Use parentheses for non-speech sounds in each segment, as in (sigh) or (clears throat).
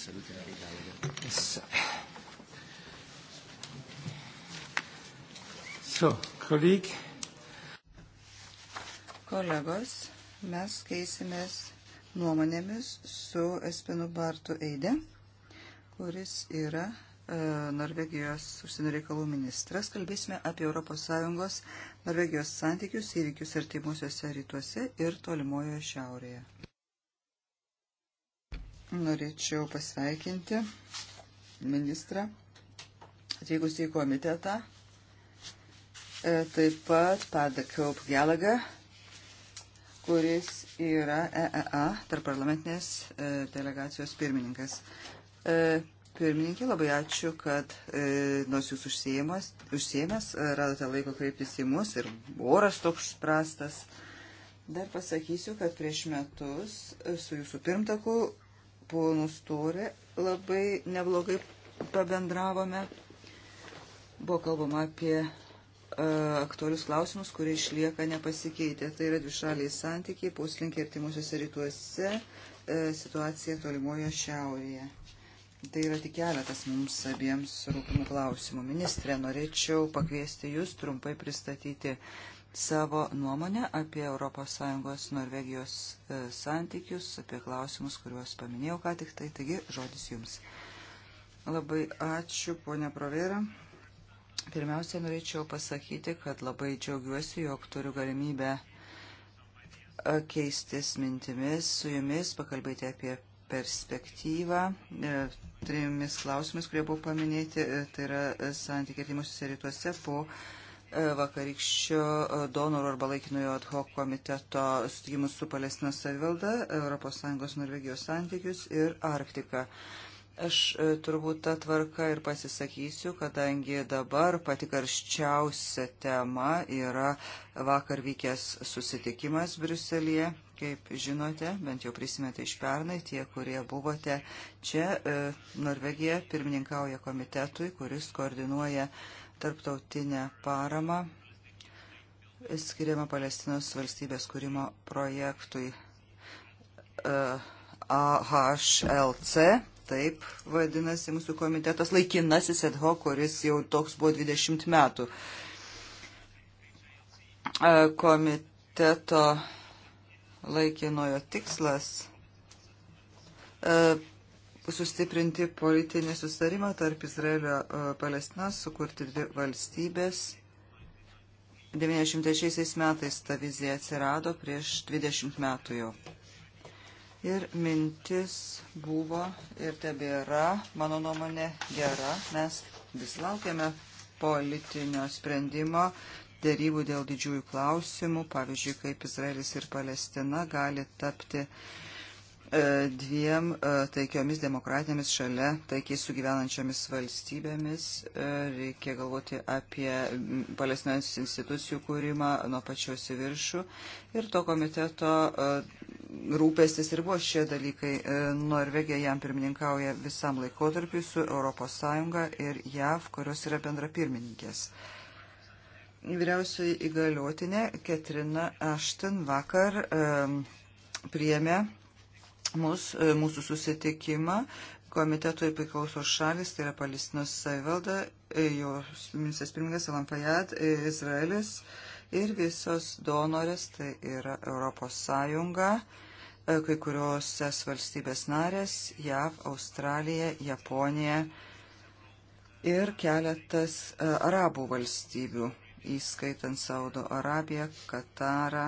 salute Mary Gallagher. Yes. So, colleague. Kolegos, mes keisimės nuomonėmis su Espinu Bartu Eide, kuris yra e, Norvegijos užsienio reikalų ministras. Kalbėsime apie ES Norvegijos santykius įvykius artimuosiuose rytuose ir tolimojoje šiaurėje. Norėčiau pasveikinti ministrą atvykus į komitetą. E, taip pat Pada Kaup Gelagą, kuris yra EEA, tarp parlamentinės e, delegacijos pirmininkas. E, pirmininkė, labai ačiū, kad e, nors jūs užsiemęs, radote laiko kreiptis į mus ir oras toks prastas. Dar pasakysiu, kad prieš metus su jūsų pirmtaku ponu Storė labai neblogai pabendravome. Buvo kalbama apie e, aktualius klausimus, kurie išlieka nepasikeitę. Tai yra dvišaliai santykiai, puslinkiai artimuosiuose rytuose, e, situacija tolimojo šiaurėje. Tai yra tik keletas mums abiems rūpimų klausimų. Ministrė, norėčiau pakviesti Jūs trumpai pristatyti savo nuomonę apie ES Norvegijos e, santykius, apie klausimus, kuriuos paminėjau ką tik tai. Taigi, žodis jums. Labai ačiū, ponia Provera. Pirmiausia, norėčiau pasakyti, kad labai džiaugiuosi, jog turiu galimybę e, keistis mintimis su jumis, pakalbėti apie perspektyvą e, trimis klausimais, kurie buvo paminėti, tai yra santykiai artimuosiuose rytuose po uh, vakarykščio e, donorų arba laikinojo ad hoc komiteto sutikimus su Palestinos savivalda, ES Norvegijos santykius ir Arktika. Aš e, turbūt tą tvarką ir pasisakysiu, kadangi dabar pati karščiausia tema yra vakar vykęs susitikimas Briuselėje. Kaip žinote, bent jau prisimėte iš pernai, tie, kurie buvote čia, e, Norvegija pirmininkauja komitetui, kuris koordinuoja uh, tarptautinę paramą skiriamą Palestinos valstybės kūrimo projektui e, AHLC, taip vadinasi mūsų komitetas, laikinasis ad hoc, kuris jau toks buvo 20 metų. E, komiteto laikinojo tikslas e, sustiprinti politinį sustarimą tarp Izraelio e, Palestinos, sukurti dvi valstybės. 96 metais ta vizija atsirado prieš 20 metų jau. Ir mintis buvo ir tebėra, mano nuomonė, gera. Mes vis laukiame politinio sprendimo, dėrybų dėl didžiųjų klausimų, pavyzdžiui, kaip Izraelis ir Palestina gali tapti uh, E, dviem e, taikiomis demokratinėmis šalia taikiai sugyvenančiomis valstybėmis. E, reikia galvoti apie palestinos institucijų kūrimą nuo pačios į viršų. Ir to komiteto rūpestis ir buvo šie dalykai. Norvegija jam pirmininkauja visam laikotarpiu su ES ir JAV, kurios yra bendra pirmininkės. Vyriausioji įgaliotinė Ketrina Ašten vakar um, priėmė mus, e, mūsų susitikimą. Komitetui priklauso šalis, tai yra Palestinos savivalda, e, jos ministras pirmininkas Alampajad, e, Izraelis ir visos donorės, tai yra Europos Sąjunga, kai kuriuoses valstybės narės, JAV, Australija, Japonija ir keletas arabų valstybių, įskaitant Saudo Arabiją, Katarą,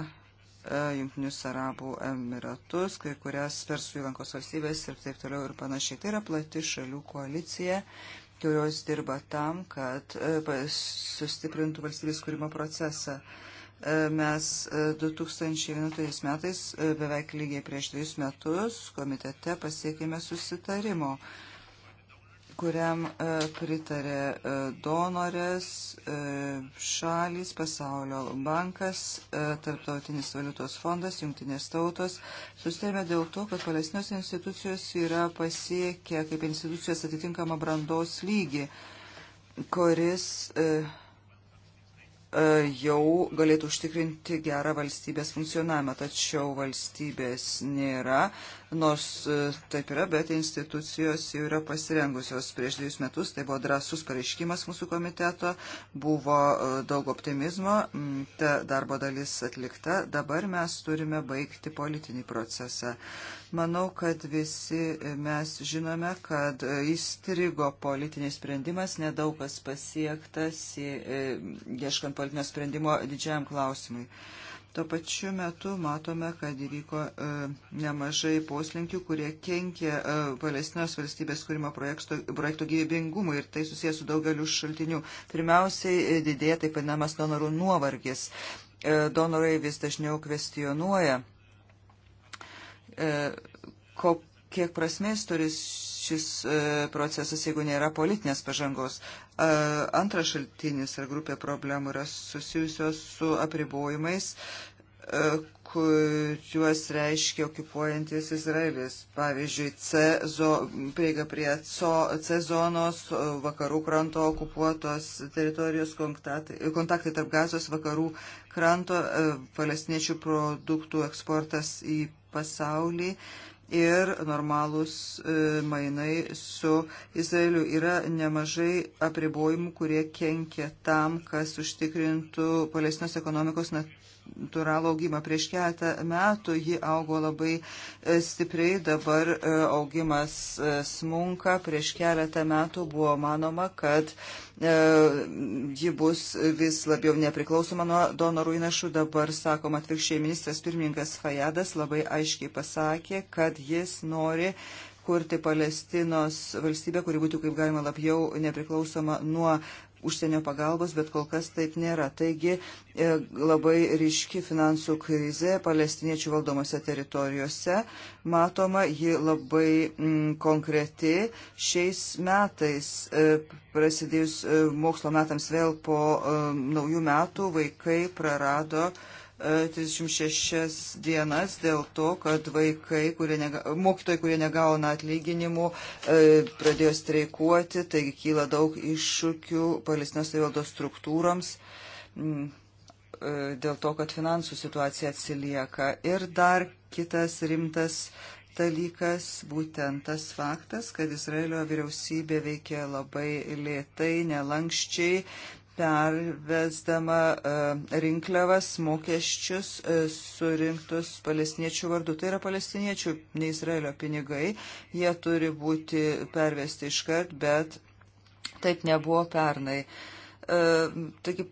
E, Junktinius Arabų Emiratus, kai kurias Persų įlankos valstybės ir taip toliau ir panašiai. Tai yra plati šalių koalicija, kurios dirba tam, kad e, sustiprintų valstybės kūrimo procesą. E, mes 2011 metais, beveik lygiai prieš dviejus metus, komitete pasiekėme susitarimo kuriam e, pritarė e, donorės, e, šalys, pasaulio bankas, Tarptautinis valiutos fondas, jungtinės tautos. Sustarėme dėl to, kad palestinos institucijos yra pasiekę kaip institucijos atitinkamą brandos lygį, kuris jau galėtų užtikrinti gerą valstybės funkcionavimą, tačiau valstybės nėra, nors e, taip yra, bet institucijos jau yra pasirengusios prieš dviejus metus, tai buvo drąsus pareiškimas mūsų komiteto, buvo e, daug optimizmo, ta darbo dalis atlikta, dabar mes turime baigti politinį procesą. Manau, kad visi e, mes žinome, kad įstrigo politinis sprendimas, nedaug kas pasiektas, ieškant politinio sprendimo didžiam klausimui. Tuo pačiu metu matome, kad įvyko e, nemažai poslinkių, kurie kenkė e, Palestinos valstybės kūrimo projekto, projekto gyvybingumui ir tai susijęs su daugeliu šaltinių. Pirmiausiai e, didėja taip vadinamas donorų nuovargis. Donorai vis dažniau kvestionuoja, kiek prasmės turi šis e, procesas, jeigu nėra politinės pažangos. E, antras šaltinis ar grupė problemų yra susijusios su apribojimais, e, kuriuos reiškia okupuojantis Izraelis. Pavyzdžiui, C, zo, prieiga prie C zonos, vakarų kranto okupuotos teritorijos kontaktai, kontaktai tarp gazos, vakarų kranto, palestiniečių produktų eksportas į pasaulį. E, ir normalūs e, mainai su Izraeliu. Yra nemažai apribojimų, kurie kenkia tam, kas užtikrintų Palestinos ekonomikos nat natūralų augimą. Prieš keletą metų ji augo labai e, stipriai, dabar e, augimas e, smunka. Prieš keletą metų buvo manoma, kad ji bus vis labiau nepriklausoma nuo donorų įnašų. Dabar, sakoma, atvirkščiai ministras pirmininkas Fajadas labai aiškiai pasakė, kad jis nori kurti Palestinos valstybę, kuri būtų kaip galima labiau nepriklausoma nuo užsienio pagalbos, bet kol kas taip nėra. Taigi e, labai ryški finansų krizė palestiniečių valdomose teritorijose. Matoma, ji labai mm, konkreti. Šiais metais, e, prasidėjus e, mokslo metams vėl po mm, naujų metų, vaikai prarado mm, 36 dienas dėl to, kad vaikai, kurie nega, mokytojai, kurie negauna atlyginimų, e, pradėjo streikuoti, taigi kyla daug iššūkių palestinos savivaldos struktūroms mm, e, dėl to, kad finansų situacija atsilieka. Ir dar kitas rimtas dalykas, būtent tas faktas, kad Izraelio vyriausybė veikia labai lėtai, nelankščiai, pervesdama e, rinkliavas, mokesčius e, surinktus palestiniečių vardu. Tai yra palestiniečių, ne Izraelio pinigai. Jie turi būti pervesti iškart, bet taip nebuvo pernai. Uh, E, Taigi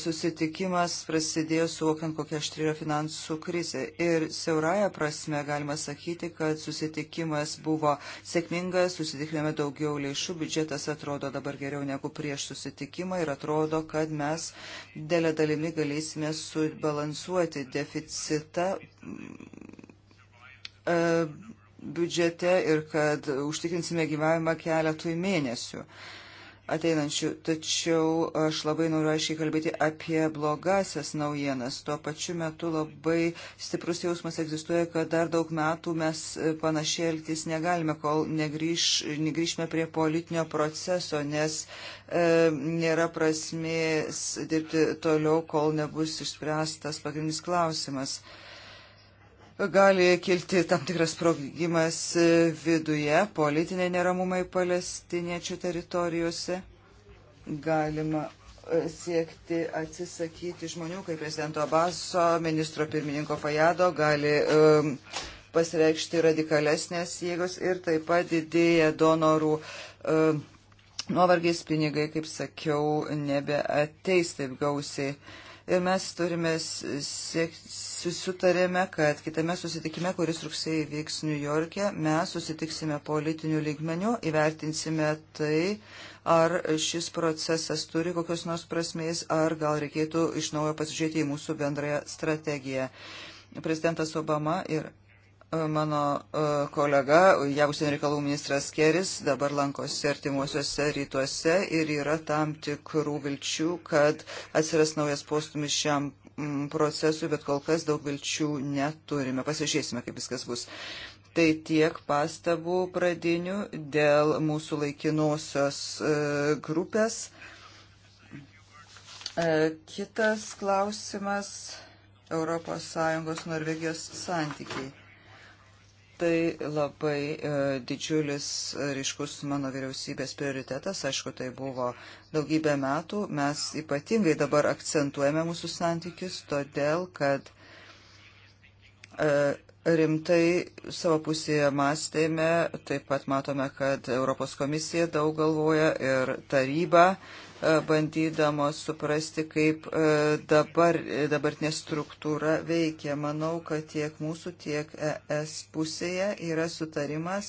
susitikimas prasidėjo suvokiant, kokia aštri yra finansų krizė. Ir siauraja prasme galima sakyti, kad susitikimas buvo sėkmingas, susitikėme daugiau lėšų, biudžetas atrodo dabar geriau negu prieš susitikimą ir atrodo, kad mes dėlė dalimi galėsime subalansuoti deficitą. E, biudžete ir kad užtikrinsime gyvavimą keletui mėnesių. Uh, ateinančių, tačiau aš labai noriu aiškiai kalbėti apie blogasias naujienas. Tuo pačiu metu labai stiprus jausmas egzistuoja, kad dar daug metų mes panašiai elgtis negalime, kol negrįž, negrįžime prie politinio proceso, nes e, nėra prasmės dirbti toliau, kol nebus išspręstas pagrindinis klausimas. E, gali kilti tam tikras sprogimas e, viduje, politiniai neramumai palestiniečių teritorijose. Galima e, siekti atsisakyti žmonių, kaip prezidento Abaso, ministro pirmininko Fajado, gali um, pasireikšti radikalesnės jėgos ir taip pat didėja donorų um, nuovargis pinigai, kaip sakiau, nebeateis taip gausiai. Uh, ir mes turime susitarėme, kad kitame susitikime, kuris rugsėjai vyks New York'e, mes susitiksime politinių lygmenių, įvertinsime tai, ar šis procesas turi kokios nors prasmės, ar gal reikėtų iš naujo pasižiūrėti į mūsų bendrąją strategiją. Prezidentas Obama ir E, mano e, kolega, jav užsienio reikalų ministras Keris, dabar lankosi artimuosiuose rytuose ir yra tam tikrų vilčių, kad atsiras naujas postumis šiam mm, procesui, bet kol kas daug vilčių neturime. Pasižiūrėsime, kaip viskas bus. Tai tiek pastabų pradinių dėl mūsų laikinosios e, grupės. Kitas klausimas - ES Norvegijos santykiai. Tai labai e, didžiulis e, ryškus mano vyriausybės prioritetas, aišku, tai buvo daugybę metų. Mes ypatingai dabar akcentuojame mūsų santykius, todėl kad e, rimtai savo pusėje mąstėme, taip pat matome, kad Europos komisija daug galvoja ir taryba. E, E, bandydamos suprasti, kaip e, dabar, e, dabartinė struktūra veikia. Manau, kad tiek mūsų, tiek ES pusėje yra sutarimas,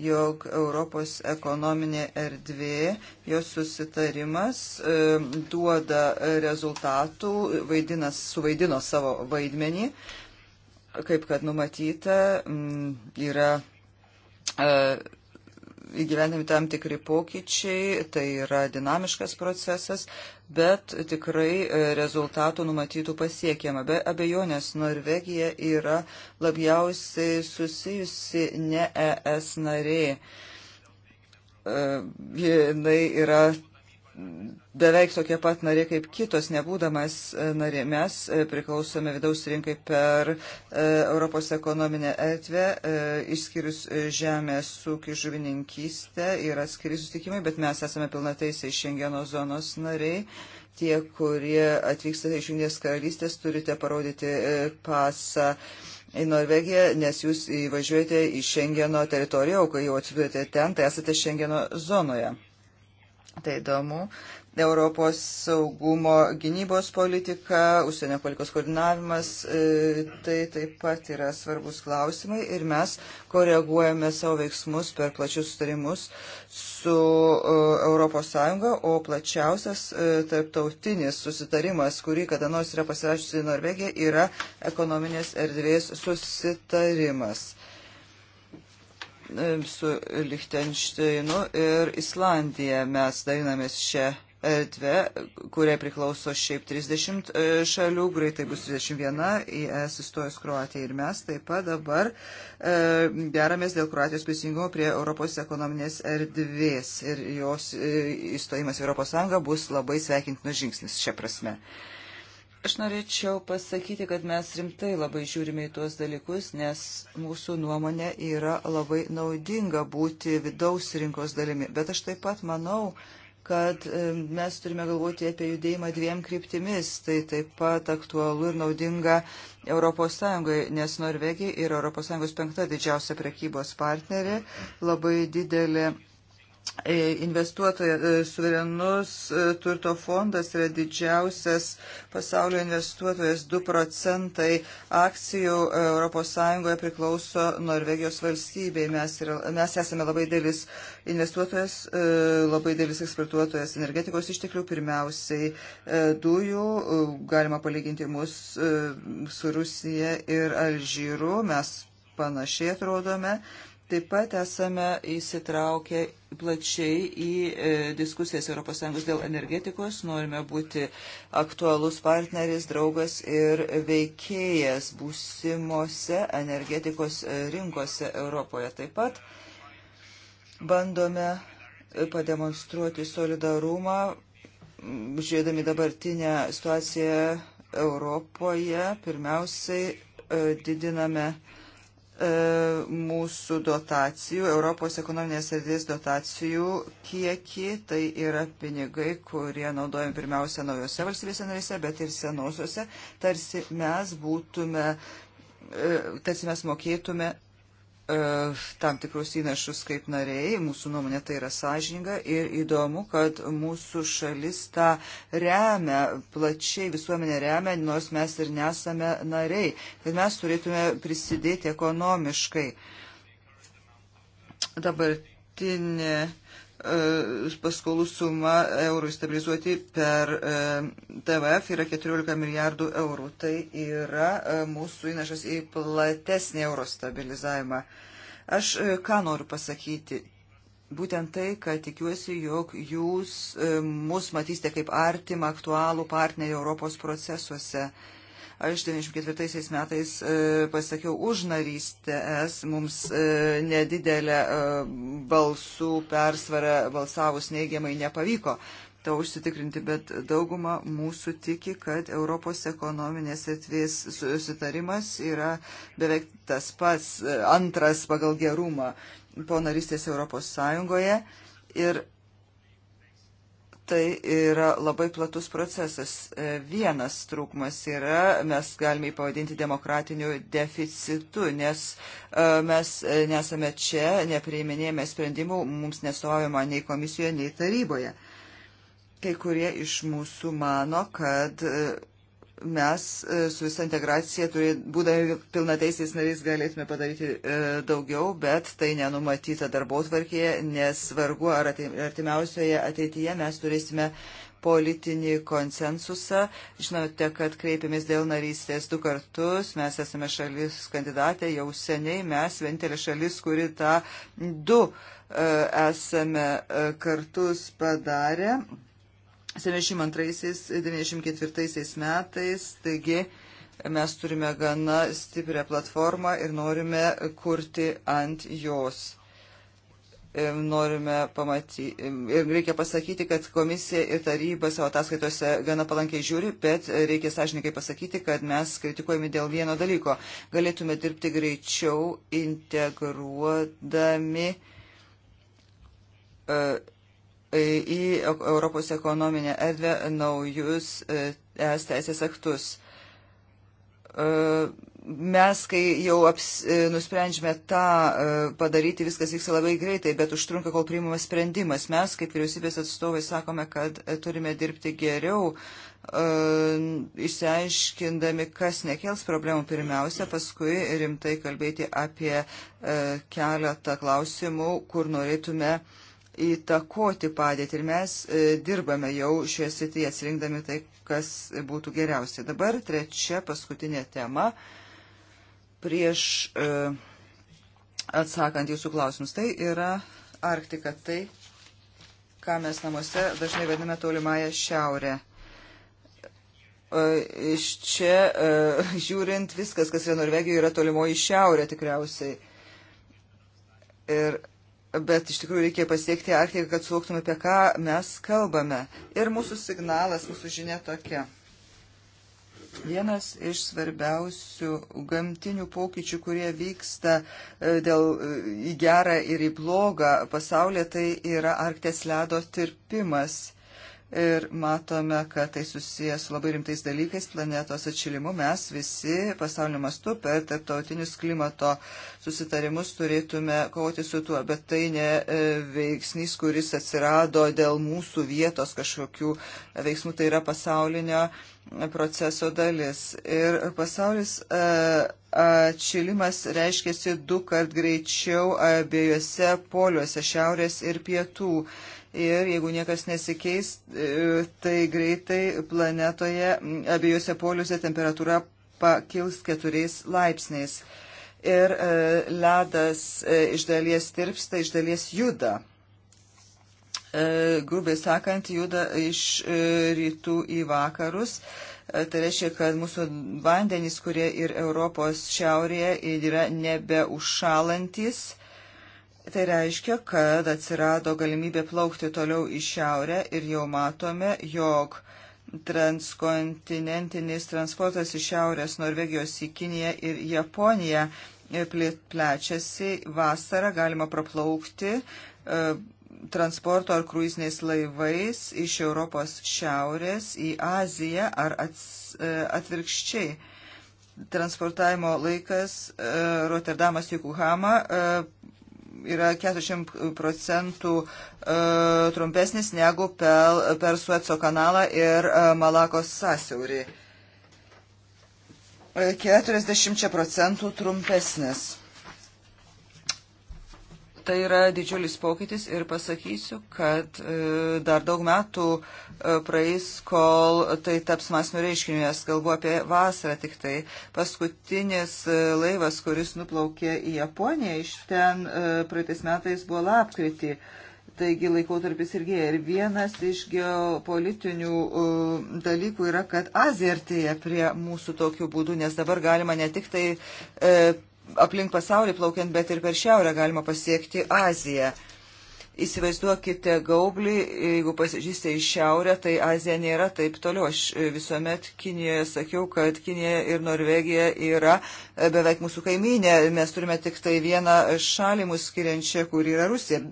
jog Europos ekonominė erdvė, jos susitarimas duoda rezultatų, vaidinas, suvaidino savo vaidmenį, kaip kad numatyta, yra įgyvendami tam tikri pokyčiai, tai yra dinamiškas procesas, bet tikrai e, rezultatų numatytų pasiekiama. Be abejonės Norvegija yra labiausiai susijusi ne ES narė. E, jinai yra beveik tokie pat nariai kaip kitos, nebūdamas e, nariai. Mes e, priklausome vidaus rinkai per e, Europos ekonominę erdvę, išskyrus žemės ūkį žuvininkystę ir atskiri sustikimai, bet mes esame pilnateisiai Šengeno zonos nariai. Tie, kurie atvyksta iš Junės karalystės, turite parodyti pasą į Norvegiją, nes jūs įvažiuojate į Šengeno teritoriją, o kai jau atsidurite ten, tai esate Šengeno zonoje. Tai įdomu. Europos saugumo gynybos politika, užsienio politikos koordinavimas, e, tai taip pat yra svarbus klausimai ir mes koreguojame savo veiksmus per plačius sutarimus su ES, o plačiausias e, tarptautinis susitarimas, kurį kada nors yra pasirašusi Norvegija, yra ekonominės erdvės susitarimas. E, su Lichtenšteinu ir Islandija mes dainamės šią erdvę, kuriai priklauso šiaip 30 e, šalių, greitai bus 31, į ES įstojus Kroatija ir mes taip pat dabar e, deramės dėl Kroatijos prisijungimo prie Europos ekonominės erdvės ir jos e, įstojimas į Europos Sąjungą bus labai sveikintinas žingsnis šią prasme. E, Aš norėčiau pasakyti, kad mes rimtai labai žiūrime į tuos dalykus, nes mūsų nuomonė yra labai naudinga būti vidaus rinkos dalimi. Bet aš taip pat manau, kad e, mes turime galvoti apie judėjimą dviem kryptimis. Tai taip pat aktualu ir naudinga ES, nes Norvegija yra ES penkta didžiausia prekybos partnerė, labai didelė investuotoja, e, suverenus e, turto fondas yra didžiausias pasaulio investuotojas, 2 procentai akcijų ES priklauso Norvegijos valstybei. Mes, yra, mes esame labai dėlis investuotojas, e, labai dėlis eksportuotojas energetikos išteklių, pirmiausiai dujų, galima palyginti mus su Rusija ir Alžyru, mes panašiai atrodome. Taip pat esame įsitraukę plačiai į e, diskusijas ES dėl energetikos, norime būti aktualus partneris, draugas ir veikėjas būsimose energetikos e, rinkose Europoje. Taip pat bandome e, pademonstruoti solidarumą, žiūrėdami dabartinę situaciją Europoje, pirmiausiai didiname uh, E, mūsų dotacijų, Europos ekonominės erdvės dotacijų kiekį. Tai yra pinigai, kurie naudojami pirmiausia naujose valstybėse narėse, bet ir senosiuose. Tarsi mes būtume, e, tarsi mes mokėtume E, tam tikrus įnašus kaip nariai, mūsų nuomonė tai yra sąžininga ir įdomu, kad mūsų šalis tą remia, plačiai visuomenė remia, nors mes ir nesame nariai, kad mes turėtume prisidėti ekonomiškai. Dabartinė E, paskolų suma eurų stabilizuoti per e, TVF yra 14 milijardų eurų. Tai yra e, mūsų įnašas į platesnį euro stabilizavimą. Aš ką noriu pasakyti? Būtent tai, kad tikiuosi, jog jūs mus matysite kaip artimą aktualų partnerį Europos procesuose. Aš 94 metais e, pasakiau už narystę es, mums e, nedidelę e, balsų persvarą balsavus neigiamai nepavyko to užsitikrinti, bet dauguma mūsų tiki, kad Europos ekonominės atvės susitarimas yra beveik tas pats antras pagal gerumą po narystės Europos Sąjungoje. Ir tai yra labai platus procesas. E, vienas trūkumas yra, mes galime jį pavadinti demokratiniu deficitu, nes e, mes nesame čia, nepriiminėjame sprendimų, mums nesuojama nei komisijoje, nei taryboje. Kai kurie iš mūsų mano, kad e, mes e, su visa integracija, būdami pilnateisiais nariais, galėtume padaryti e, daugiau, bet tai nenumatyta darbo tvarkėje, nes vargu ar artimiausioje ateityje mes turėsime politinį konsensusą. Žinote, kad kreipėmės dėl narystės du kartus, mes esame šalis kandidatė, jau seniai mes vienintelė šalis, kuri tą du e, esame kartus padarę. 72-94 metais, taigi mes turime gana stiprią platformą ir norime kurti ant jos. Ir norime pamatyti, ir reikia pasakyti, kad komisija ir taryba savo ataskaitose gana palankiai žiūri, bet reikia sąžininkai pasakyti, kad mes kritikuojame dėl vieno dalyko. Galėtume dirbti greičiau integruodami uh, į Europos ekonominę erdvę naujus e, es teisės aktus. E, mes, kai jau aps, e, nusprendžiame tą padaryti, viskas vyksta labai greitai, bet užtrunka, kol priimamas sprendimas. Mes, kaip vyriausybės atstovai, sakome, kad turime dirbti geriau, išsiaiškindami, kas nekels problemų pirmiausia, paskui rimtai kalbėti apie keletą klausimų, kur norėtume uh, įtakoti padėtį ir mes e, dirbame jau šioje srityje atsirinkdami tai, kas būtų geriausia. Dabar trečia paskutinė tema prieš e, atsakant jūsų klausimus. Tai yra Arktika, tai ką mes namuose dažnai vadiname tolimąją šiaurę. E, iš čia (laughs) žiūrint viskas, kas yra Norvegijoje, yra tolimoji šiaurė tikriausiai. Ir Bet iš tikrųjų reikia pasiekti Arktiką, kad suvoktume, apie ką mes kalbame. Ir mūsų signalas, mūsų žinia tokia. Vienas iš svarbiausių gamtinių pokyčių, kurie vyksta e, dėl e, į gerą ir į blogą pasaulyje, tai yra Arktės ledo tirpimas ir matome, kad tai susijęs su labai rimtais dalykais planetos atšilimu. Mes visi pasaulio mastu per tarptautinius klimato susitarimus turėtume kovoti su tuo, bet tai ne e, veiksnys, kuris atsirado dėl mūsų vietos kažkokių veiksmų, tai yra pasaulinio proceso dalis. Ir pasaulis e, atšilimas reiškiasi du kart greičiau abiejose poliuose - šiaurės ir pietų ir jeigu niekas nesikeis, e, tai greitai planetoje abiejose poliuose temperatūra pakils keturiais laipsniais. Ir e, ledas e, iš dalies tirpsta, iš dalies juda. Grubiai sakant, juda iš rytų į vakarus. Tai reiškia, kad mūsų vandenys, kurie ir Europos šiaurėje yra nebeužšalantis, Tai reiškia, kad atsirado galimybė plaukti toliau į šiaurę ir jau matome, jog transkontinentinis transportas iš šiaurės Norvegijos į Kiniją ir Japoniją e, plečiasi. Vasarą galima praplaukti e, transporto ar kruiziniais laivais iš Europos šiaurės į Aziją ar e, atvirkščiai transportavimo laikas Rotterdamas Jukuhama yra 40 procentų e, trumpesnis negu per, per Sueco kanalą ir e, Malakos sąsiaurį. 40 e, procentų trumpesnis. Tai yra didžiulis pokytis ir pasakysiu, kad e, dar daug metų e, praeis, kol tai taps masiniu reiškiniu, nes kalbu apie vasarą tik tai. Paskutinis e, laivas, kuris nuplaukė į Japoniją, iš ten praeitais metais buvo lapkritį. Taigi laikotarpis ilgėja. Ir vienas iš geopolitinių dalykų yra, kad Azija artėja prie mūsų tokiu būdu, nes dabar galima ne tik tai aplink pasaulį plaukiant, bet ir per šiaurę galima pasiekti Aziją. Įsivaizduokite gaublį, jeigu pasižiūrėsite į šiaurę, tai Azija nėra taip toliau. Aš e, visuomet Kinijoje sakiau, kad Kinija ir Norvegija yra e, beveik mūsų kaiminė. Mes turime tik tai vieną šalį mūsų skiriančią, kur yra Rusija.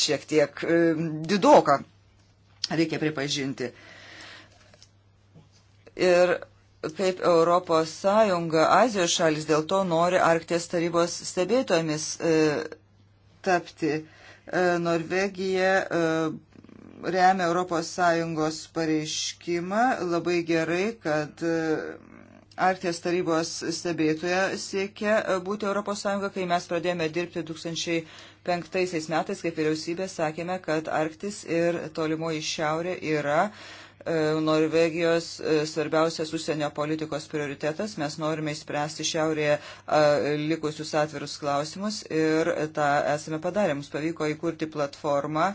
Šiek tiek e, didoka, reikia pripažinti. Ir kaip Europos Sąjunga, Azijos šalis dėl to nori Arkties tarybos stebėtojomis e, tapti. E, Norvegija e, remia Europos Sąjungos pareiškimą. Labai gerai, kad e, Arkties tarybos stebėtoja siekia e, būti Europos Sąjunga, kai mes pradėjome dirbti 2005 metais, kaip vyriausybė sakėme, kad Arktis ir tolimoji šiaurė yra. E, E, Norvegijos e, svarbiausias užsienio politikos prioritetas. Mes norime įspręsti šiaurėje e, likusius atvirus klausimus ir tą esame padarę. Mums pavyko įkurti platformą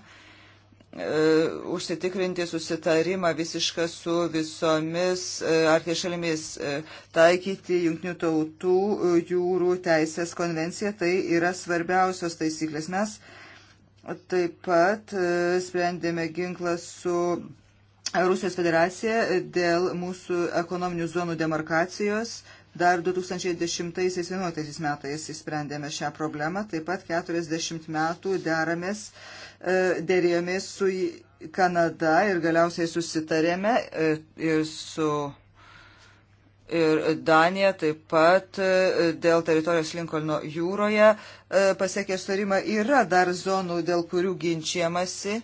užsitikrinti susitarimą visišką su visomis arkties šalimis, taikyti Junktinių tautų jūrų teisės konvenciją. Tai yra svarbiausios taisyklės. Mes taip pat sprendėme ginklą su Rusijos federacija dėl mūsų ekonominių zonų demarkacijos Dar 2010-2011 metais įsprendėme šią problemą, taip pat 40 metų deramės, e, dėrėjomės su Kanada ir galiausiai susitarėme e, ir su ir Danija taip pat e, dėl teritorijos Linkolno jūroje pasiekė sutarimą. Yra dar zonų, dėl kurių ginčiamasi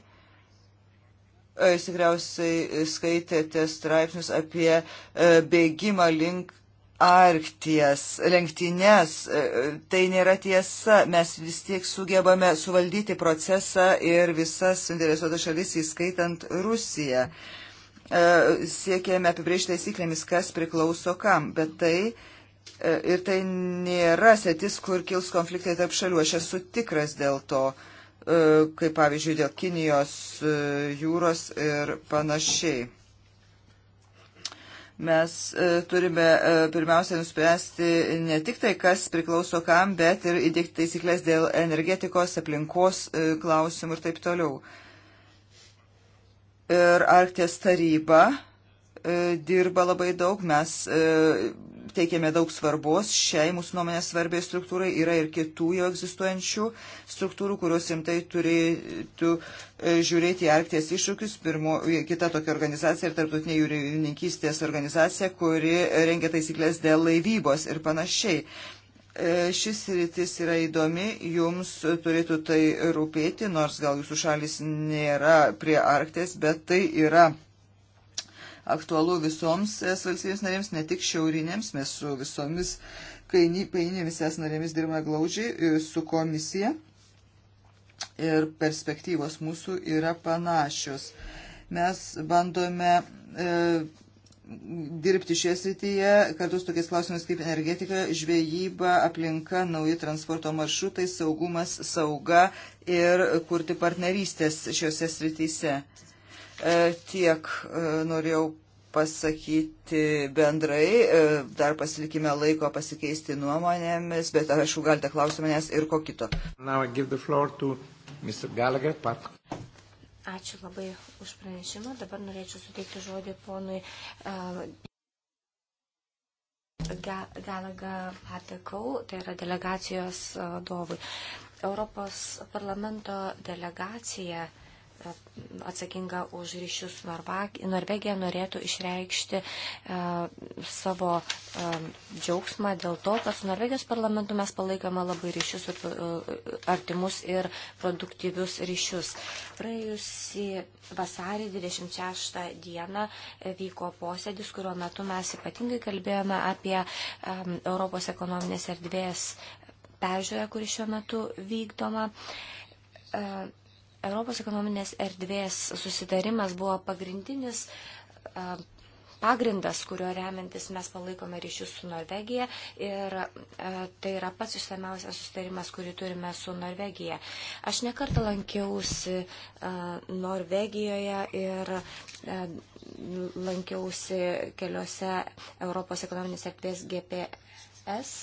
E, jūs tikriausiai skaitėte straipsnius apie e, bėgimą link Arkties, lenktynės. E, tai nėra tiesa. Mes vis tiek sugebame suvaldyti procesą ir visas suinteresuotas šalis, įskaitant Rusiją. Siekėme apibrėžti taisyklėmis, kas priklauso kam. Bet tai ir tai nėra setis, kur kils konfliktai tarp šalių. Aš esu tikras dėl to. Uh, E, kaip pavyzdžiui dėl Kinijos e, jūros ir panašiai. Mes e, turime pirmiausia nuspręsti ne tik tai, kas priklauso kam, bet ir įdėkti taisyklės dėl energetikos, aplinkos klausimų ir taip toliau. Ir Arkties taryba dirba labai daug, mes teikėme daug svarbos šiai mūsų nuomonės svarbiai struktūrai. Yra ir kitų jau egzistuojančių struktūrų, kurios rimtai turėtų e, žiūrėti į Arkties iššūkius. Pirmo, e, kita tokia organizacija ir tarptautinė jūrininkystės organizacija, kuri rengia taisyklės dėl laivybos ir panašiai. E, šis rytis yra įdomi, jums turėtų tai rūpėti, nors gal jūsų šalis nėra prie Arkties, bet tai yra aktualu visoms es valstybės narėms, ne tik šiaurinėms, mes su visomis kaininėmis es narėmis dirbame glaudžiai e, su komisija ir perspektyvos mūsų yra panašios. Mes bandome e, dirbti šioje srityje kartu su tokiais klausimais kaip energetika, žvejyba, aplinka, nauji transporto maršrutai, saugumas, sauga ir kurti partnerystės šiuose srityse. E, tiek e, norėjau pasakyti bendrai, e, dar pasilikime laiko pasikeisti nuomonėmis, bet aišku, galite klausti manęs ir ko kito. Ačiū labai už pranešimą. Dabar norėčiau suteikti žodį ponui uh, Galaga Patekau, tai yra delegacijos vadovui. Europos parlamento delegacija uh, atsakinga už ryšius Norvegija, norėtų išreikšti e, savo e, džiaugsmą dėl to, kad su Norvegijos parlamentu mes palaikome labai ryšius, e, artimus ir produktyvius ryšius. Praėjusį vasarį 26 dieną vyko posėdis, kurio metu mes ypatingai kalbėjome apie Europos ekonominės erdvės peržiūrą, kuri šiuo metu vykdoma. Uh Europos ekonominės erdvės susitarimas buvo pagrindinis pagrindas, kurio remiantis mes palaikome ryšius su Norvegija ir e, tai yra pats išsamiausias sustarimas, kurį turime su Norvegija. Aš nekartą lankiausi e, Norvegijoje ir e, lankiausi keliose Europos ekonominės erdvės GPS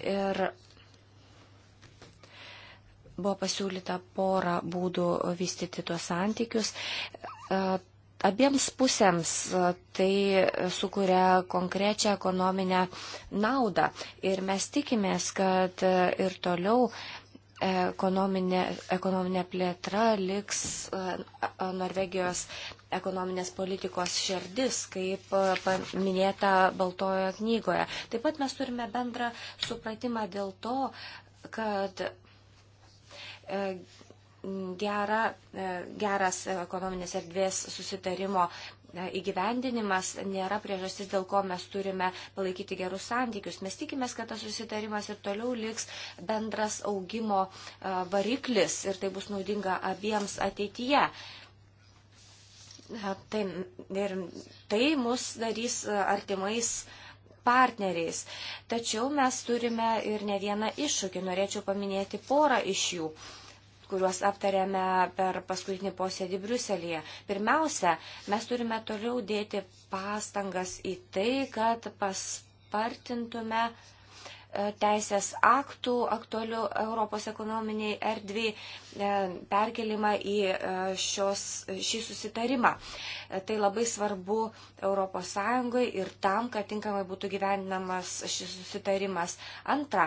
ir Buvo pasiūlyta pora būdų vystyti tuos santykius. E, abiems pusėms e, tai sukuria konkrečią ekonominę naudą ir mes tikimės, kad e, ir toliau ekonominė, ekonominė plėtra liks Norvegijos ekonominės politikos šerdis, kaip paminėta Baltojoje knygoje. Taip pat mes turime bendrą supratimą dėl to, kad E, gera, e, geras ekonominės erdvės susitarimo e, įgyvendinimas nėra priežastis, dėl ko mes turime palaikyti gerus santykius. Mes tikimės, kad tas susitarimas ir toliau liks bendras augimo variklis ir tai bus naudinga abiems ateityje. Tai, ir tai mus darys artimais partneriais. Tačiau mes turime ir ne vieną iššūkį. Norėčiau paminėti porą iš jų kuriuos aptarėme per paskutinį posėdį Briuselėje. Pirmiausia, mes turime toliau dėti pastangas į tai, kad paspartintume uh, teisės aktų aktualių Europos ekonominiai erdviai e, perkelimą į e, šios, šį susitarimą. E, tai labai svarbu ES ir tam, kad tinkamai būtų gyvendinamas šis susitarimas. Antra,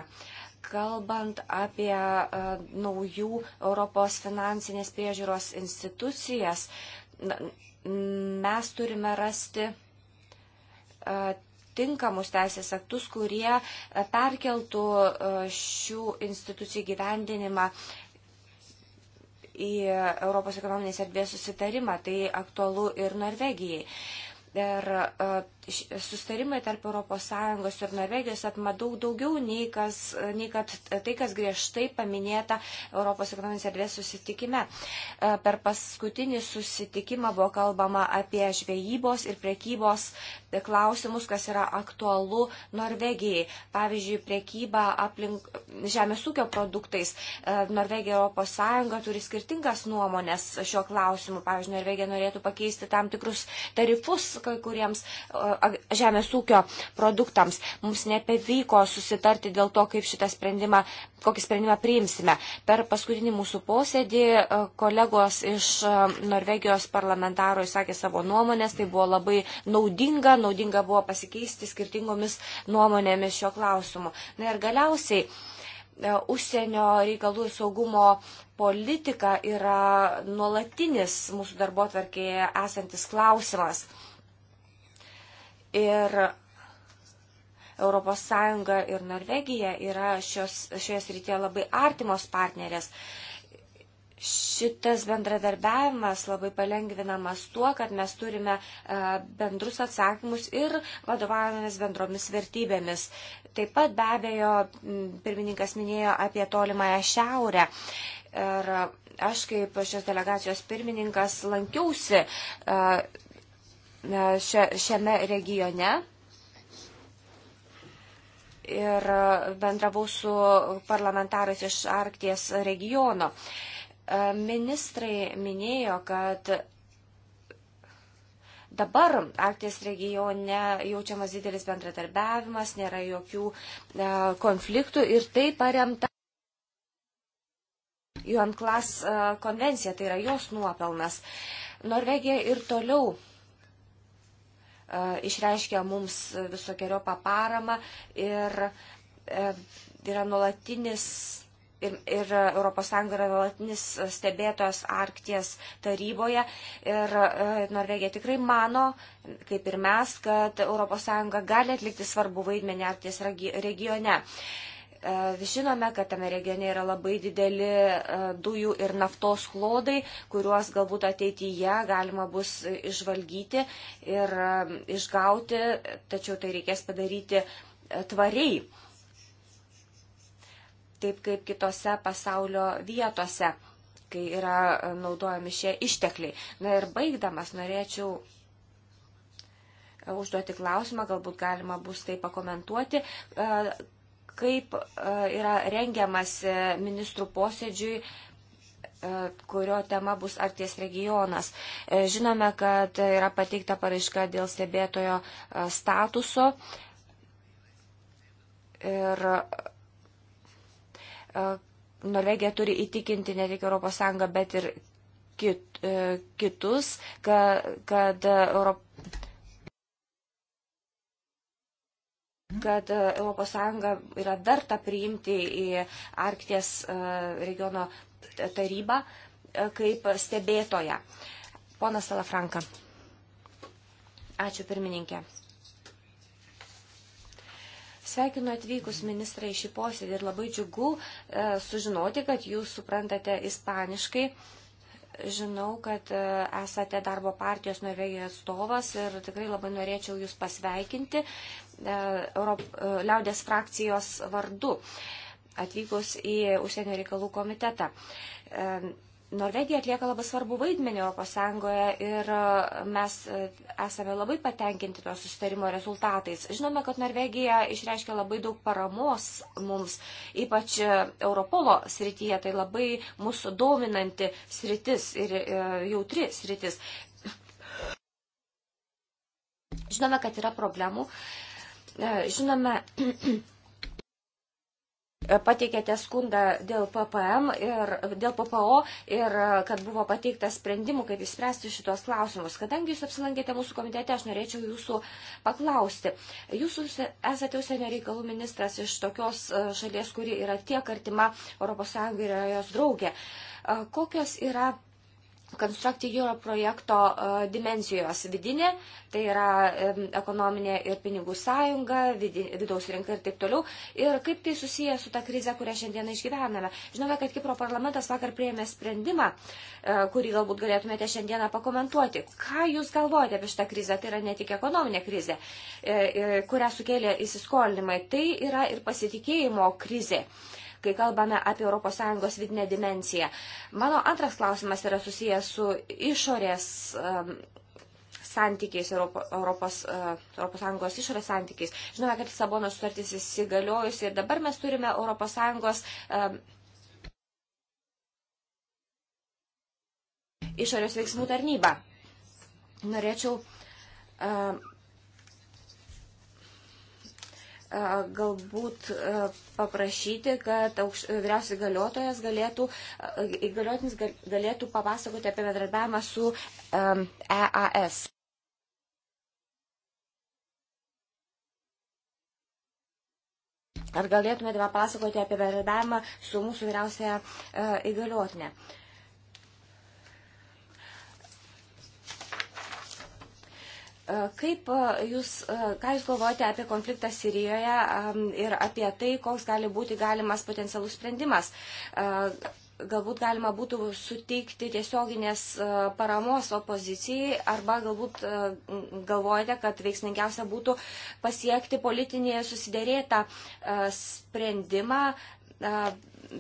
kalbant apie naujų Europos finansinės priežiūros institucijas, mes turime rasti tinkamus teisės aktus, kurie e, perkeltų e, šių institucijų gyvendinimą į Europos ekonominės erdvės susitarimą. Tai aktualu ir Norvegijai. Ir e, sustarimai tarp ES ir Norvegijos atma daug daugiau nei, kas, nei kad tai, kas griežtai paminėta Europos ekonominės erdvės susitikime. E, per paskutinį susitikimą buvo kalbama apie žvejybos ir prekybos klausimus, kas yra aktualu Norvegijai. Pavyzdžiui, prekyba aplink žemės ūkio produktais. E, Norvegija ir ES turi skirtingas nuomonės šiuo klausimu. Pavyzdžiui, Norvegija norėtų pakeisti tam tikrus tarifus kai kuriems žemės ūkio produktams. Mums nepavyko susitarti dėl to, kaip šitą sprendimą, kokį sprendimą priimsime. Per paskutinį mūsų posėdį e, kolegos iš e, Norvegijos parlamentaro išsakė savo nuomonės, tai buvo labai naudinga, naudinga buvo pasikeisti skirtingomis nuomonėmis šio klausimu. Na ir galiausiai e, užsienio reikalų ir saugumo politika yra nuolatinis mūsų darbo tvarkėje esantis klausimas. Ir ES ir Norvegija yra šios, šioje srityje labai artimos partnerės. Šitas bendradarbiavimas labai palengvinamas tuo, kad mes turime e, bendrus atsakymus ir vadovavomės bendromis vertybėmis. Taip pat be abejo, pirmininkas minėjo apie tolimąją šiaurę. Ir aš kaip šios delegacijos pirmininkas lankiausi e, E, šia, šiame regione. Ir bendravau su parlamentarais iš Arkties regiono. E, ministrai minėjo, kad dabar Arkties regione jaučiamas didelis bendradarbiavimas, nėra jokių e, konfliktų ir tai paremta Juan Klas konvencija, tai yra jos nuopelnas. Norvegija ir toliau E, išreiškia mums visokiojo paparamą ir e, yra nuolatinis. Ir, ir ES yra nuolatinis stebėtojas Arkties taryboje. Ir e, Norvegija tikrai mano, kaip ir mes, kad ES gali atlikti svarbu vaidmenį Arkties regione. E, E, žinome, kad tame regione yra labai dideli e, dujų ir naftos klodai, kuriuos galbūt ateityje galima bus išvalgyti ir e, išgauti, tačiau tai reikės padaryti tvariai, taip kaip kitose pasaulio vietose, kai yra naudojami šie ištekliai. Na ir baigdamas norėčiau užduoti klausimą, galbūt galima bus tai pakomentuoti kaip e, yra rengiamas ministrų posėdžiui e, kurio tema bus Arkties regionas. E, žinome, kad yra pateikta paraiška dėl stebėtojo statuso ir Norvegija turi įtikinti ne tik ES, bet ir kit, kitus, kad, kad Europos kad ES yra verta priimti į Arkties e, regiono tarybą e, kaip stebėtoja. Ponas Salafranka. Ačiū pirmininkė. Sveikinu atvykus ministrai šį posėdį ir labai džiugu e, sužinoti, kad jūs suprantate ispaniškai. E, Žinau, kad e, esate darbo partijos Norvegijoje atstovas ir tikrai labai norėčiau Jūs pasveikinti e, Europ... E, liaudės frakcijos vardu atvykus į užsienio reikalų komitetą. Norvegija atlieka labai svarbu vaidmenį Europos Sąjungoje ir e, mes e, esame labai patenkinti to sustarimo rezultatais. Žinome, kad Norvegija išreiškia labai daug paramos mums, ypač e, Europolo srityje, tai labai mūsų dominanti sritis ir jautri sritis. Žinome, kad yra problemų. Žinome, (clears throat) pateikėte skundą dėl PPM ir dėl PPO ir kad buvo pateiktas sprendimų, kaip įspręsti šitos klausimus. Kadangi jūs apsilankėte mūsų komitete, aš norėčiau jūsų paklausti. Jūs esate užsienio reikalų ministras iš tokios e, šalies, kuri yra tiek artima ES ir jos draugė. E, kokios yra Construct Europe projekto e, dimensijos vidinė, tai yra ekonominė ir pinigų sąjunga, vidaus rinka ir taip toliau. Ir kaip tai susiję su ta krize, kurią šiandieną išgyvename. Žinome, kad Kipro parlamentas vakar prieėmė sprendimą, e, kurį galbūt galėtumėte šiandieną pakomentuoti. Ką Jūs galvojate apie šitą krizę? Tai yra ne tik ekonominė krizė, e, kurią sukėlė įsiskolinimai, tai yra ir pasitikėjimo krizė kai kalbame apie ES vidinę dimenciją. Mano antras klausimas yra susijęs su išorės um, santykiais, Europos, uh, Europos Sąjungos išorės santykiais. Žinome, kad Lisabono sutartis įsigaliojusi ir dabar mes turime Europos Sąjungos um, išorės veiksmų tarnybą. Norėčiau um, galbūt paprašyti, kad vyriausiai galiotojas galėtų, įgaliotinis galėtų papasakoti apie bendradarbiavimą su EAS. Ar galėtumėte papasakoti apie bendradarbiavimą su mūsų vyriausiaja įgaliotinė? Uh, Kaip jūs, ką jūs galvojate apie konfliktą Sirijoje ir apie tai, koks gali būti galimas potencialus sprendimas? Galbūt galima būtų suteikti tiesioginės paramos opozicijai arba galbūt galvojate, kad veiksmingiausia būtų pasiekti politinį susiderėtą sprendimą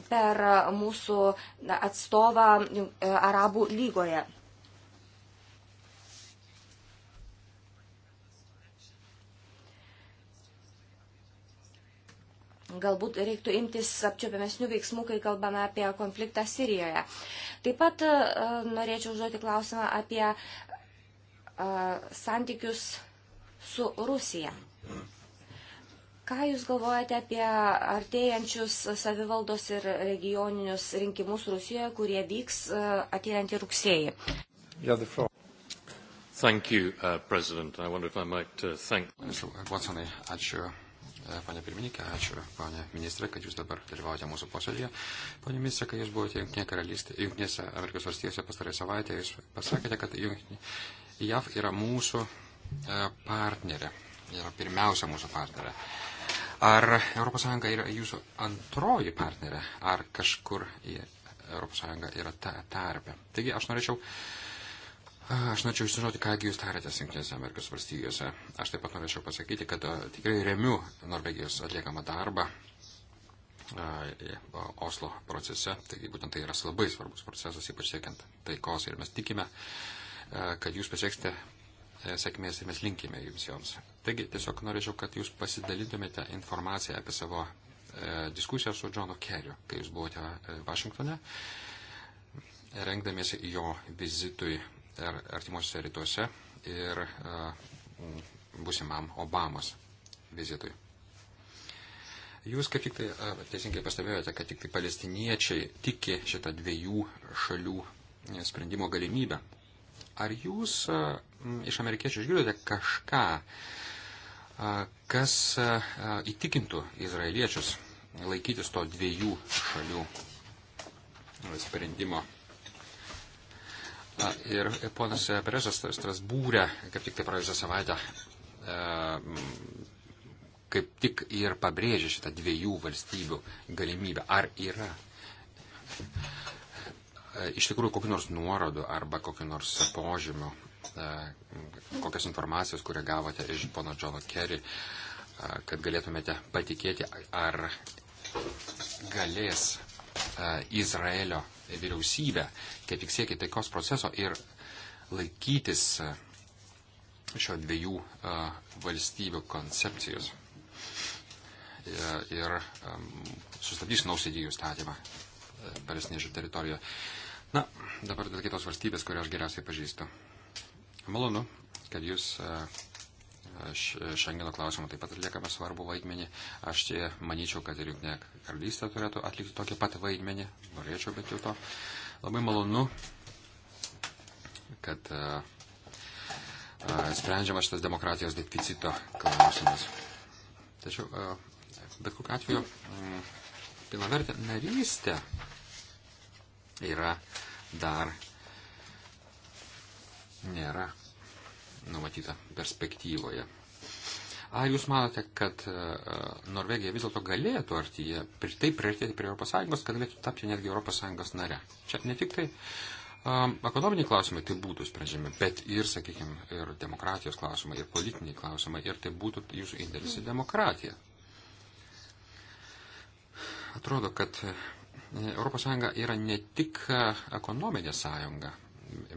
per mūsų atstovą Arabų lygoje. Galbūt reiktų imtis apčiopiamesnių veiksmų, kai kalbame apie konfliktą Sirijoje. Taip pat e, norėčiau užduoti klausimą apie e, santykius su Rusija. Ką Jūs galvojate apie artėjančius savivaldos ir regioninius rinkimus Rusijoje, kurie vyks e, ateinantį rugsėjį? Yeah, thank you, uh, President. I wonder if I might uh, thank... Ačiū, Watsonai. Ačiū E, pane pirmininkė, ačiū, pane ministrė, kad jūs dabar dalyvaujate mūsų posėdėje. Pane ministrė, kai jūs buvote Junktinėje karalystėje, Junktinėse Amerikos valstijose pastarąją savaitę, jūs pasakėte, kad JAV yra mūsų e, partnerė, yra pirmiausia mūsų partnerė. Ar ES yra jūsų antroji partnerė, ar kažkur ES yra ta tarpė? Taigi aš norėčiau uh, Aš norėčiau sužinoti, kągi jūs tarėtės Junktinėse Amerikos valstijose. Aš taip pat norėčiau pasakyti, kad tikrai remiu Norvegijos atliekamą darbą Oslo procese. Taigi būtent tai yra labai svarbus procesas, ypač siekiant taikos. Ir mes tikime, kad jūs pasieksite e, sėkmės ir mes linkime jums joms. Taigi tiesiog norėčiau, kad jūs pasidalintumėte informaciją apie savo e, diskusiją su Johnu Kerriu, kai jūs buvote e, Vašingtone, rengdamiesi jo vizitui artimuosiuose rytuose ir e, busimam Obamos vizitui. Jūs kaip tik tai e, teisingai pastebėjote, kad tik tai palestiniečiai tiki šitą dviejų šalių e, sprendimo galimybę. Ar jūs iš amerikiečių išgirdote kažką, kas įtikintų izraeliečius laikytis to dviejų šalių sprendimo Na, ir ponas e, Perezas Strasbūrė, kaip tik tai praėjusią savaitę, e, kaip tik ir pabrėžė šitą dviejų valstybių galimybę. Ar yra e, iš tikrųjų kokiu nors nuorodu arba kokiu nors požymiu, e, kokios informacijos, kurią gavote iš pono Džono Kerry, e, kad galėtumėte patikėti, ar galės e, Izraelio vyriausybę, kaip tik siekti taikos proceso ir laikytis e, šio dviejų e, valstybių koncepcijos e, ir sustabdys nausėdijų statymą palestiniečių teritorijoje. Na, dabar dėl kitos valstybės, kurią aš geriausiai pažįstu. Malonu, kad jūs E, Šengeno klausimų taip pat atliekame svarbu vaidmenį. Aš čia manyčiau, kad ir Junktinė karalystė turėtų atlikti tokį pat vaidmenį. Norėčiau bet jau to. Labai malonu, kad a, e, a, e, sprendžiamas šitas demokratijos deficito klausimas. Tačiau, a, bet kokiu atveju, pilnavertė narystė yra dar nėra numatyta perspektyvoje. Ar jūs manote, kad e, e, Norvegija vis dėlto galėtų artyje taip priartėti prie ES, kad galėtų tapti netgi ES nare? Čia ne tik tai um, ekonominiai klausimai tai būtų sprendžiami, bet ir, sakykime, ir demokratijos klausimai, ir politiniai klausimai, ir tai būtų jūsų indėlis į demokratiją. Atrodo, kad ES yra ne tik ekonominė sąjunga,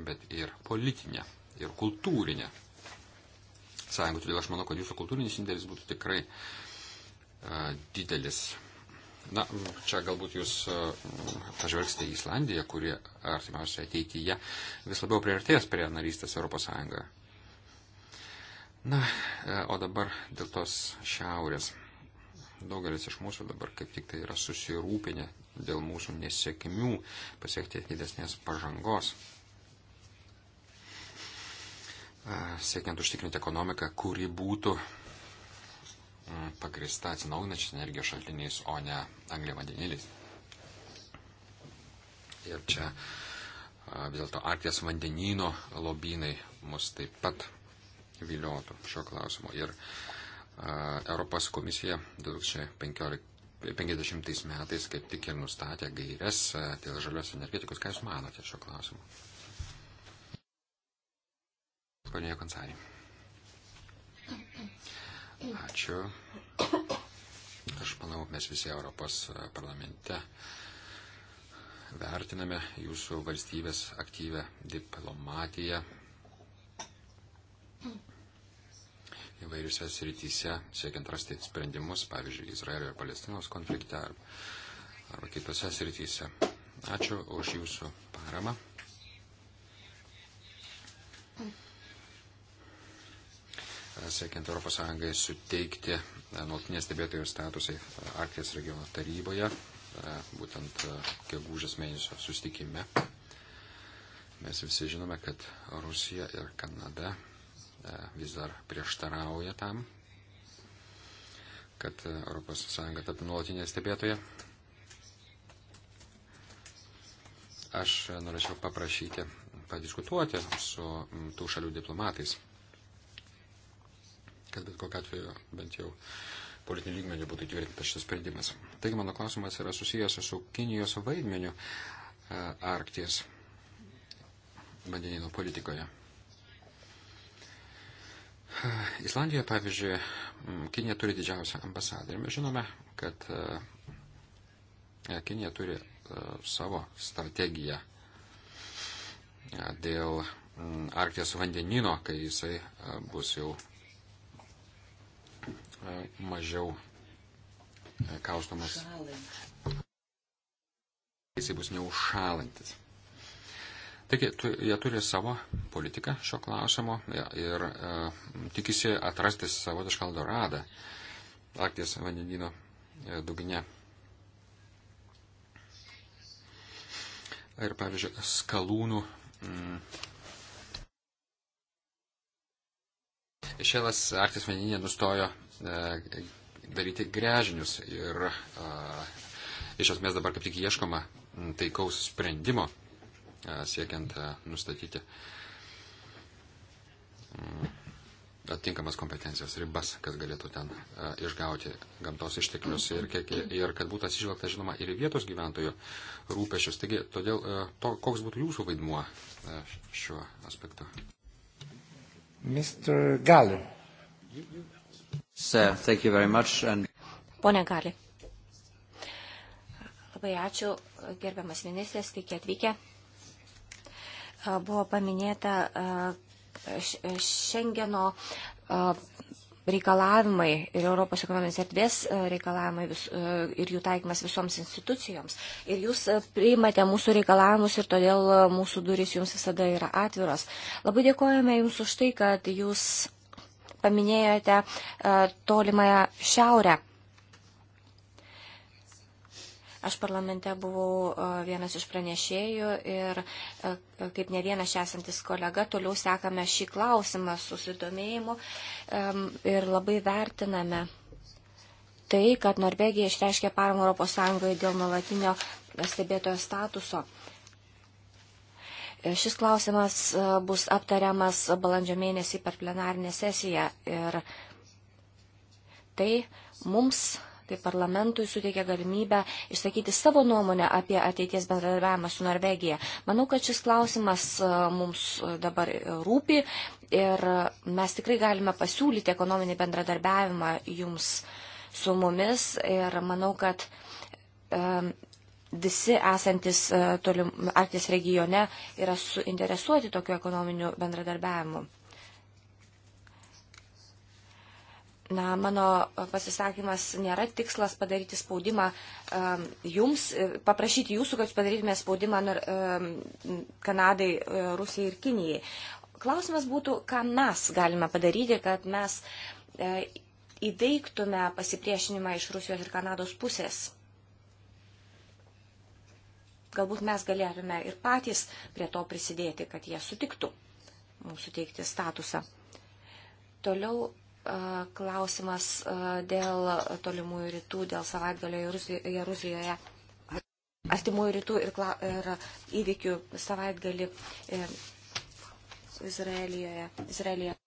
bet ir politinė ir kultūrinė sąjunga. Todėl aš manau, kad jūsų kultūrinis indėlis būtų tikrai uh, didelis. Na, čia galbūt jūs e, pažvelgsite į Islandiją, kuri artimiausioje ateityje vis labiau priartės prie narystės Europos Sąjungoje. Na, e, o dabar dėl tos šiaurės. Daugelis iš mūsų dabar kaip tik tai yra susirūpinę dėl mūsų nesėkmių pasiekti didesnės pažangos siekiant užtikrinti ekonomiką, kuri būtų mm, pagrista atsinaujinačiais energijos šaltiniais, o ne angliavandeniliais. Ir čia vis dėlto Arkties vandenino lobynai mus taip pat viliotų šio klausimo. Ir a, Europos komisija 2050 metais kaip tik ir nustatė gairias dėl žalios energetikos. Ką Jūs manote šio klausimu? Ponė Konsarė. Ačiū. Aš manau, mes visi Europos parlamente vertiname jūsų valstybės aktyvę diplomatiją įvairiuose srityse, siekiant rasti sprendimus, pavyzdžiui, Izraelio ir Palestinos konflikte arba, arba kitose srityse. Ačiū už jūsų paramą. Mm siekiant ES suteikti e, nuolatinės stebėtojų statusai e, Arkties regiono taryboje, e, būtent gegužės mėnesio sustikime. Mes visi žinome, kad Rusija ir Kanada vis dar prieštarauja tam, kad ES taptų nuolatinė stebėtoja. Aš norėčiau paprašyti padiskutuoti su tų šalių diplomatais kad bet kokiu atveju bent jau politinių lygmenių būtų įtvirtintas šis sprendimas. Taigi mano klausimas yra susijęs su Kinijos vaidmeniu e, Arkties vandenino politikoje. E, Islandijoje, pavyzdžiui, Kinija turi didžiausią ambasadą ir mes žinome, kad e, Kinija turi savo strategiją dėl Arkties vandenino, kai jisai bus jau E, mažiau e, kaustomas. Jisai bus neužšalantis. Taigi, tu, jie turi savo politiką šio klausimo ir, e, ir e, tikisi atrasti savotišką Aldoradą Arkties vandenino e, dugne. Ir pavyzdžiui, skalūnų. Mm, Šėlas Arkties vandenyje nustojo E, daryti grežinius ir e, iš esmės dabar kaip tik ieškoma taikaus sprendimo e, siekiant nustatyti mm, atitinkamas kompetencijos ribas, kas galėtų ten a, išgauti gamtos išteklius ir, kiek, ir kad būtų atsižvelgta, žinoma, ir vietos gyventojų rūpešius. Taigi, todėl, a, to, koks būtų jūsų vaidmuo a, šiuo aspektu? Mr. Galer. Sir, thank you very much. And... Pone Gali. Labai ačiū, gerbiamas ministrės, sveiki atvykę. Buvo paminėta Šengeno reikalavimai ir Europos ekonominės erdvės reikalavimai vis, ir jų taikymas visoms institucijoms. Ir jūs priimate mūsų reikalavimus ir todėl mūsų durys jums visada yra atviros. Labai dėkojame jums už tai, kad jūs paminėjote e, tolimąją šiaurę. Aš parlamente buvau e, vienas iš pranešėjų ir e, kaip ne vienas esantis kolega, toliau sekame šį klausimą su susidomėjimu ir labai vertiname tai, kad Norvegija išreiškė paramą ES dėl nuolatinio stebėtojo statuso. Šis klausimas e, bus aptariamas balandžio mėnesį per plenarinę sesiją ir tai mums kaip parlamentui suteikia galimybę išsakyti savo nuomonę apie ateities bendradarbiavimą su Norvegija. Manau, kad šis klausimas e, mums dabar rūpi ir mes tikrai galime pasiūlyti ekonominį bendradarbiavimą jums su mumis ir manau, kad e, visi esantis e, tolim, Arktis regione yra suinteresuoti tokiu ekonominiu bendradarbiavimu. Na, mano pasisakymas nėra tikslas padaryti spaudimą um, jums, e, paprašyti jūsų, kad padarytume spaudimą um, Kanadai, e, Rusijai ir Kinijai. Klausimas būtų, ką mes galime padaryti, kad mes e, įveiktume pasipriešinimą iš Rusijos ir Kanados pusės Galbūt mes galėtume ir patys prie to prisidėti, kad jie sutiktų mūsų teikti statusą. Toliau klausimas dėl tolimųjų rytų, dėl savaitgalio Jeruzalėje, artimųjų rytų ir, kla, ir įvykių savaitgalį e, Izraelijoje. Izraelijoje.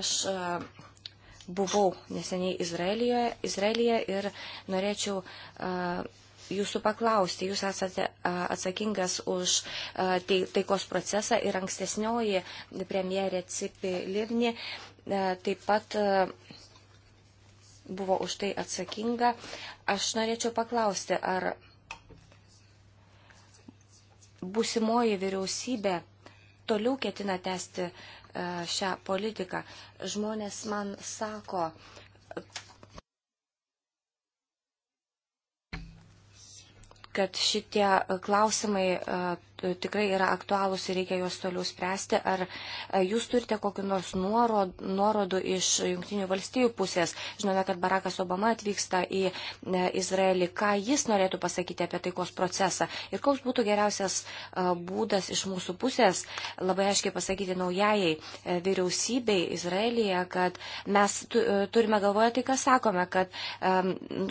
Aš buvau neseniai Izraelijoje, Izraelyje ir norėčiau uh, jūsų paklausti. Jūs esate atsakingas už tai, taikos procesą ir ankstesnioji premjerė Cipi Livni taip pat buvo už tai atsakinga. Aš norėčiau paklausti, ar būsimoji vyriausybė toliau ketina tęsti šią politiką. Žmonės man sako, kad šitie e, klausimai e, tikrai yra aktualūs ir reikia juos toliau spręsti. Ar e, jūs turite kokiu nors nuorodų iš Junktinių valstybių pusės? Žinome, kad Barakas Obama atvyksta į e, Izraelį. Ką jis norėtų pasakyti apie taikos procesą? Ir koks būtų geriausias e, būdas iš mūsų pusės labai aiškiai pasakyti naujajai vyriausybei Izraelyje, kad mes turime galvoje tai, ką sakome, kad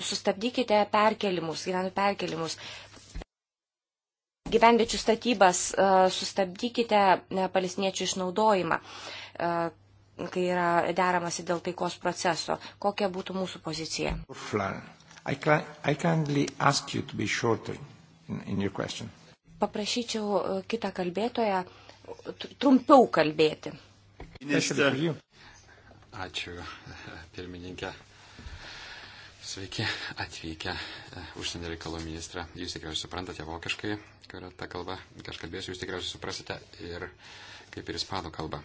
sustabdykite perkelimus, gyvenų perkelimus gyvenviečių statybas, e, sustabdykite e, palestiniečių išnaudojimą, e, kai yra deramasi dėl taikos proceso. Kokia būtų mūsų pozicija? Paprašyčiau kitą kalbėtoją trumpiau kalbėti. Ačiū, pirmininkė. Sveiki atvykę e, užsienio reikalų ministrą. Jūs tikriausiai suprantate vokiškai, kuria ta kalba, kai aš kalbėsiu, jūs tikriausiai suprasite ir kaip ir ispanų kalbą.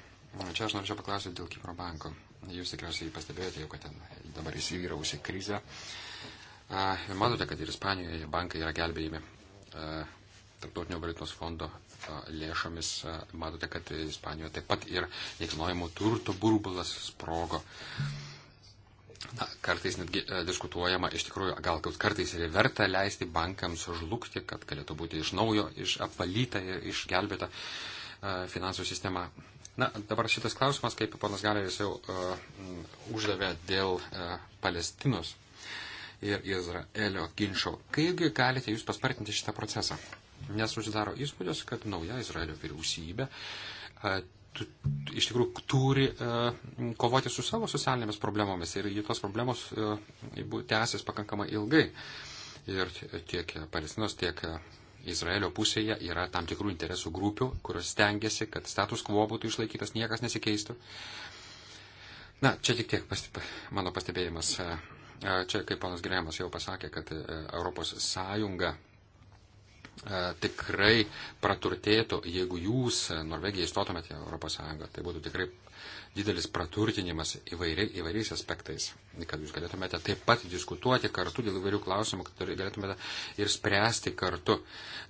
Čia aš norėčiau paklausyti dėl Kipro banko. Jūs tikriausiai pastebėjote jau, kad ten dabar įsivyrausi krizė. Ir manote, kad ir Ispanijoje bankai yra gelbėjami Tarptautinio valiutos fondo lėšomis. Matote, kad Ispanijoje taip pat ir nekilnojamo turto burbulas sprogo. Mm. Na, kartais netgi e, diskutuojama, iš tikrųjų, gal kartais ir verta leisti bankams žlugti, kad galėtų būti iš naujo iš apvalyta ir išgelbėta e, finansų sistema. Na, dabar šitas klausimas, kaip ponas Galeris jau e, m, uždavė dėl e, Palestinos ir Izraelio ginčio. Kaipgi galite jūs paspartinti šitą procesą? Nes susidaro įspūdis, kad nauja Izraelio vyriausybė e, iš tikrųjų turi e, kovoti su savo socialinėmis problemomis ir tos problemos e, tęsis pakankamai ilgai. Ir tiek Palestinos, tiek Izraelio pusėje yra tam tikrų interesų grupių, kurios stengiasi, kad status quo būtų išlaikytas, niekas nesikeistų. Na, čia tik tiek pasti, mano pastebėjimas. E, čia, kaip panas Grėmas jau pasakė, kad Europos Sąjunga E, tikrai praturtėtų, jeigu jūs e, Norvegija įstotumėte į Europos Sąjungą. Tai būtų tikrai didelis praturtinimas įvairiai, įvairiais aspektais, kad jūs galėtumėte taip pat diskutuoti kartu dėl įvairių klausimų, kad galėtumėte ir spręsti kartu.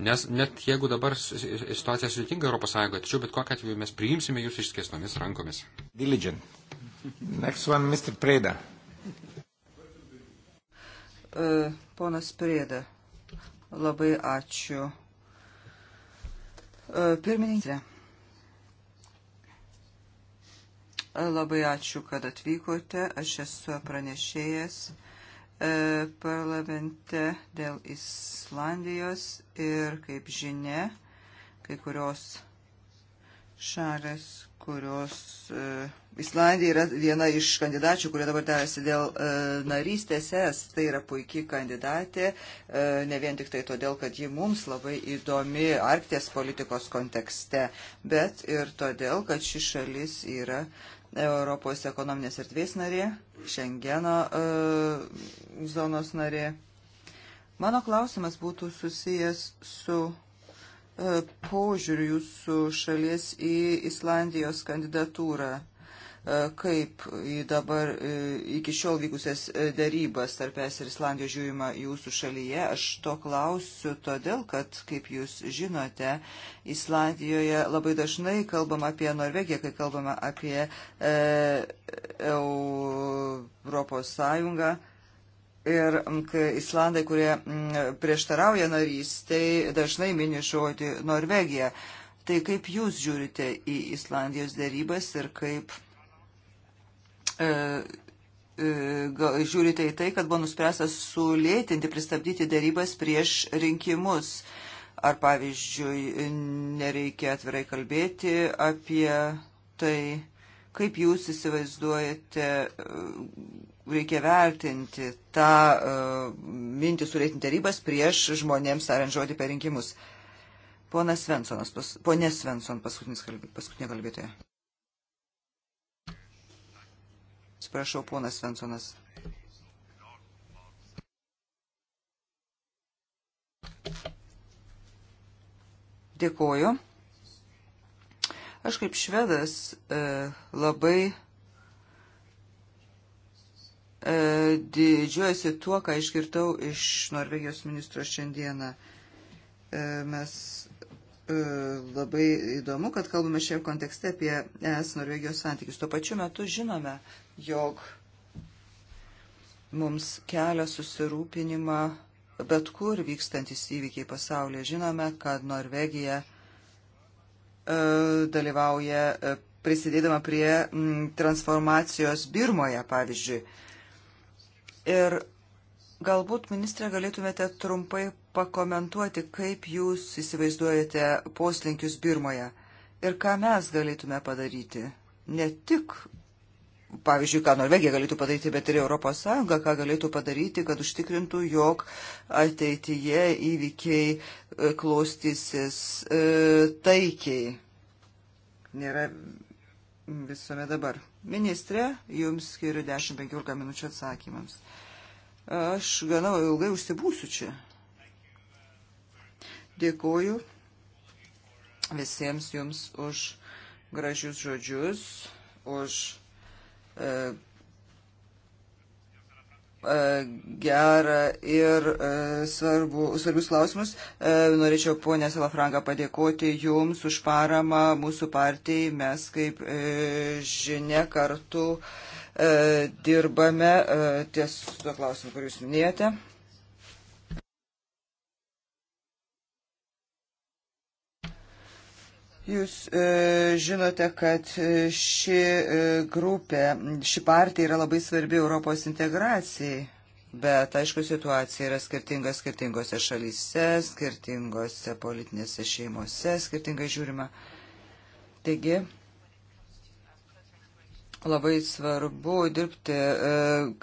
Nes net jeigu dabar situacija sudėtinga Europos Sąjungoje, tačiau bet kokią atveju mes priimsime jūs išskėsnomis rankomis. Diligent. Next one, Mr. Preda. Uh, ponas Preda. Labai ačiū. E, pirmininkė. E, labai ačiū, kad atvykote. Aš esu pranešėjas e, parlamente dėl Islandijos ir, kaip žinia, kai kurios šalis, kurios uh, Islandija yra viena iš kandidačių, kurie dabar derasi dėl e, narystės es. Tai yra puikiai kandidatė, e, ne vien tik tai todėl, kad ji mums labai įdomi Arkties politikos kontekste, bet ir todėl, kad ši šalis yra Europos ekonominės erdvės narė, Šengeno e, zonos narė. Mano klausimas būtų susijęs su e, požiūriu jūsų šalies į Islandijos kandidatūrą. E, kaip į dabar e, iki šiol vykusias e, darybas tarp es ir Islandijos žiūrima jūsų šalyje. Aš to klausiu todėl, kad, kaip jūs žinote, Islandijoje labai dažnai kalbam apie Norvegiją, kai kalbam apie e, Europos Sąjungą. Ir Islandai, kurie prieštarauja narystai, dažnai mini žodį Norvegija. Tai kaip jūs žiūrite į Islandijos darybas ir kaip E, e, žiūrite į tai, kad buvo nuspręsta sulėtinti, pristabdyti dėrybas prieš rinkimus. Ar pavyzdžiui, nereikia atvirai kalbėti apie tai, kaip jūs įsivaizduojate, e, reikia vertinti tą mintį sulėtinti dėrybas prieš žmonėms tariant žodį per rinkimus. Ponas Svensonas, pas, ponė Svenson, paskutinė kalbėtoja. Prašau, ponas Svensonas. Dėkoju. Aš kaip švedas e, labai e, didžiuojasi tuo, ką iškirtau iš Norvegijos ministro šiandieną. E, mes e, labai įdomu, kad kalbame šiame kontekste apie ES Norvegijos santykius. Tuo pačiu metu žinome, jog mums kelia susirūpinimą bet kur vykstantis įvykiai pasaulyje. Žinome, kad Norvegija e, dalyvauja e, prisidėdama prie transformacijos Birmoje, pavyzdžiui. Ir galbūt, ministrė, galėtumėte trumpai pakomentuoti, kaip jūs įsivaizduojate poslinkius Birmoje ir ką mes galėtume padaryti, ne tik pavyzdžiui, ką Norvegija galėtų padaryti, bet ir ES, ką galėtų padaryti, kad užtikrintų, jog ateityje įvykiai e, klostysis e, taikiai. Nėra visuomet dabar. Ministrė, jums skiriu 10-15 minučių atsakymams. Aš gana ilgai užsibūsiu čia. Dėkuoju visiems jums už gražius žodžius, už E, e, gerą ir e, svarbu, svarbius klausimus. Norėčiau, ponė Salafranka, padėkoti Jums už paramą mūsų partijai. Mes, kaip žinia, kartu dirbame ties tuo klausimu, kurį Jūs minėjote. Jūs e, žinote, kad e, ši e, grupė, ši partija yra labai svarbi Europos integracijai, bet aišku, situacija yra skirtinga skirtingose šalyse, skirtingose politinėse šeimose, skirtingai žiūrima. Taigi, labai svarbu dirbti, e,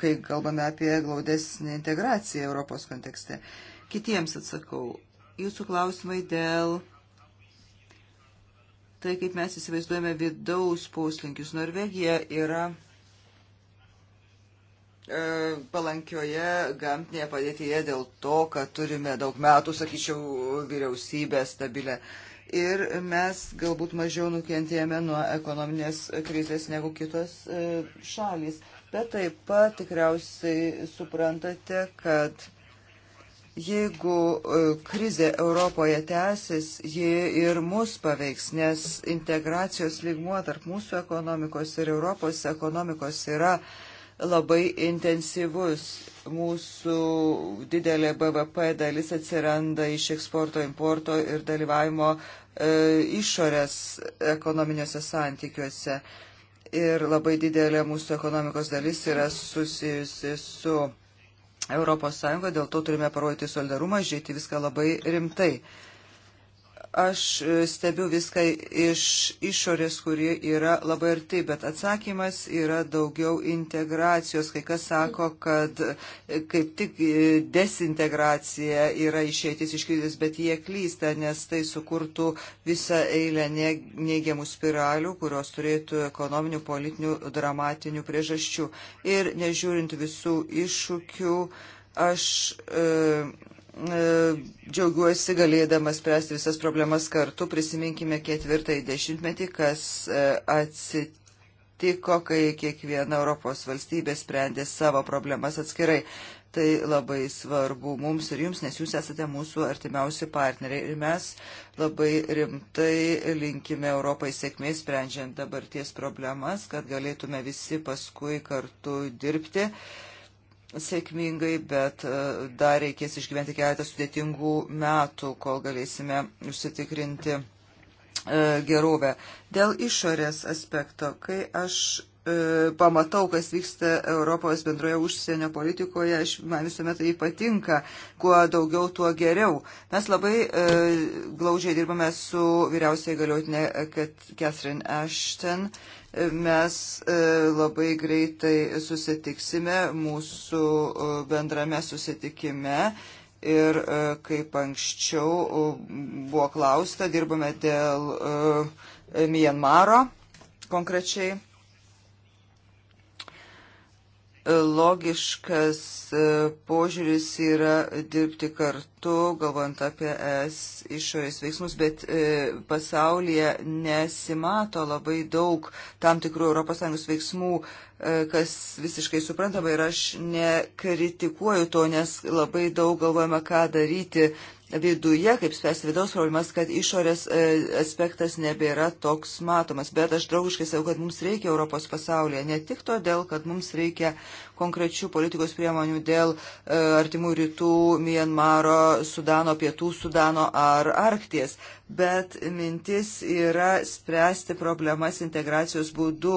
kai kalbame apie glaudesnį integraciją Europos kontekste. Kitiems atsakau, jūsų klausimai dėl tai, kaip mes įsivaizduojame vidaus poslinkius. Norvegija yra e, palankioje gamtinėje padėtyje dėl to, kad turime daug metų, sakyčiau, vyriausybę stabilę. Ir mes galbūt mažiau nukentėjome nuo ekonominės krizės negu kitos e, šalys. Bet taip pat tikriausiai suprantate, kad Jeigu e, krizė Europoje tęsis, ji ir mus paveiks, nes integracijos lygmuo tarp mūsų ekonomikos ir Europos ekonomikos yra labai intensyvus. Mūsų didelė BVP dalis atsiranda iš eksporto, importo ir dalyvavimo e, išorės ekonominiuose santykiuose. Ir labai didelė mūsų ekonomikos dalis yra susijusi su Europos Sąjungoje, dėl to turime parodyti solidarumą, žiūrėti viską labai rimtai. Aš e, stebiu viską iš išorės, kuri yra labai arti, bet atsakymas yra daugiau integracijos. Kai kas sako, kad e, kaip tik e, desintegracija yra išeitis iš krizės, bet jie klysta, nes tai sukurtų visą eilę neigiamų spiralių, kurios turėtų ekonominių, politinių, dramatinių priežasčių. Ir nežiūrint visų iššūkių, aš. E, E, džiaugiuosi galėdamas spręsti visas problemas kartu. Prisiminkime ketvirtąjį dešimtmetį, kas e, atsitiko, kai kiekviena Europos valstybė sprendė savo problemas atskirai. Tai labai svarbu mums ir jums, nes jūs esate mūsų artimiausi partneriai. Ir mes labai rimtai linkime Europai sėkmės sprendžiant dabarties problemas, kad galėtume visi paskui kartu dirbti. Uh, sėkmingai, bet e, dar reikės išgyventi keletą sudėtingų metų, kol galėsime užsitikrinti e, gerovę. Dėl išorės aspekto, kai aš e, pamatau, kas vyksta Europos bendroje užsienio politikoje, aš, man visuomet tai patinka, kuo daugiau, tuo geriau. Mes labai e, glaudžiai dirbame su vyriausiai galiotinė Catherine Ashton. E, Mes e, labai greitai susitiksime mūsų e, bendrame susitikime ir e, kaip anksčiau buvo klausta, dirbame dėl Mienmaro konkrečiai logiškas e, požiūris yra dirbti kartu, galvojant apie es išorės veiksmus, bet e, pasaulyje nesimato labai daug tam tikrų ES veiksmų, e, kas visiškai suprantama ir aš nekritikuoju to, nes labai daug galvojame, ką daryti viduje, kaip spręsti vidaus problemas, kad išorės e, aspektas nebėra toks matomas. Bet aš draugiškai sakau, kad mums reikia Europos pasaulyje, ne tik todėl, kad mums reikia konkrečių politikos priemonių dėl e, artimų rytų, Mienmaro, Sudano, Pietų Sudano ar Arkties, bet mintis yra spręsti problemas integracijos būdu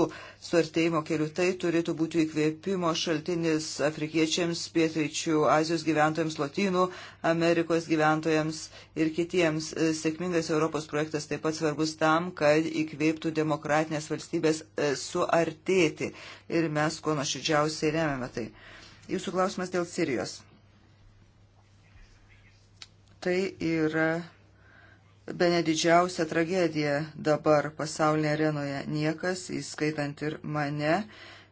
suartėjimo keliu. Tai turėtų būti įkvėpimo šaltinis afrikiečiams, pietryčių Azijos gyventojams, Lotynų Amerikos gyventojams ir kitiems. E, sėkmingas Europos projektas taip pat svarbus tam, kad įkvėptų demokratinės valstybės e, suartėti ir mes ko nuoširdžiausiai remiame tai. Jūsų klausimas dėl Sirijos. Tai yra be nedidžiausia tragedija dabar pasaulinėje arenoje. Niekas, įskaitant ir mane,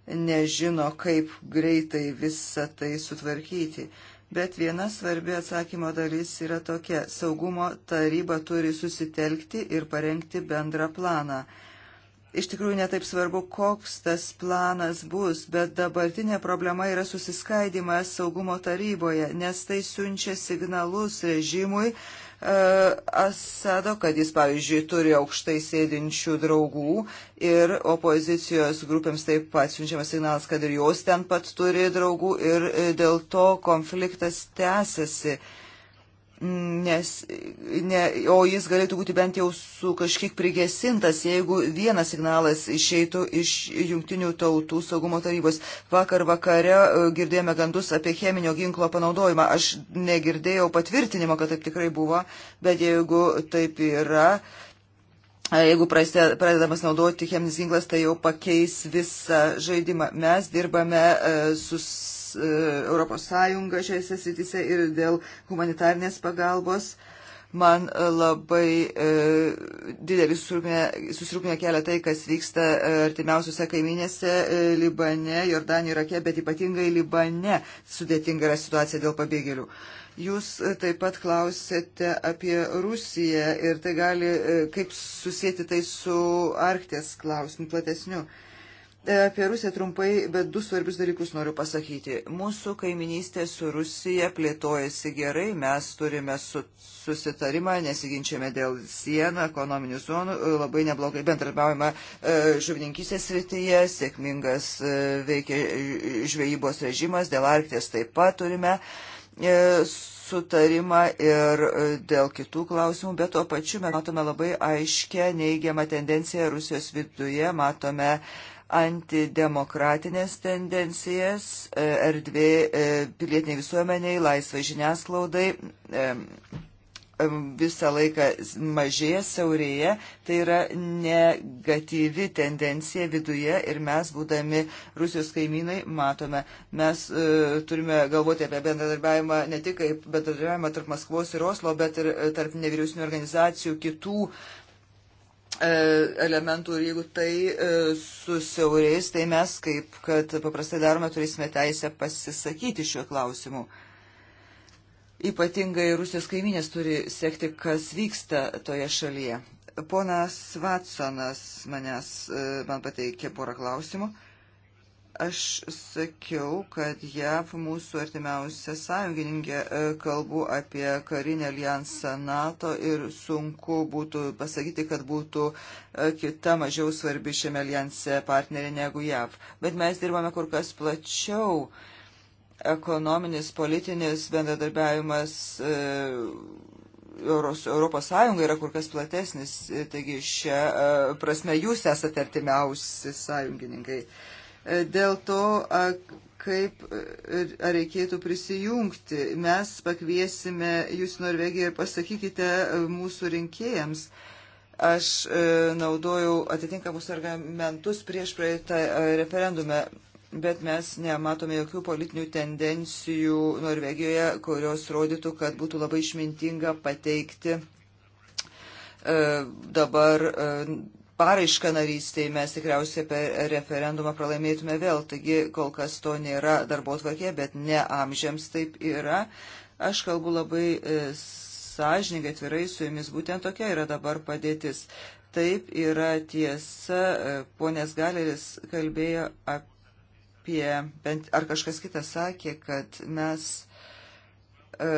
nežino, kaip greitai visą tai sutvarkyti. Bet viena svarbi atsakymo dalis yra tokia - saugumo taryba turi susitelkti ir parengti bendrą planą. Iš tikrųjų netaip svarbu, koks tas planas bus, bet dabartinė problema yra susiskaidimas saugumo taryboje, nes tai siunčia signalus režimui, E, Asado, kad jis, pavyzdžiui, turi aukštai sėdinčių draugų ir opozicijos grupėms taip pat siunčiamas signalas, kad ir jos ten pat turi draugų ir e, dėl to konfliktas tęsiasi. Uh, nes, ne, o jis galėtų būti bent jau su kažkiek prigesintas, jeigu vienas signalas išeitų iš jungtinių tautų saugumo tarybos. Vakar vakare e, girdėjome gandus apie cheminio ginklo panaudojimą. Aš negirdėjau patvirtinimo, kad taip tikrai buvo, bet jeigu taip yra. Jeigu pradedamas naudoti cheminis ginklas, tai jau pakeis visą žaidimą. Mes dirbame e, su E, Europos Sąjunga šiose srityse ir dėl humanitarnės pagalbos. Man e, labai e, didelį susirūpinę kelia tai, kas vyksta e, artimiausiuose kaiminėse e, Libane, Jordanijoje, Irake, bet ypatingai Libane sudėtinga yra situacija dėl pabėgėlių. Jūs taip pat klausėte apie Rusiją ir tai gali, kaip susijęti tai su Arktės klausimu platesniu. Apie Rusiją trumpai, bet du svarbius dalykus noriu pasakyti. Mūsų kaiminystė su Rusija plėtojasi gerai, mes turime su, susitarimą, nesiginčiame dėl sienų, ekonominių zonų, labai neblogai bendradarbiaujama e, žuvininkysės srityje, sėkmingas e, veikia e, žvejybos režimas, dėl Arkties taip pat turime sutarimą ir dėl kitų klausimų, bet tuo pačiu mes matome labai aiškę neigiamą tendenciją Rusijos viduje, matome uh, antidemokratinės tendencijas, e, erdvė e, pilietiniai visuomeniai, laisvai žiniasklaudai e, visą laiką mažėja, siaurėja, tai yra negatyvi tendencija viduje ir mes, būdami Rusijos kaimynai, matome. Mes e, turime galvoti apie bendradarbiavimą ne tik kaip bendradarbiavimą tarp Maskvos ir Oslo, bet ir tarp nevyriausinių organizacijų, kitų E, elementų ir jeigu tai e, susiaurės, tai mes, kaip kad paprastai darome, turėsime teisę pasisakyti šiuo klausimu. Ypatingai Rusijos kaiminės turi sekti, kas vyksta toje šalyje. Ponas Vatsonas manęs, e, man pateikė porą klausimų. Aš sakiau, kad JAV mūsų artimiausia sąjungininkė e, kalbu apie karinę alijansą NATO ir sunku būtų pasakyti, kad būtų e, kita mažiau svarbi šiame alijanse partnerė negu JAV. Bet mes dirbame kur kas plačiau. Ekonominis, politinis bendradarbiavimas e, Euros, Europos Sąjunga yra kur kas platesnis, taigi šią prasme jūs esate artimiausi sąjungininkai dėl to, kaip ar reikėtų prisijungti. Mes pakviesime jūs į Norvegiją ir pasakykite mūsų rinkėjams. Aš naudojau atitinkamus argumentus prieš praeitą referendumą, bet mes nematome jokių politinių tendencijų Norvegijoje, kurios rodytų, kad būtų labai išmintinga pateikti dabar paraišką narystėje mes tikriausiai per referendumą pralaimėtume vėl, taigi kol kas to nėra darbo tvarkė, bet ne amžiams taip yra. Aš kalbu labai e, sąžininkai, atvirai su jumis, būtent tokia yra dabar padėtis. Taip yra tiesa, e, ponės Galeris kalbėjo apie, bent ar kažkas kitas sakė, kad mes. E,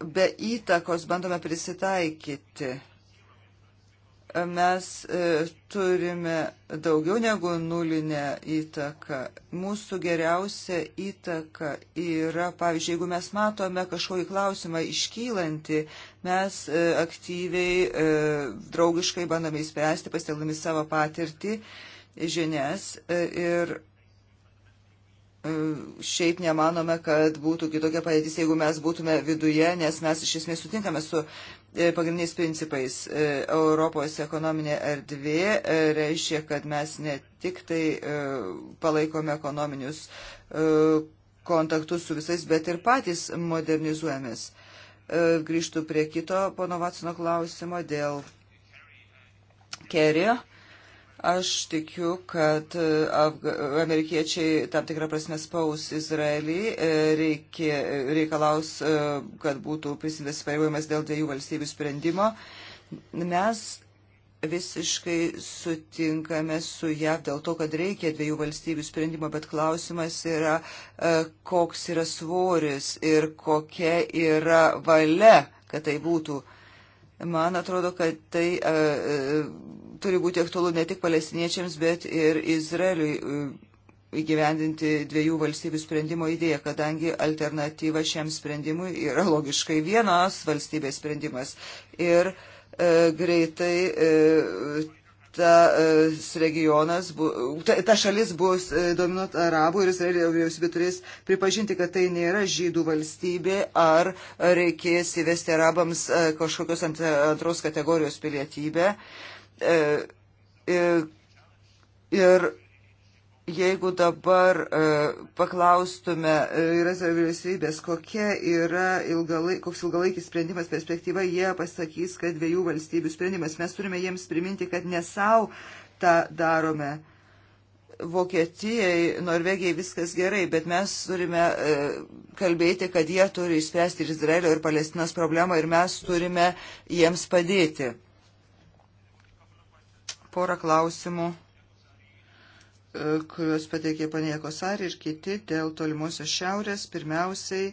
be įtakos bandome prisitaikyti mes e, turime daugiau negu nulinę įtaką. Mūsų geriausia įtaka yra, pavyzdžiui, jeigu mes matome kažkokį klausimą iškylantį, mes e, aktyviai, e, draugiškai bandome įspręsti, pasitelkdami savo patirtį, žinias ir šiaip nemanome, kad būtų kitokia padėtis, jeigu mes būtume viduje, nes mes iš esmės sutinkame su e, pagrindiniais principais. E, Europos ekonominė erdvė e, reiškia, kad mes ne tik tai palaikome ekonominius kontaktus su visais, bet ir patys modernizuojamės. Grįžtų prie kito pono Vatsino klausimo dėl kerio. Aš tikiu, kad e, amerikiečiai tam tikrą prasme spaus Izraelį, e, reikė, e, reikalaus, kad būtų prisimtas įpareigojimas dėl dviejų valstybių sprendimo. Mes visiškai sutinkame su JAV dėl to, kad reikia dviejų valstybių sprendimo, bet klausimas yra, koks yra svoris ir kokia yra valia, kad tai būtų. Man atrodo, kad tai. Uh, turi būti aktualu ne tik palestiniečiams, bet ir Izraeliui e, įgyvendinti dviejų valstybių sprendimo idėją, kadangi alternatyva šiam sprendimui yra logiškai vienos valstybės sprendimas. Ir e, greitai e, tas e, regionas, ta, ta šalis bus e, dominuot arabų ir Izraelio vyriausybė turės pripažinti, kad tai nėra žydų valstybė, ar reikės įvesti arabams kažkokios antros kategorijos pilietybę. E, E, e, ir jeigu dabar e, paklaustume Izraelio vyriausybės, kokia yra ilgalaik, koks ilgalaikis sprendimas perspektyva, jie pasakys, kad dviejų valstybių sprendimas. Mes turime jiems priminti, kad ne savo tą darome. Vokietijai, Norvegijai viskas gerai, bet mes turime e, kalbėti, kad jie turi išspręsti ir Izraelio, ir Palestinos problemą, ir mes turime jiems padėti porą klausimų, e, kuriuos pateikė panė Kosari ir kiti dėl tolimuosios šiaurės. Pirmiausiai,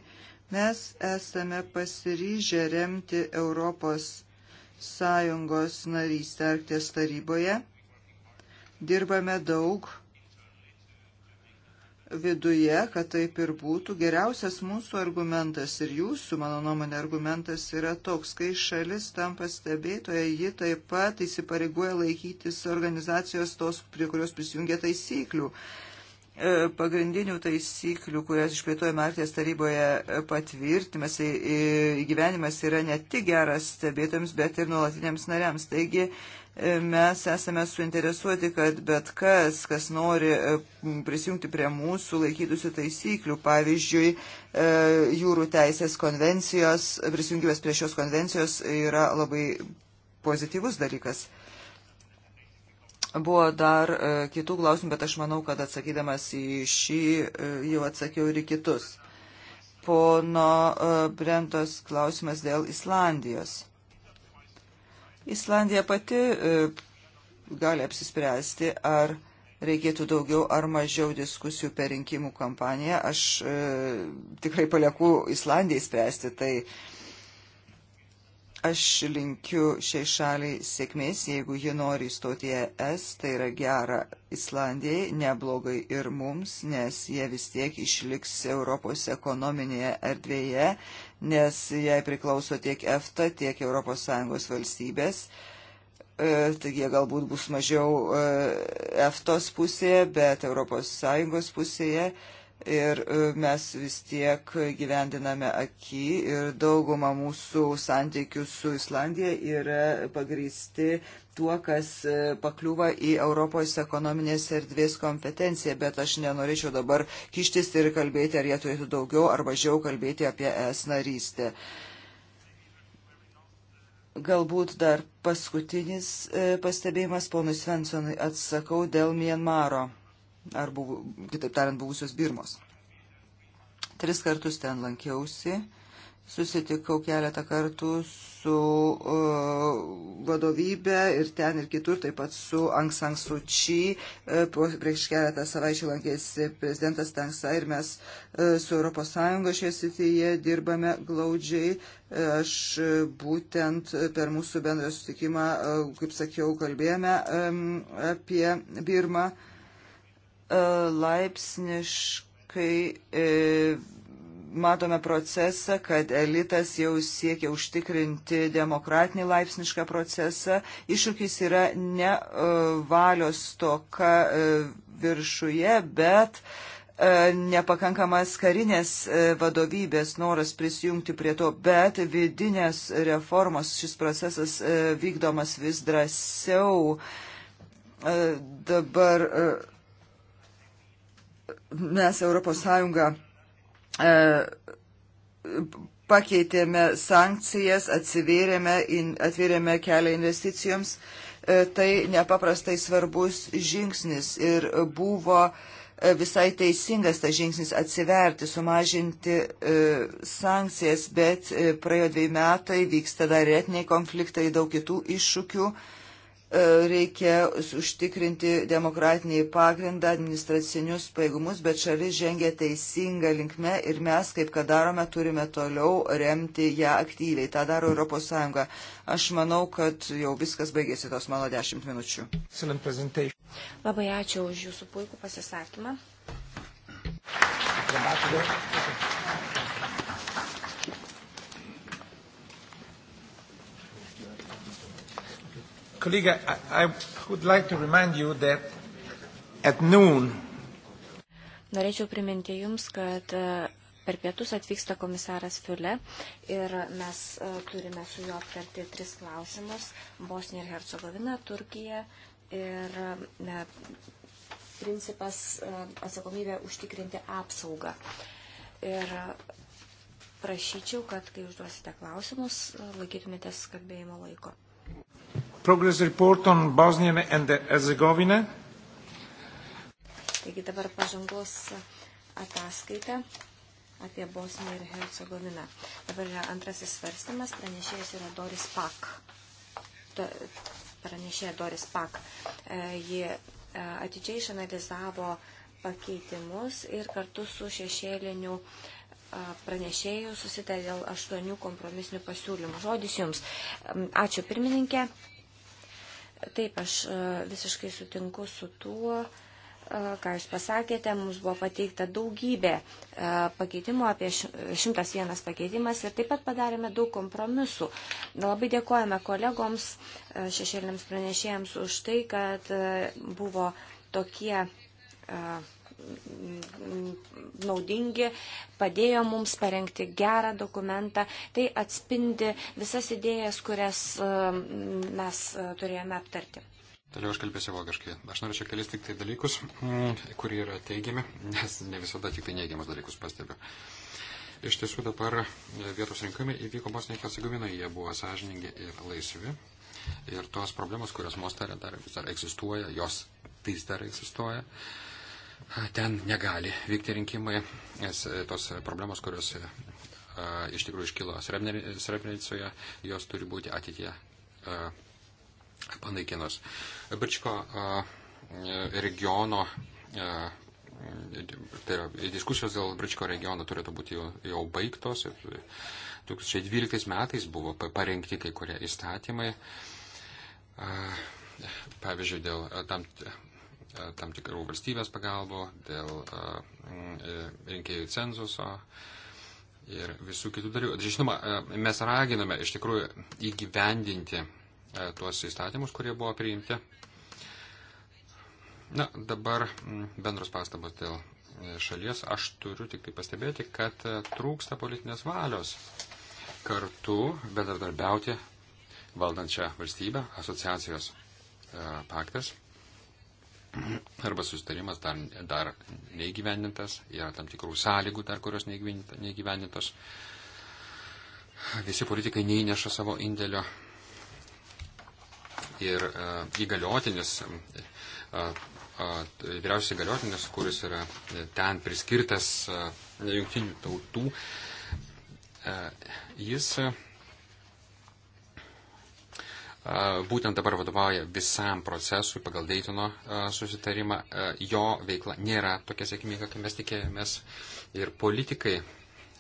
mes esame pasiryžę remti Europos Sąjungos narystę Arkties taryboje. Dirbame daug viduje, kad taip ir būtų. Geriausias mūsų argumentas ir jūsų, mano nuomonė, argumentas yra toks, kai šalis tampa stebėtoje, ji taip pat įsipareigoja laikytis organizacijos tos, prie kurios prisijungia taisyklių. E, pagrindinių taisyklių, kurias išplėtoja Martės taryboje e, patvirtimas, įgyvenimas yra ne tik geras stebėtojams, bet ir nuolatiniams nariams. Taigi Mes esame suinteresuoti, kad bet kas, kas nori e, prisijungti prie mūsų, laikytųsi taisyklių, pavyzdžiui, e, jūrų teisės konvencijos, prisijungimas prie šios konvencijos yra labai pozityvus dalykas. Buvo dar e, kitų klausimų, bet aš manau, kad atsakydamas į šį jau atsakiau ir į kitus. Pono Brentos klausimas dėl Islandijos. Islandija pati e, gali apsispręsti, ar reikėtų daugiau ar mažiau diskusijų per rinkimų kampaniją. Aš e, tikrai palieku Islandijai spręsti, tai aš linkiu šiai šaliai sėkmės, jeigu ji nori įstoti į ES, tai yra gera Islandijai, neblogai ir mums, nes jie vis tiek išliks Europos ekonominėje erdvėje, nes jai priklauso tiek EFTA, tiek ES valstybės. E, taigi jie galbūt bus mažiau e, EFTOS pusėje, bet ES pusėje ir e, mes vis tiek gyvendiname akį ir dauguma mūsų santykių su Islandija yra pagristi tuo, kas e, pakliūva į Europos ekonominės erdvės kompetenciją, bet aš nenorėčiau dabar kištis ir kalbėti, ar jie turėtų daugiau ar mažiau kalbėti apie es narystę. Galbūt dar paskutinis e, pastebėjimas ponui Svensonui atsakau dėl Mienmaro, ar buvo, kitaip tariant, buvusios Birmos. Tris kartus ten lankiausi susitikau keletą kartų su uh, vadovybė ir ten ir kitur, taip pat su Angsang Suči. Uh, prieš keletą savaičių lankėsi prezidentas Tanksa ir mes uh, su ES šioje srityje dirbame glaudžiai. Uh, aš uh, būtent uh, per mūsų bendrą sutikimą, uh, kaip sakiau, kalbėjome um, apie Birmą uh, laipsniškai. Uh, matome procesą, kad elitas jau siekia užtikrinti demokratinį laipsnišką procesą. Iššūkis yra ne e, valios toka e, viršuje, bet e, nepakankamas karinės vadovybės noras prisijungti prie to, bet vidinės reformos šis procesas vykdomas vis drąsiau. Dabar mes Europos Sąjungą E, pakeitėme sankcijas, atsivėrėme, atvėrėme kelią investicijoms. E, tai nepaprastai svarbus žingsnis ir buvo e, visai teisingas tas žingsnis atsiverti, sumažinti sankcijas, bet praėjo dviejų metai, vyksta dar retiniai konfliktai, daug kitų iššūkių E, reikia užtikrinti demokratinį pagrindą, administracinius paėgumus, bet šalis žengia teisinga linkme ir mes, kaip kad darome, turime toliau remti ją aktyviai. Ta daro ES. Aš manau, kad jau viskas baigėsi tos mano dešimt minučių. Labai ačiū už Jūsų puikų pasisakymą. Colleague, I, I would like to remind you that at noon. Norėčiau priminti Jums, kad e, per pietus atvyksta komisaras Fiule ir mes e, turime su juo aptarti tris klausimus - Bosnija ir Hercegovina, Turkija ir ne, principas e, atsakomybė užtikrinti apsaugą. Ir prašyčiau, kad kai užduosite klausimus, laikytumėtės kalbėjimo laiko progress report on Bosnia and Herzegovina. Taigi dabar pažangos ataskaita apie Bosniją ir Hercegoviną. Dabar yra antrasis svarstymas, pranešėjas yra Doris Pak. Pranešėja Doris Pak. E, ji e, atidžiai išanalizavo pakeitimus ir kartu su šešėliniu e, pranešėjų susitarė dėl aštuonių kompromisinių pasiūlymų. Žodis Jums. Ačiū pirmininkė. Taip, aš e, visiškai sutinku su tuo, e, ką Jūs pasakėte, mums buvo pateikta daugybė e, pakeitimų, apie 101 pakeitimas ir taip pat padarėme daug kompromisų. Labai dėkojame kolegoms, šešėlėms pranešėjams už tai, kad buvo tokie naudingi, padėjo mums parengti gerą dokumentą. Tai atspindi visas idėjas, kurias e, mes e, turėjome aptarti. Toliau aš kalbėsiu vokiškai. Aš norėčiau kelis tik tai dalykus, mm, kurie yra teigiami, nes ne visada tik tai neigiamus dalykus pastebiu. Iš tiesų dabar vietos rinkimai įvyko Bosnijoje ir Hercegovinoje, jie buvo sąžiningi ir laisvi. Ir tos problemos, kurios Mostarė dar vis dar egzistuoja, jos tais dar egzistuoja. Uh, ten negali vykti rinkimai, nes e, tos e, problemos, kurios e, iš tikrųjų iškilo Srebrenicoje, jos turi būti ateitie panaikinos. Birčko regiono, tai yra diskusijos dėl Birčko regiono turėtų būti jau, jau baigtos. 2012 metais buvo parengti kai kurie įstatymai. Pavyzdžiui, dėl tam E, tam tikrų valstybės pagalbų, dėl e, e, rinkėjų cenzuso ir visų kitų dalykų. Žinoma, mes raginame iš tikrųjų įgyvendinti tuos įstatymus, kurie buvo priimti. Na, dabar bendros pastabos dėl šalies. Aš turiu tik tai pastebėti, kad trūksta politinės valios kartu bendradarbiauti valdančią valstybę, asociacijos paktas. E, arba susitarimas dar, dar neįgyvendintas, yra tam tikrų sąlygų dar, kurios neįgyvendintos. Visi politikai neįneša savo indėlio. Ir uh, įgaliotinis, uh, uh, vyriausias įgaliotinis, kuris yra ten priskirtas uh, jungtinių tautų, uh, jis uh, būtent dabar vadovauja visam procesui pagal Deitino susitarimą. Jo veikla nėra tokia sėkminga, kaip mes tikėjomės. Ir politikai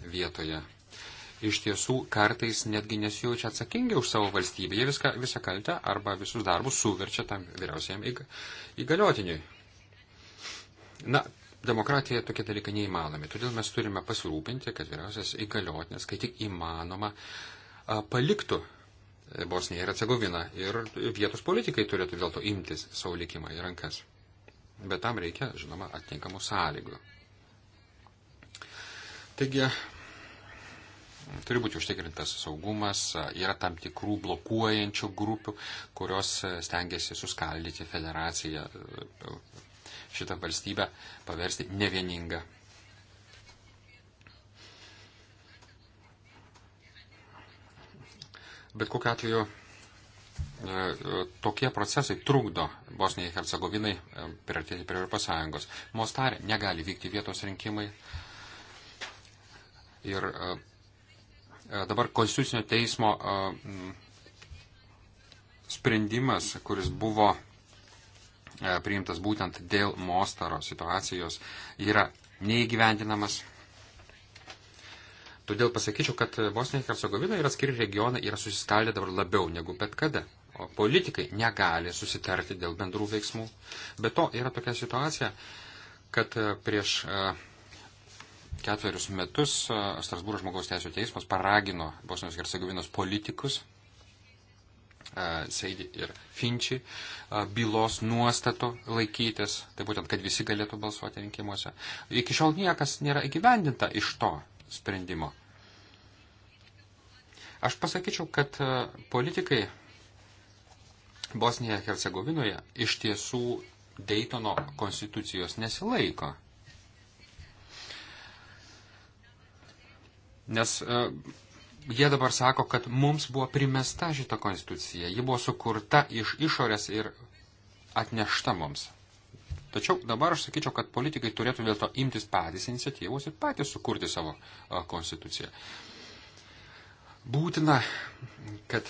vietoje iš tiesų kartais netgi nesijaučia atsakingi už savo valstybę. Jie viską, visą kaltę arba visus darbus suverčia tam vyriausiam įgaliotiniui. Na, demokratijoje tokie dalykai neįmanomi. Todėl mes turime pasirūpinti, kad vyriausias įgaliotinis, kai tik įmanoma, paliktų Bosniją ir Hercegoviną. Ir vietos politikai turėtų dėl to imtis savo likimą į rankas. Bet tam reikia, žinoma, atitinkamų sąlygų. Taigi, turi būti užtikrintas saugumas, yra tam tikrų blokuojančių grupių, kurios stengiasi suskaldyti federaciją šitą valstybę, paversti nevieningą Bet kokiu atveju e, tokie procesai trukdo Bosnijai Hercegovinai e, priartėti prie Europos Sąjungos. Mostarė negali vykti vietos rinkimai. Ir e, dabar Konstitucinio teismo sprendimas, kuris buvo priimtas būtent dėl Mostaro situacijos, yra neįgyvendinamas Todėl pasakyčiau, kad Bosnija ir Hercegovina ir atskiri regionai yra susiskaldę dabar labiau negu bet kada. O politikai negali susitarti dėl bendrų veiksmų. Be to yra tokia situacija, kad e, prieš e, ketverius metus e, Strasbūro žmogaus teisų teismas paragino Bosnijos ir Hercegovinos politikus Seidį ir Finčį bylos nuostato laikytis, tai būtent, kad visi galėtų balsuoti rinkimuose. Iki šiol niekas nėra įgyvendinta iš to sprendimo. Aš pasakyčiau, kad e, politikai Bosnijoje ir Hercegovinoje iš tiesų Daytono konstitucijos nesilaiko. Nes uh, jie dabar sako, kad mums buvo primesta šita konstitucija, ji buvo sukurta iš išorės ir atnešta mums. Tačiau dabar aš sakyčiau, kad politikai turėtų dėl to imtis patys iniciatyvos ir patys sukurti savo konstituciją. Būtina, kad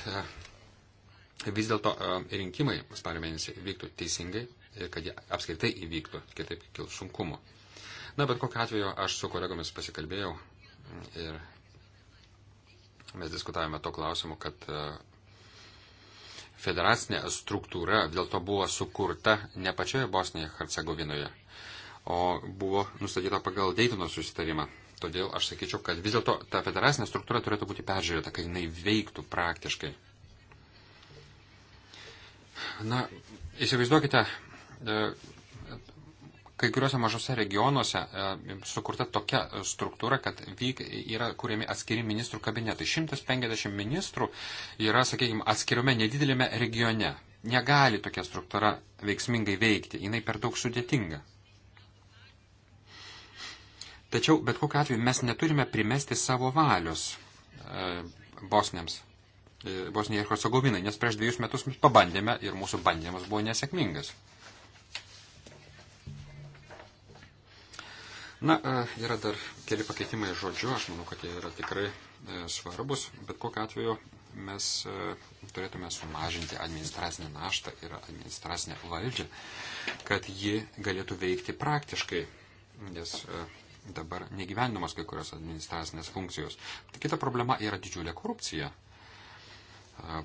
vis dėlto rinkimai spalio mėnesį vyktų teisingai ir kad jie apskritai įvyktų, kitaip kils sunkumu. Na, bet kokiu atveju aš su kolegomis pasikalbėjau ir mes diskutavome to klausimu, kad federacinė struktūra dėl to buvo sukurta ne pačioje Bosnijoje Hercegovinoje, o buvo nustatyta pagal Deitino susitarimą. Todėl aš sakyčiau, kad vis dėlto ta federacinė struktūra turėtų būti peržiūrėta, kad jinai veiktų praktiškai. Na, įsivaizduokite, e, kai kuriuose mažose regionuose e, sukurta tokia e, struktūra, kad vyk, yra kuriami atskiri ministrų kabinetai. 150 ministrų yra, sakykime, atskiriame nedidelėme regione. Negali tokia struktūra veiksmingai veikti, jinai per daug sudėtinga. Tačiau, bet kokiu atveju, mes neturime primesti savo valios e, bosniams, Bosnijai ir Hercegovinai, nes prieš dviejus metus mes pabandėme ir mūsų bandymas buvo nesėkmingas. Na, e, yra dar keli pakeitimai žodžiu, aš manau, kad jie yra tikrai e, svarbus, bet kokiu atveju mes e, turėtume sumažinti administracinę naštą ir administracinę valdžią, kad ji galėtų veikti praktiškai, nes dabar negyvendamos kai kurios administracinės funkcijos. Tai kita problema yra didžiulė korupcija.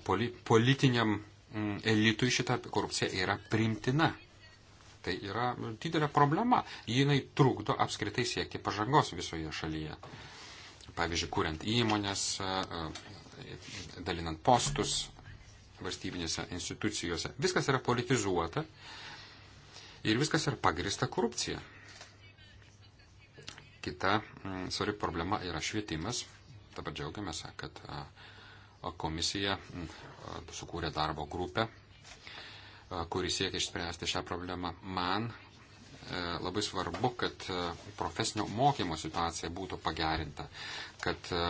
Poli, politiniam mm, elitui šita korupcija yra primtina tai yra didelė problema. Jinai trukdo apskritai siekti pažangos visoje šalyje. Pavyzdžiui, kuriant įmonės, dalinant postus valstybinėse institucijose. Viskas yra politizuota ir viskas yra pagrista korupcija. Kita mm, svarbi problema yra švietimas. Dabar džiaugiamės, kad komisija mm, sukūrė darbo grupę kuris siekia išspręsti šią problemą. Man e, labai svarbu, kad e, profesinio mokymo situacija būtų pagerinta, kad e,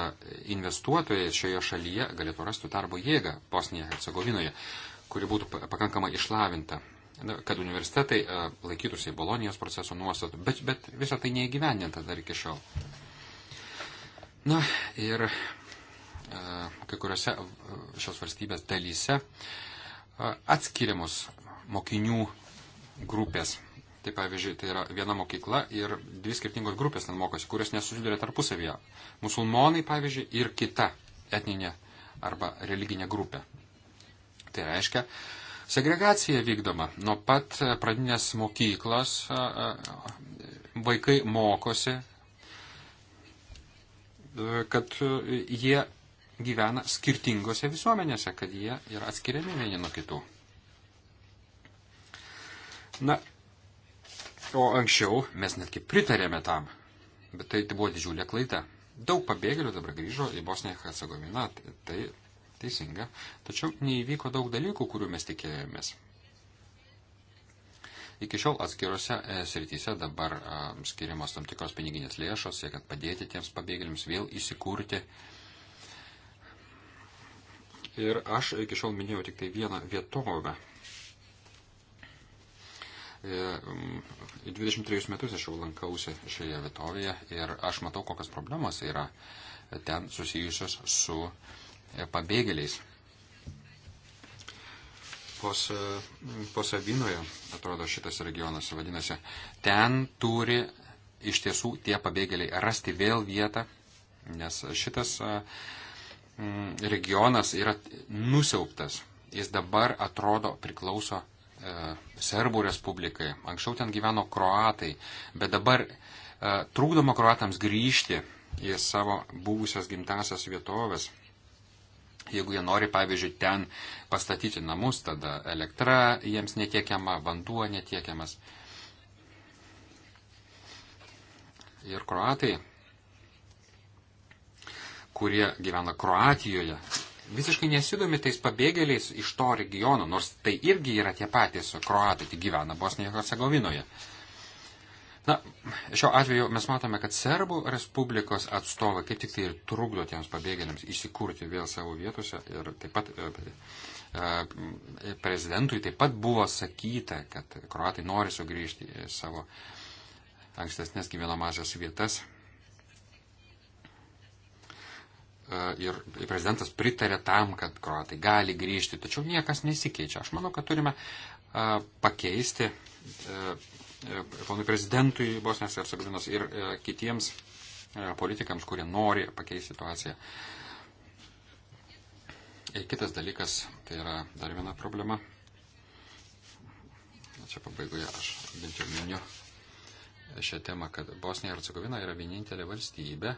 investuotojai šioje šalyje galėtų rasti darbo jėgą Bosnijoje ir Hercegovinoje, kuri būtų pakankamai išlavinta, kad universitetai laikytųsi Bolonijos proceso nuostatų, bet, bet visą tai neįgyvendinta dar iki šiol. Na ir kai kuriuose šios valstybės dalyse uh, atskiriamos mokinių grupės. Tai pavyzdžiui, tai yra viena mokykla ir dvi skirtingos grupės ten mokosi, kurios nesusiduria tarpusavyje. Musulmonai, pavyzdžiui, ir kita etninė arba religinė grupė. Tai reiškia, segregacija vykdoma. Nuo pat pradinės mokyklos vaikai mokosi, kad jie gyvena skirtingose visuomenėse, kad jie yra atskiriami vieni nuo kitų. Na, o anksčiau mes netgi pritarėme tam, bet tai, tai buvo didžiulė klaida. Daug pabėgėlių dabar grįžo į Bosniją Hercegoviną, tai, tai teisinga, tačiau neįvyko daug dalykų, kurių mes tikėjomės. Iki šiol atskirose e, srityse dabar a, skiriamos tam tikros piniginės lėšos, siekiant padėti tiems pabėgėliams vėl įsikurti. A, Ir aš iki šiol minėjau tik tai vieną vietovę. 23 e, mm, metus aš jau lankausi šioje vietovėje ir aš matau, kokias problemas yra ten susijusios su e, pabėgėliais. Pos, e, mm, posavinoje, atrodo, šitas regionas vadinasi, ten turi iš tiesų tie pabėgėliai rasti vėl vietą, nes šitas uh, Mm, regionas yra nusiauptas. Jis dabar atrodo priklauso e, Serbų Respublikai. Anksčiau ten gyveno kroatai, bet dabar e, trūkdoma kroatams grįžti į savo buvusias gimtasias vietovės. Jeigu jie nori, pavyzdžiui, ten pastatyti namus, tada elektra jiems netiekiama, vanduo netiekiamas. Ir kroatai kurie gyvena Kroatijoje, visiškai nesidomi tais pabėgėliais iš to regiono, nors tai irgi yra tie patys kroatai, tik gyvena Bosnijoje ir Hercegovinoje. Na, šiuo atveju mes matome, kad Serbų Respublikos atstovai kaip tik tai ir trukdo tiems pabėgėliams įsikurti vėl savo vietose. Ir taip pat e, e, prezidentui taip pat buvo sakyta, kad kroatai nori sugrįžti į savo ankstesnės gyvenamasias vietas. E, ir prezidentas pritarė tam, kad kroatai gali grįžti, tačiau niekas nesikeičia. Aš manau, kad turime e, pakeisti e, ponui prezidentui Bosnės ir Sabinos ir kitiems politikams, kurie nori pakeisti situaciją. Ir kitas dalykas, tai yra dar viena problema. Čia pabaigoje aš bent jau miniu šią temą, kad Bosnija ir Hercegovina yra vienintelė valstybė,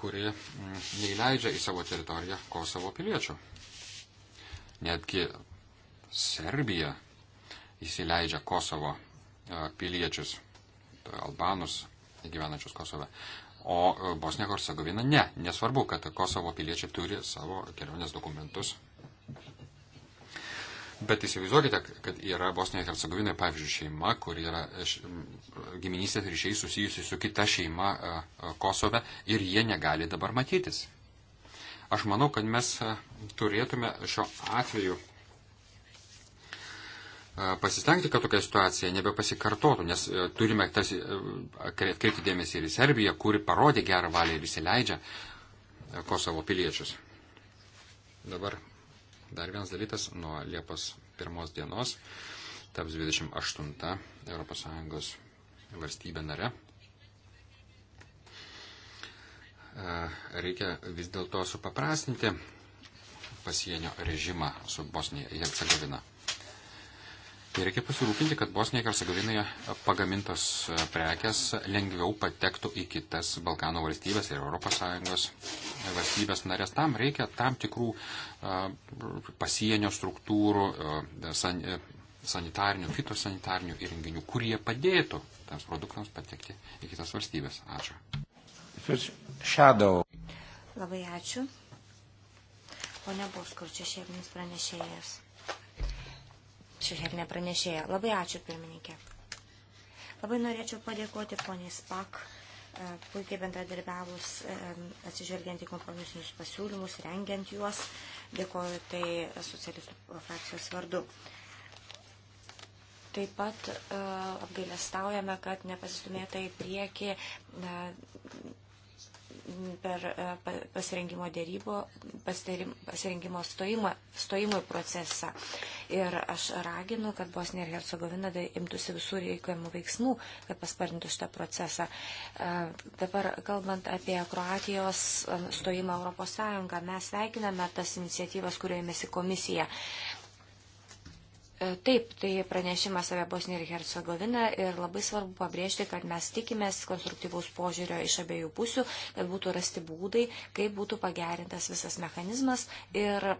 kuri mm, neįleidžia į savo teritoriją Kosovo piliečių. Netgi Serbija įsileidžia Kosovo e, piliečius, e, albanus gyvenančius Kosove. O e, Bosnija Hercegovina ne. Nesvarbu, kad Kosovo piliečiai turi savo kelionės dokumentus Bet įsivaizduokite, kad yra Bosnijoje ir Hercegovinoje, pavyzdžiui, šeima, kur yra giminystės ryšiai susijusi su kita šeima Kosove ir jie negali dabar matytis. Aš manau, kad mes turėtume šiuo atveju pasistengti, kad tokia situacija nebepasikartotų, nes turime tas, kreipti dėmesį ir į Serbiją, kuri parodė gerą valią ir įsileidžia Kosovo piliečius. Dabar Dar vienas dalykas, nuo Liepos pirmos dienos taps 28 ES valstybė nare. E, reikia vis dėlto supaprastinti pasienio režimą su Bosnija ir Hercegovina. Tai reikia pasirūpinti, kad Bosnijoje ir Hercegovinoje pagamintos prekes lengviau patektų į kitas Balkanų valstybės ir ES valstybės narės. Tam reikia tam tikrų pasienio struktūrų, san, e, sanitarinių, fitosanitarinių įrenginių, kurie padėtų tams produktams patekti į kitas valstybės. Ačiū. Shadow. Labai ačiū. Pone Boskur, čia šeiminis pranešėjas šešėlinę pranešėją. Labai ačiū, pirmininkė. Labai norėčiau padėkoti poniai Spak, e, puikiai bendradarbiavus, e, atsižvelgiant į kompromisinius pasiūlymus, rengiant juos. Dėkoju tai socialistų frakcijos vardu. Taip pat e, apgailestaujame, kad nepasistumėta į priekį per e, pasirengimo dėrybo, pasirengimo stojimo, stojimo procesą. Ir aš raginu, kad Bosnija ir Hercegovina imtųsi visų reikiamų veiksmų, kad paspartintų šitą procesą. E, dabar kalbant apie Kroatijos e, stojimą Europos Sąjungą, mes sveikiname tas iniciatyvas, kurioje mėsi komisija. E, taip, tai pranešimas apie Bosniją ir Hercegoviną ir labai svarbu pabrėžti, kad mes tikimės konstruktyvaus požiūrio iš abiejų pusių, kad būtų rasti būdai, kaip būtų pagerintas visas mechanizmas ir e,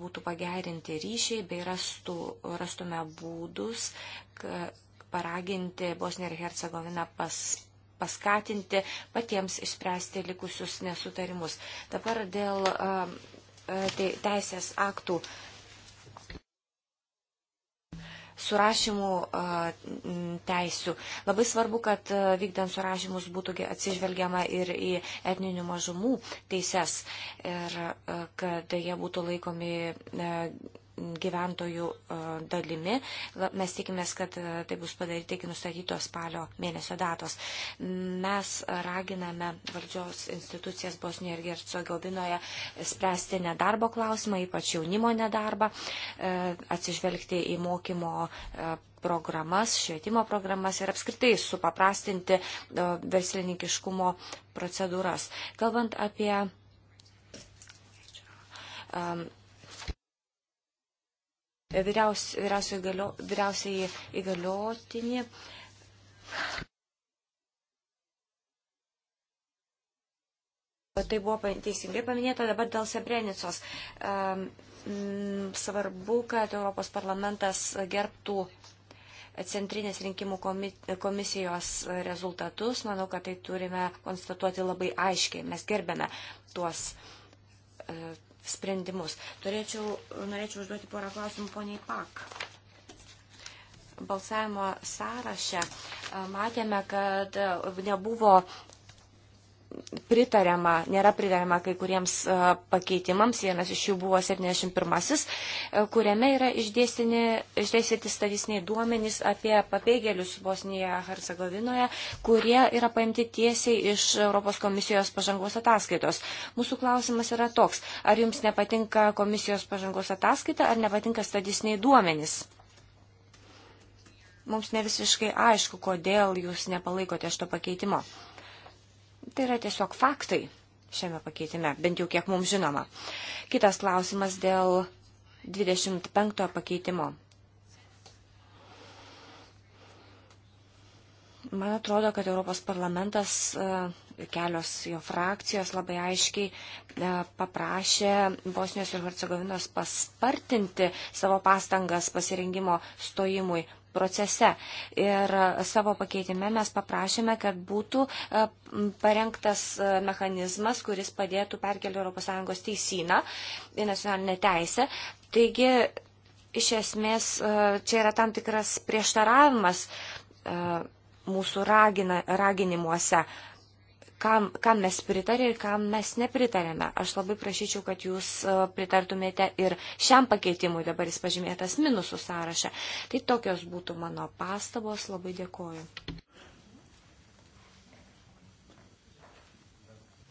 būtų pagerinti ryšiai bei rastų, rastume būdus paraginti Bosniją ir Hercegoviną pas, paskatinti patiems išspręsti likusius nesutarimus. Dabar dėl um, teisės aktų surašymų uh, teisių. Labai svarbu, kad uh, vykdant surašymus būtų atsižvelgiama ir į etninių mažumų teises ir uh, kad jie būtų laikomi gyventojų e, dalimi. Mes tikimės, kad e, tai bus padaryti iki nustatytos spalio mėnesio datos. Mes raginame valdžios institucijas Bosnijoje ir Gercogobinoje spręsti nedarbo klausimą, ypač jaunimo nedarbą, e, atsižvelgti į mokymo programas, švietimo programas ir apskritai supaprastinti verslininkiškumo procedūras. Kalbant apie um, vyriaus, vyriausiai įgaliotinį. Tai buvo teisingai paminėta dabar dėl Sebrenicos. Svarbu, kad Europos parlamentas gerbtų centrinės rinkimų komisijos rezultatus. Manau, kad tai turime konstatuoti labai aiškiai. Mes gerbėme tuos e, sprendimus. Turėčiau, norėčiau užduoti porą klausimų poniai Pak. Balsavimo sąraše matėme, kad nebuvo pritariama, nėra pritariama kai kuriems e, pakeitimams, vienas iš jų buvo 71, e, kuriame yra išdėstyti statistiniai duomenys apie pabėgėlius Bosnijoje, Hercegovinoje, kurie yra paimti tiesiai iš Europos komisijos pažangos ataskaitos. Mūsų klausimas yra toks, ar jums nepatinka komisijos pažangos ataskaita, ar nepatinka statistiniai duomenys? Mums ne visiškai aišku, kodėl jūs nepalaikote šito pakeitimo. Tai yra tiesiog faktai šiame pakeitime, bent jau kiek mums žinoma. Kitas klausimas dėl 25 pakeitimo. Man atrodo, kad Europos parlamentas e, kelios jo frakcijos labai aiškiai e, paprašė Bosnijos ir Hercegovinos paspartinti savo pastangas pasirengimo stojimui procese. Ir savo pakeitime mes paprašėme, kad būtų e, parengtas e, mechanizmas, kuris padėtų perkelti ES teisyną į nacionalinę teisę. Taigi, iš esmės, e, čia yra tam tikras prieštaravimas mūsų ragina, raginimuose kam, kam mes pritarė ir kam mes nepritarėme. Aš labai prašyčiau, kad jūs e, pritartumėte ir šiam pakeitimui, dabar jis pažymėtas minusų sąrašą. Tai tokios būtų mano pastabos, labai dėkoju.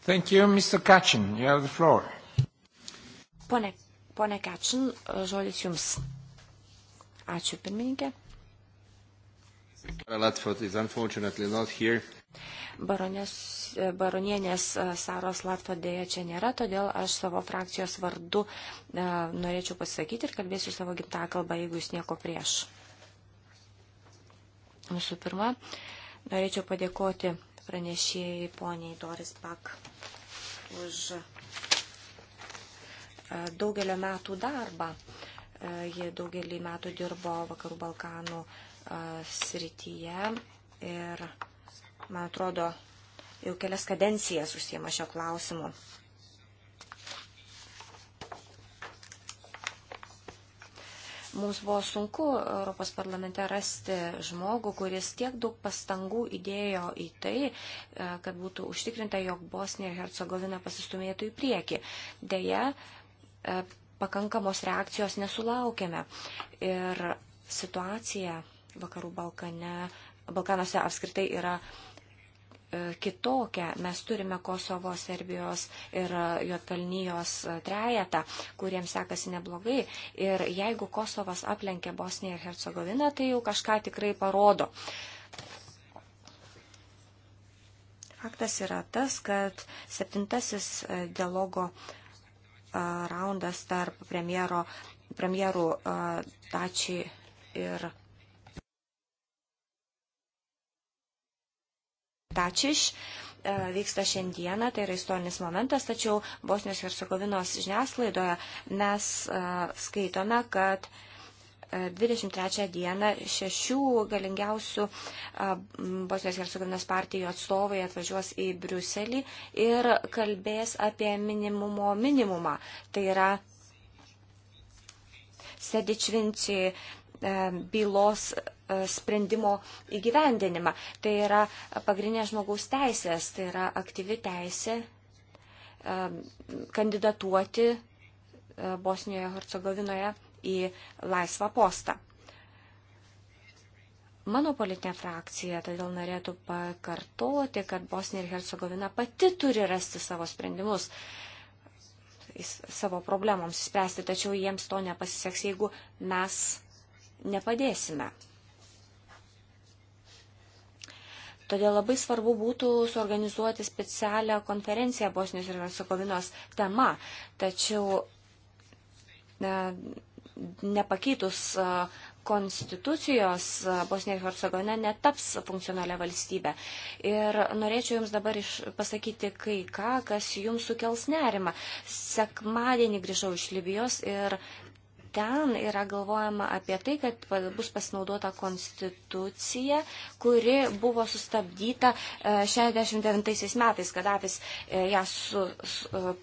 Thank you, Mr. Kachin. You have the floor. Pone, pone Kachin, e, žodis jums. Ačiū, pirmininkė. Latford is unfortunately not here. Baronės, baronienės Saros Latvo dėja čia nėra, todėl aš savo frakcijos vardu e, norėčiau pasakyti ir kalbėsiu savo gimtą kalbą, jeigu jūs nieko prieš. Visų pirma, norėčiau padėkoti pranešėjai poniai Doris Pak už daugelio metų darbą. Jie daugelį metų dirbo Vakarų Balkanų srityje ir man atrodo, jau kelias kadencijas užsiema šio klausimu. Mums buvo sunku Europos parlamente rasti žmogų, kuris tiek daug pastangų įdėjo į tai, e, kad būtų užtikrinta, jog Bosnija ir Hercegovina pasistumėtų į priekį. Deja, e, pakankamos reakcijos nesulaukėme. Ir situacija Vakarų Balkane, Balkanuose apskritai yra E, kitokią. Mes turime Kosovo, Serbijos ir Jotkalnyjos trejetą, kuriems sekasi neblogai. Ir jeigu Kosovas aplenkė Bosniją ir Hercegoviną, tai jau kažką tikrai parodo. Faktas yra tas, kad septintasis e, dialogo e, raundas tarp premjero, premjerų Dačiai ir Dačiš e, vyksta šiandieną, tai yra istorinis momentas, tačiau Bosnijos ir Sokovinos žiniasklaidoje mes e, skaitome, kad 23 e, dieną šešių galingiausių Bosnijos Hercegovinos partijų atstovai atvažiuos į Briuselį ir kalbės apie minimumo minimumą. Tai yra Sedičvinci E, bylos e, sprendimo įgyvendinimą. Tai yra pagrindinė žmogaus teisės, tai yra aktyvi teisė e, kandidatuoti Bosnijoje, Hercegovinoje į laisvą postą. Mano politinė frakcija todėl norėtų pakartoti, kad Bosnija ir Hercegovina pati turi rasti savo sprendimus savo problemoms spręsti, tačiau jiems to nepasiseks, jeigu mes nepadėsime. Todėl labai svarbu būtų suorganizuoti specialią konferenciją Bosnijos ir Hercegovinos tema, tačiau ne, nepakeitus konstitucijos Bosnija ir Hercegovina netaps funkcionalią valstybę. Ir norėčiau Jums dabar iš, pasakyti kai ką, kas Jums sukels nerimą. Sekmadienį grįžau iš Libijos ir ten yra galvojama apie tai, kad bus pasinaudota konstitucija, kuri buvo sustabdyta 69 e, metais, kad apis e, ją su, su, e,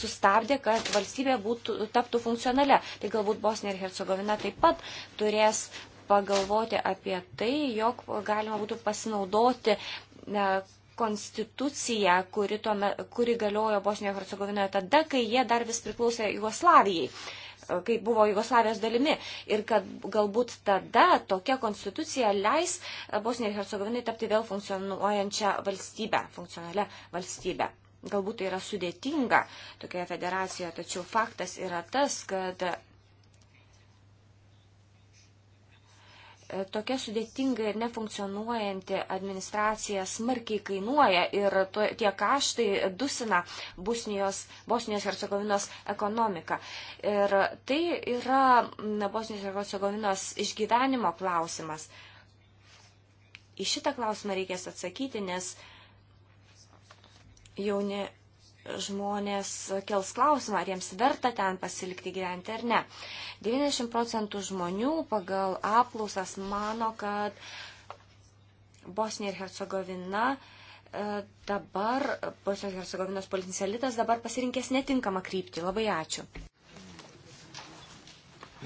sustabdė, kad valstybė būtų, taptų funkcionalia. Tai galbūt Bosnija ir Hercegovina taip pat turės pagalvoti apie tai, jog galima būtų pasinaudoti konstituciją, kuri, tuome, kuri galiojo Bosnijoje ir Hercegovinoje tada, kai jie dar vis priklausė Jugoslavijai kai buvo Jugoslavijos dalimi. Ir kad galbūt tada tokia konstitucija leis e, Bosnijai ir Hercegovinai tapti vėl funkcionuojančią valstybę, funkcionalią valstybę. Galbūt tai yra sudėtinga tokioje federacijoje, tačiau faktas yra tas, kad E, tokia sudėtinga ir nefunkcionuojanti administracija smarkiai kainuoja ir to, tie kaštai dusina Busnijos, Bosnijos ir Hercegovinos ekonomiką. Ir tai yra na, Bosnijos ir Hercegovinos išgyvenimo klausimas. Į šitą klausimą reikės atsakyti, nes jauni žmonės kels klausimą, ar jiems verta ten pasilikti gyventi ar ne. 90 procentų žmonių pagal aplausas mano, kad Bosnija ir Hercegovina e, dabar, Bosnijos ir Hercegovinos politinis elitas dabar pasirinkęs netinkamą kryptį. Labai ačiū.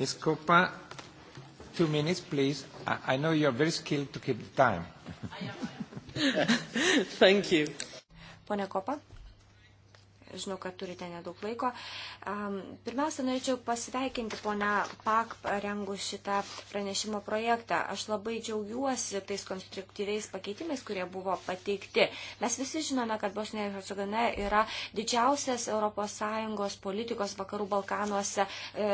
Eskopa, two minutes, please. I know you are very skilled to keep the time. (laughs) Thank you. Pone Kopa. Žinau, kad turite nedaug laiko. Pirmiausia, norėčiau pasveikinti poną Pak rengus šitą pranešimo projektą. Aš labai džiaugiuosi tais konstruktyviais pakeitimais, kurie buvo pateikti. Mes visi žinome, kad Bosnija ir Hercegovina yra didžiausias ES politikos vakarų Balkanuose e,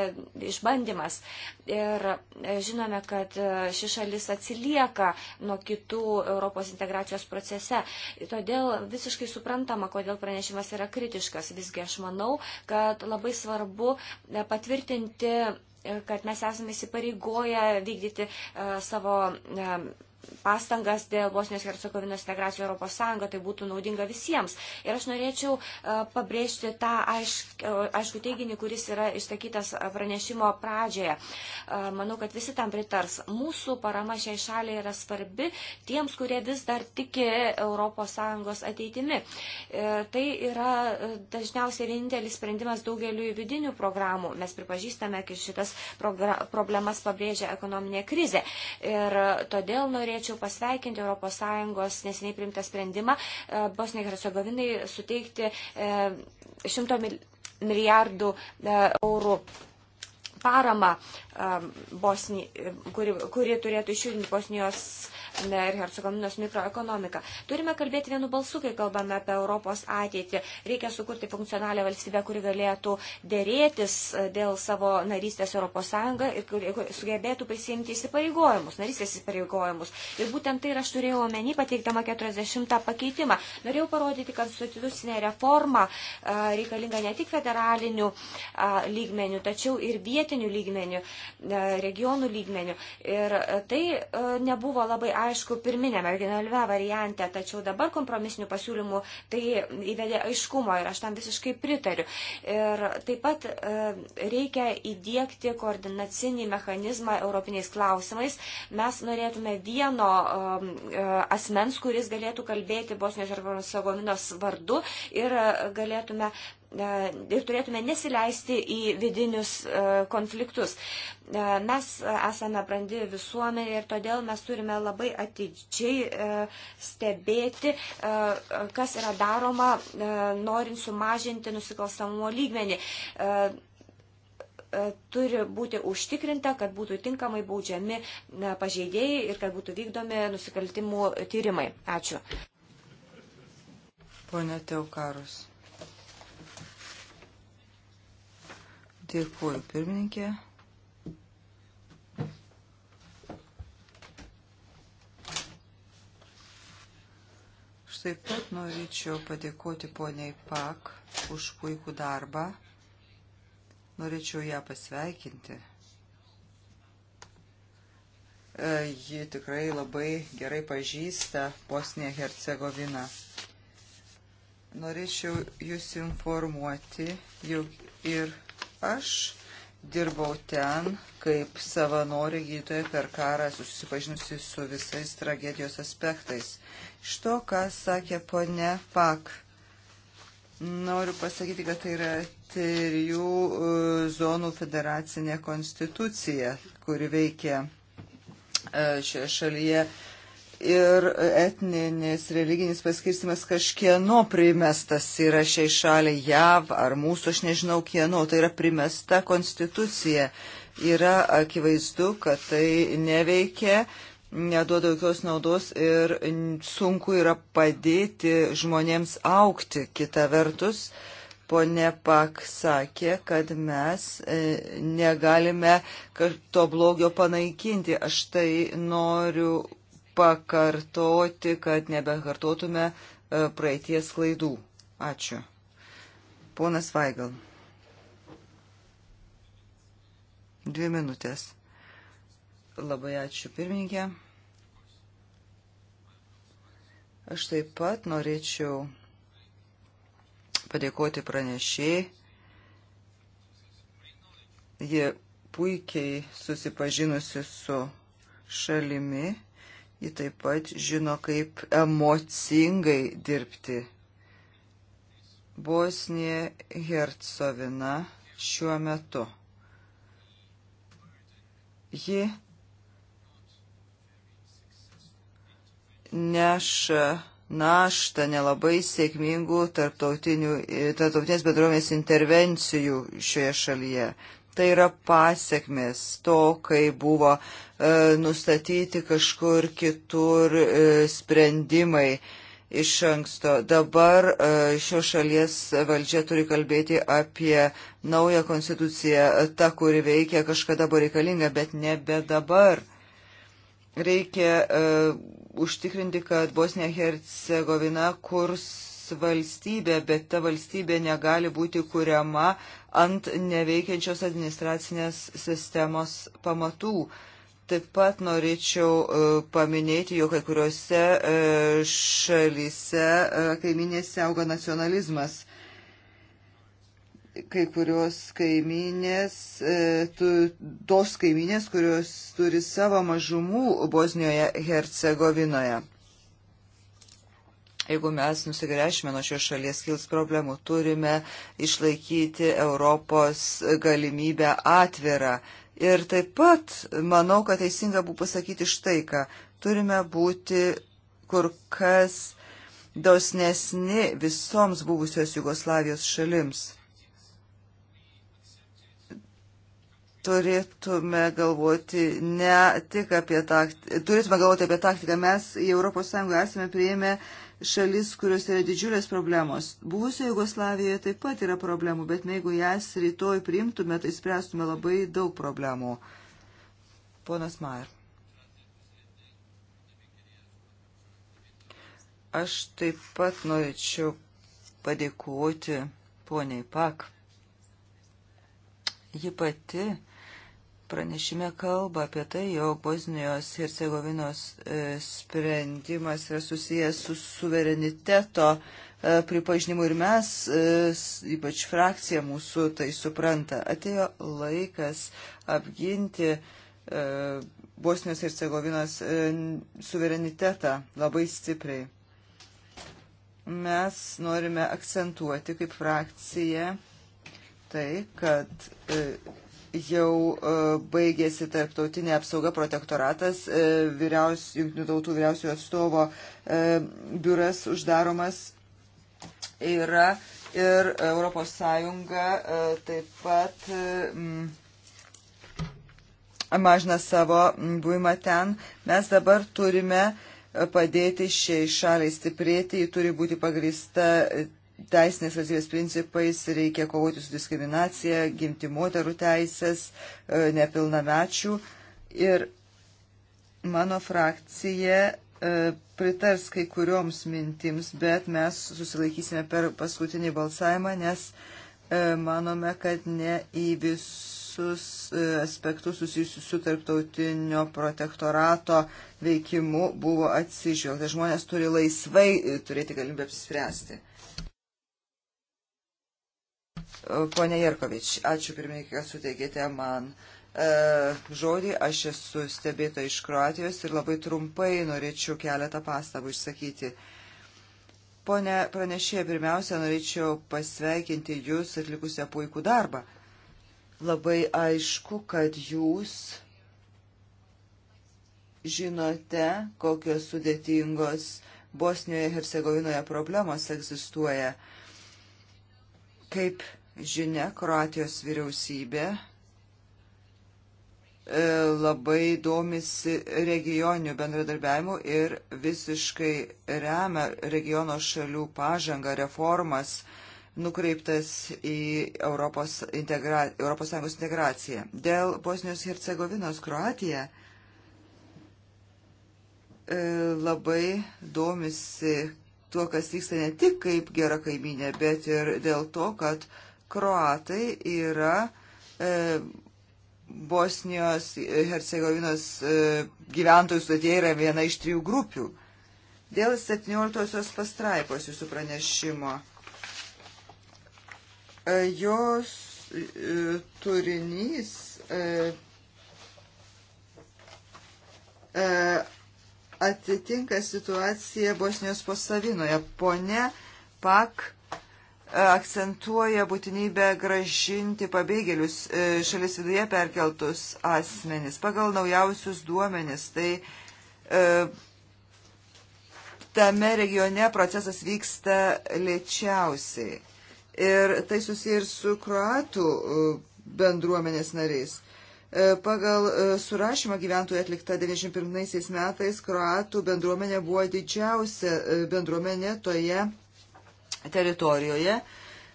išbandymas. Ir e, žinome, kad e, ši šalis atsilieka nuo kitų Europos integracijos procese. Todėl visiškai suprantama, kodėl pranešimas yra kritiškas skeptiškas. Visgi aš manau, kad labai svarbu e, patvirtinti, e, kad mes esame įsipareigoję vykdyti e, savo pastangas dėl Bosnijos Hercegovinos integracijos Europos Sąjungą, tai būtų naudinga visiems. Ir aš norėčiau e, pabrėžti tą aišk, e, aišku teiginį, kuris yra išsakytas e, pranešimo pradžioje. Manau, kad visi tam pritars. Mūsų parama šiai šaliai yra svarbi tiems, kurie vis dar tiki Europos Sąjungos ateitimi. Tai yra dažniausiai vienintelis sprendimas daugeliu vidinių programų. Mes pripažįstame, kad šitas problemas pabrėžia ekonominė krizė. Ir todėl norėčiau norėčiau pasveikinti ES nesiniai primtą sprendimą e, Bosniai Hercegovinai suteikti 100 e, milijardų e, eurų paramą, Bosni, kuri, kuri turėtų išjudinti Bosnijos ne, ir Hercegovinos mikroekonomiką. Turime kalbėti vienu balsu, kai kalbame apie Europos ateitį. Reikia sukurti funkcionalią valstybę, kuri galėtų dėrėtis e, dėl savo narystės Europos Sąjungą ir kuri sugebėtų prisimti įsipareigojimus, narystės įsipareigojimus. Ir būtent tai ir aš turėjau omeny pateikdama 40 pakeitimą. Norėjau parodyti, kad institucinė reforma e, reikalinga ne tik federaliniu lygmeniu, tačiau ir vietiniu lygmeniu, e, regionų lygmeniu. Ir tai nebuvo labai aišku aišku pirminėme originaliame variante, tačiau dabar kompromisinių pasiūlymų tai įvedė aiškumo ir aš tam visiškai pritariu. Ir taip pat e, reikia įdėkti koordinacinį mechanizmą europiniais klausimais. Mes norėtume vieno e, e, asmens, kuris galėtų kalbėti Bosnijos ir Hercegovinos vardu ir galėtume E, ir turėtume nesileisti į vidinius e, konfliktus. E, mes esame brandi visuomenė ir todėl mes turime labai atidžiai stebėti, kas yra daroma, norint sumažinti nusikalstamumo lygmenį turi būti užtikrinta, kad būtų tinkamai baudžiami pažeidėjai ir kad būtų vykdomi nusikaltimų tyrimai. Ačiū. Pone Teukarus. Dėkuoju, pirmininkė. Aš taip pat norėčiau padėkoti poniai Pak už puikų darbą. Norėčiau ją pasveikinti. E, ji tikrai labai gerai pažįsta Bosniją Hercegoviną norėčiau jūs informuoti, jog ir Aš dirbau ten kaip savanorė gydytoja per karą susipažinusi su visais tragedijos aspektais. Što, ką sakė ponė Pak, noriu pasakyti, kad tai yra trijų e, zonų federacinė konstitucija, kuri veikia e, šioje šalyje ir etninis religinis paskirstimas kažkieno primestas yra šiai šaliai JAV ar mūsų, aš nežinau kieno, tai yra primesta konstitucija. Yra akivaizdu, kad tai neveikia, neduoda jokios naudos ir sunku yra padėti žmonėms aukti. Kita vertus, ponė Pak sakė, kad mes e, negalime to blogio panaikinti. Aš tai noriu pakartoti, kad nebekartotume e, praeities klaidų. Ačiū. Ponas Vaigal. Dvi minutės. Labai ačiū pirmininkė. Aš taip pat norėčiau padėkoti pranešėjai. Jie puikiai susipažinusi su šalimi ji taip pat žino, kaip emocingai dirbti. Bosnija Hercovina šiuo metu. Ji neša naštą nelabai sėkmingų tarptautinės bendruomenės intervencijų šioje šalyje. Tai yra pasiekmes to, kai buvo e, nustatyti kažkur kitur e, sprendimai iš anksto. Dabar e, šios šalies valdžia turi kalbėti apie naują konstituciją, tą, kuri veikia kažkada buvo reikalinga, bet nebe dabar. Reikia e, užtikrinti, kad Bosnija Hercegovina kurs valstybė, bet ta valstybė negali būti kuriama ant neveikiančios administracinės sistemos pamatų. Taip pat norėčiau e, paminėti, jog kai kuriuose e, šalyse e, kaiminėse auga nacionalizmas. Kai kurios kaiminės, tos kaiminės, kurios turi savo mažumų Bosnijoje, Hercegovinoje. Jeigu mes nusigręšime nuo šios šalies, kils problemų. Turime išlaikyti Europos galimybę atvirą. Ir taip pat manau, kad teisinga būtų pasakyti štai ką. Turime būti kur kas dosnesni visoms buvusios Jugoslavijos šalims. Turėtume galvoti ne tik apie taktiką, turėtume galvoti apie taktiką. Mes į ES esame prieėmę uh, šalis, kuriuose yra didžiulės problemos. Buvusioje Jugoslavijoje taip pat yra problemų, bet jeigu jas rytoj priimtume, tai spręstume labai daug problemų. Ponas Mair. Aš taip pat norėčiau padėkoti poniai Pak. Ji pati pranešime kalba apie tai, jog Bosnijos ir Cegovinos e, sprendimas yra susijęs su suvereniteto e, pripažinimu ir mes, e, ypač frakcija mūsų, tai supranta. Atėjo laikas apginti Bosnijos ir Cegovinos suverenitetą labai stipriai. Mes norime akcentuoti kaip frakcija tai, kad jau e, baigėsi tarptautinė apsauga protektoratas, e, vyriaus, jungtinių tautų vyriausiojo atstovo e, biuras uždaromas yra ir Europos Sąjunga taip pat mažina savo buvimą ten. Mes dabar turime padėti šiai šaliai stiprėti, ji turi būti pagrįsta teisinės valstybės principais, reikia kovoti su diskriminacija, gimti moterų teisės, e, nepilnamečių. Ir mano frakcija e, pritars kai kurioms mintims, bet mes susilaikysime per paskutinį balsavimą, nes e, manome, kad ne į visus aspektus susijusius su tarptautinio protektorato veikimu buvo atsižvelgta. Žmonės turi laisvai turėti galimybę apsispręsti. Pone Jerkovič, ačiū pirmininkai, kad suteikėte man e, žodį. Aš esu stebėta iš Kroatijos ir labai trumpai norėčiau keletą pastabų išsakyti. Pone pranešėje, pirmiausia, norėčiau pasveikinti Jūs atlikusią puikų darbą. Labai aišku, kad Jūs žinote, kokios sudėtingos Bosnijoje ir Hercegovinoje problemos egzistuoja. Kaip žinia, Kroatijos vyriausybė e, labai domisi regioniniu bendradarbiavimu ir visiškai remia regiono šalių pažangą, reformas nukreiptas į Europos, integra... Europos Sąjungos integraciją. Dėl Bosnijos Hercegovinos Kroatija e, labai domisi tuo, kas vyksta ne tik kaip gera kaiminė, bet ir dėl to, kad kroatai yra e, Bosnijos Hercegovinos e, gyventojų sudėtėje yra viena iš trijų grupių. Dėl 17 pastraipos jūsų pranešimo. E, jos e, turinys e, e, atitinka situaciją Bosnijos posavinoje. Pone Pak akcentuoja būtinybę gražinti pabėgėlius e, šalis viduje perkeltus asmenis. Pagal naujausius duomenis, tai e, tame regione procesas vyksta lėčiausiai. Ir tai susiję ir su kroatų e, bendruomenės nariais. Pagal surašymą gyventojų atliktą 91 metais kroatų bendruomenė buvo didžiausia bendruomenė toje teritorijoje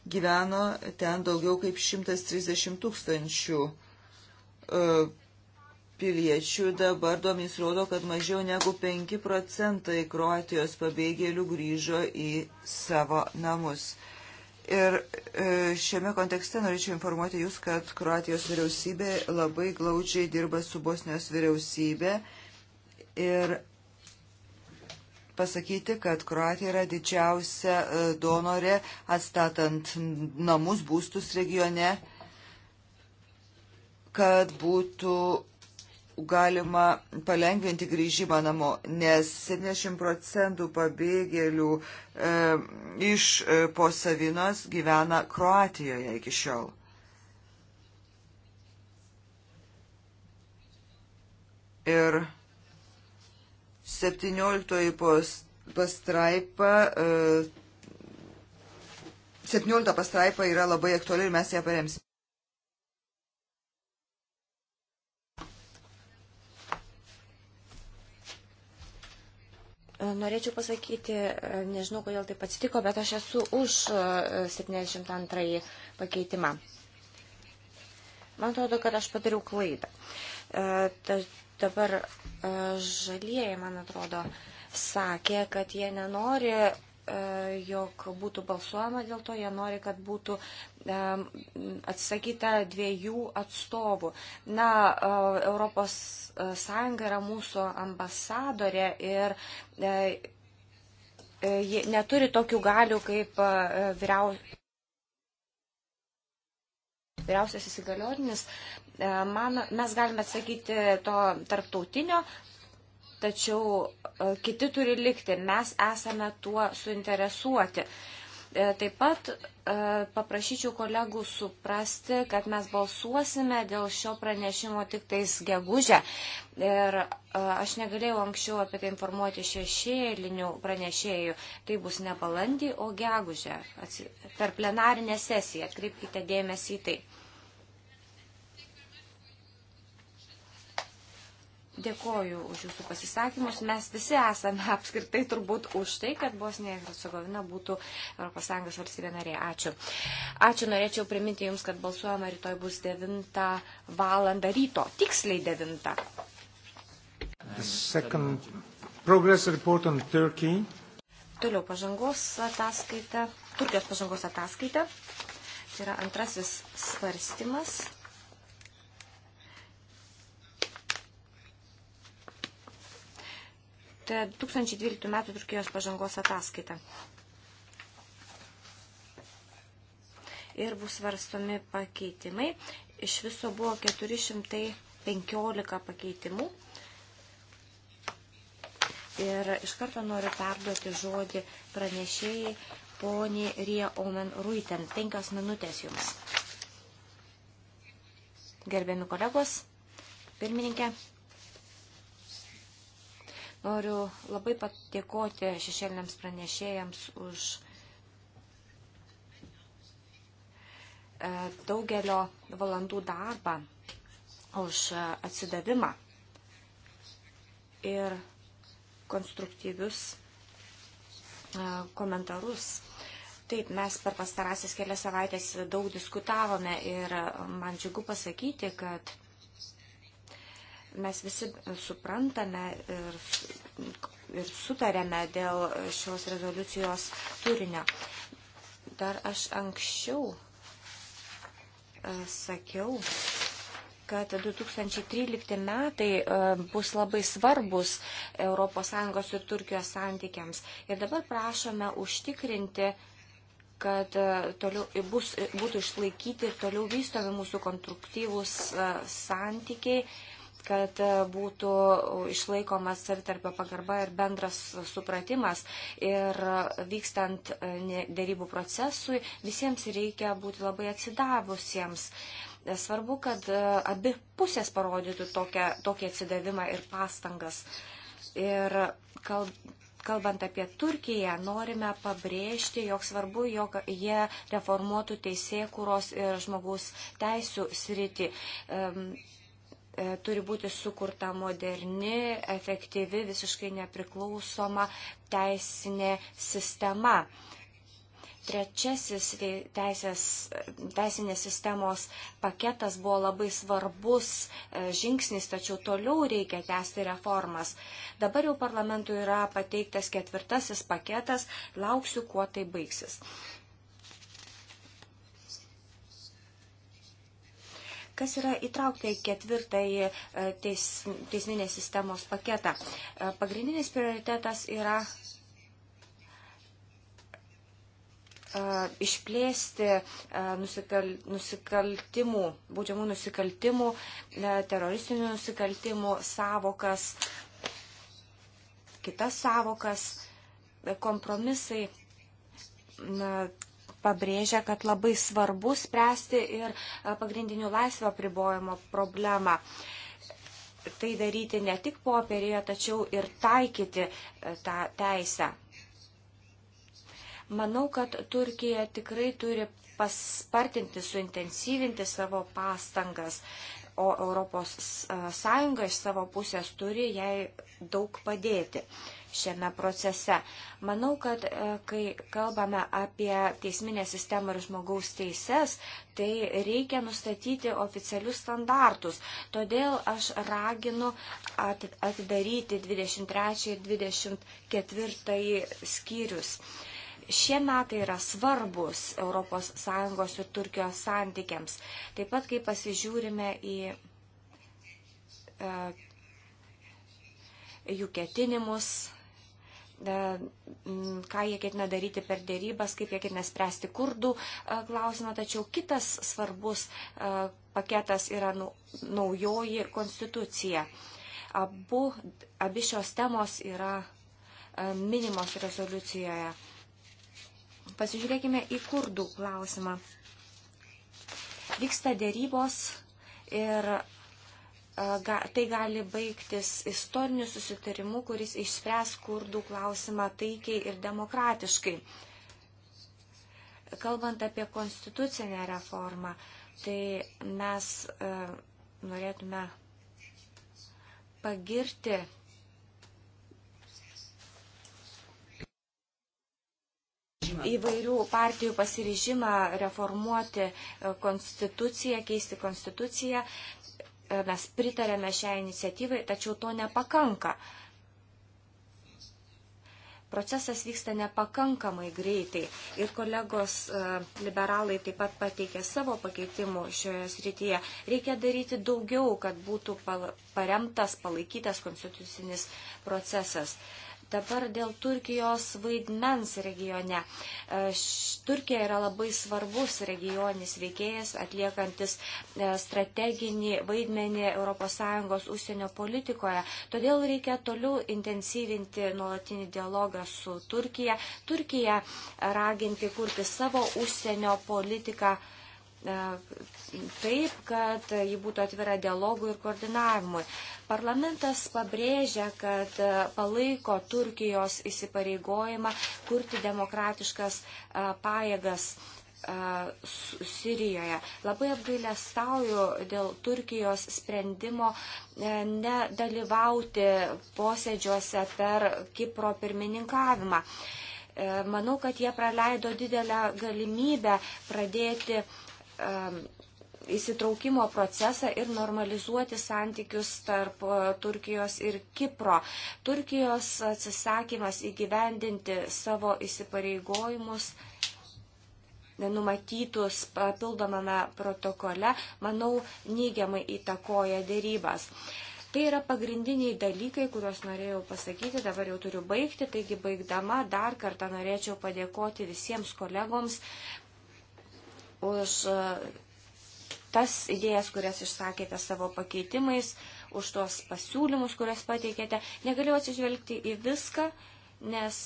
gyveno ten daugiau kaip 130 tūkstančių e, piliečių. Dabar duomenys rodo, kad mažiau negu 5 procentai Kroatijos pabėgėlių grįžo į savo namus. Ir e, šiame kontekste norėčiau informuoti Jūs, kad Kroatijos vyriausybė labai glaudžiai dirba su Bosnijos vyriausybė ir pasakyti, kad Kroatija yra didžiausia e, donorė atstatant namus būstus regione, kad būtų galima palengventi grįžimą namo, nes 70 procentų pabėgėlių e, iš e, posavinos gyvena Kroatijoje iki šiol. Ir 17 pastraipa. 17 e, pastraipa yra labai aktuali ir mes ją paremsime. Norėčiau pasakyti, e, nežinau, kodėl taip atsitiko, bet aš esu už 72 e, pakeitimą. Man atrodo, kad aš padariau klaidą. Dabar E, žalieji, man atrodo, sakė, kad jie nenori e, jog būtų balsuojama dėl to, jie nori, kad būtų e, atsakyta dviejų atstovų. Na, Europos Sąjunga yra mūsų ambasadorė ir ji neturi tokių galių kaip vyriausiasis įgaliotinis, E, man, mes galime atsakyti to tarptautinio, tačiau e, kiti turi likti. Mes esame tuo suinteresuoti. E, taip pat paprašyčiau kolegų suprasti, kad mes balsuosime dėl šio pranešimo tik tais gegužę. Ir aš negalėjau anksčiau apie tai informuoti šešėlinių pranešėjų. Tai bus ne balandį, o gegužę per plenarinę sesiją. Atkreipkite dėmesį į tai. Dėkoju už jūsų pasisakymus. Mes visi esame (laughs) apskritai turbūt už tai, kad Bosnija ir Hercegovina būtų ES valstybė narė. Ačiū. Ačiū, norėčiau priminti Jums, kad balsuojama rytoj bus 9 val. ryto, tiksliai 9. Toliau pažangos ataskaita, Turkijos pažangos ataskaita. Tai yra antrasis svarstymas. minėjote 2012 metų Turkijos pažangos ataskaitą. Ir bus svarstomi pakeitimai. Iš viso buvo 415 pakeitimų. Ir iš karto noriu perduoti žodį pranešėjai poniai Rie Omen Ruiten. Penkios minutės jums. Gerbiami kolegos, pirmininkė. Noriu labai patiekoti šešėliniams pranešėjams už e, daugelio valandų darbą, už e, atsidavimą ir konstruktyvius e, komentarus. Taip, mes per pastarąsias kelias savaitės daug diskutavome ir man džiugu pasakyti, kad Mes visi suprantame ir, ir sutarėme dėl šios rezoliucijos turinio. Dar aš anksčiau e, sakiau, kad 2013 metai e, bus labai svarbus ES ir Turkijos santykiams. Ir dabar prašome užtikrinti, kad e, toliau bus, būtų išlaikyti ir toliau vystomi mūsų konstruktyvūs santykiai kad e, būtų išlaikomas savitarpio pagarba ir bendras supratimas. Ir vykstant e, dėrybų procesui visiems reikia būti labai atsidavusiems. E, svarbu, kad abi pusės parodytų tokią, tokį atsidavimą ir pastangas. Ir kalb, kalbant apie Turkiją, norime pabrėžti, jog svarbu, jog jie reformuotų teisėkūros ir žmogaus teisų sritį. Um, E, turi būti sukurta moderni, efektyvi, visiškai nepriklausoma teisinė sistema. Trečiasis teisės, teisinės sistemos paketas buvo labai svarbus e, žingsnis, tačiau toliau reikia tęsti reformas. Dabar jau parlamentui yra pateiktas ketvirtasis paketas, lauksiu, kuo tai baigsis. Kas yra įtraukta į ketvirtąjį e, teis, teisminės sistemos paketą? E, pagrindinis prioritetas yra e, išplėsti nusikal, nusikaltimų, būdžiamų nusikaltimų, teroristinių nusikaltimų savokas, kitas savokas, kompromisai pabrėžia, kad labai svarbu spręsti ir e, pagrindinių laisvę pribojimo problemą. Tai daryti ne tik popierėje, tačiau ir taikyti e, tą teisę. Manau, kad Turkija tikrai turi paspartinti, suintensyvinti savo pastangas, o Europos e, Sąjunga iš savo pusės turi jai daug padėti. Uh, šiame procese. Manau, kad e, kai kalbame apie teisminę sistemą ir žmogaus teises, tai reikia nustatyti oficialius standartus. Todėl aš raginu atidaryti 23 ir 24 skyrius šie metai yra svarbus ES ir Turkijos santykiams. Taip pat, kai pasižiūrime į e, jų ketinimus E, ką jie ketina daryti per dėrybas, kaip jie ketina spręsti kurdų e, klausimą, tačiau kitas svarbus e, paketas yra naujoji konstitucija. Abu, abi šios temos yra minimos rezoliucijoje. Pasižiūrėkime į kurdų klausimą. Vyksta dėrybos ir tai gali baigtis istoriniu susitarimu, kuris išspręs kurdų klausimą taikiai ir demokratiškai. Kalbant apie konstitucinę reformą, tai mes norėtume pagirti įvairių partijų pasiryžimą reformuoti konstituciją, keisti konstituciją mes pritarėme šią iniciatyvai, tačiau to nepakanka. Procesas vyksta nepakankamai greitai ir kolegos e, liberalai taip pat pateikė savo pakeitimų šioje srityje. Reikia daryti daugiau, kad būtų paremtas, palaikytas konstitucinis procesas. Uh, Dabar dėl Turkijos vaidmens regione. E, Turkija yra labai svarbus regionis veikėjas, atliekantis e, strateginį vaidmenį ES užsienio politikoje. Todėl reikia toliau intensyvinti nuolatinį dialogą su Turkija. Turkija raginti kurti savo užsienio politiką. E, taip, kad ji būtų atvira dialogui ir koordinavimui. Parlamentas pabrėžia, kad e, palaiko Turkijos įsipareigojimą kurti demokratiškas e, pajėgas. Sirijoje. Labai apgailę stauju dėl Turkijos sprendimo nedalyvauti posėdžiuose per Kipro pirmininkavimą. Manau, kad jie praleido didelę galimybę pradėti uh, Um, įsitraukimo procesą ir normalizuoti santykius tarp uh, Turkijos ir Kipro. Turkijos atsisakymas įgyvendinti savo įsipareigojimus numatytus papildomame protokole, manau, neigiamai įtakoja dėrybas. Tai yra pagrindiniai dalykai, kuriuos norėjau pasakyti, dabar jau turiu baigti, taigi baigdama dar kartą norėčiau padėkoti visiems kolegoms, už e, tas idėjas, kurias išsakėte savo pakeitimais, už tuos pasiūlymus, kurias pateikėte. Negaliu atsižvelgti į viską, nes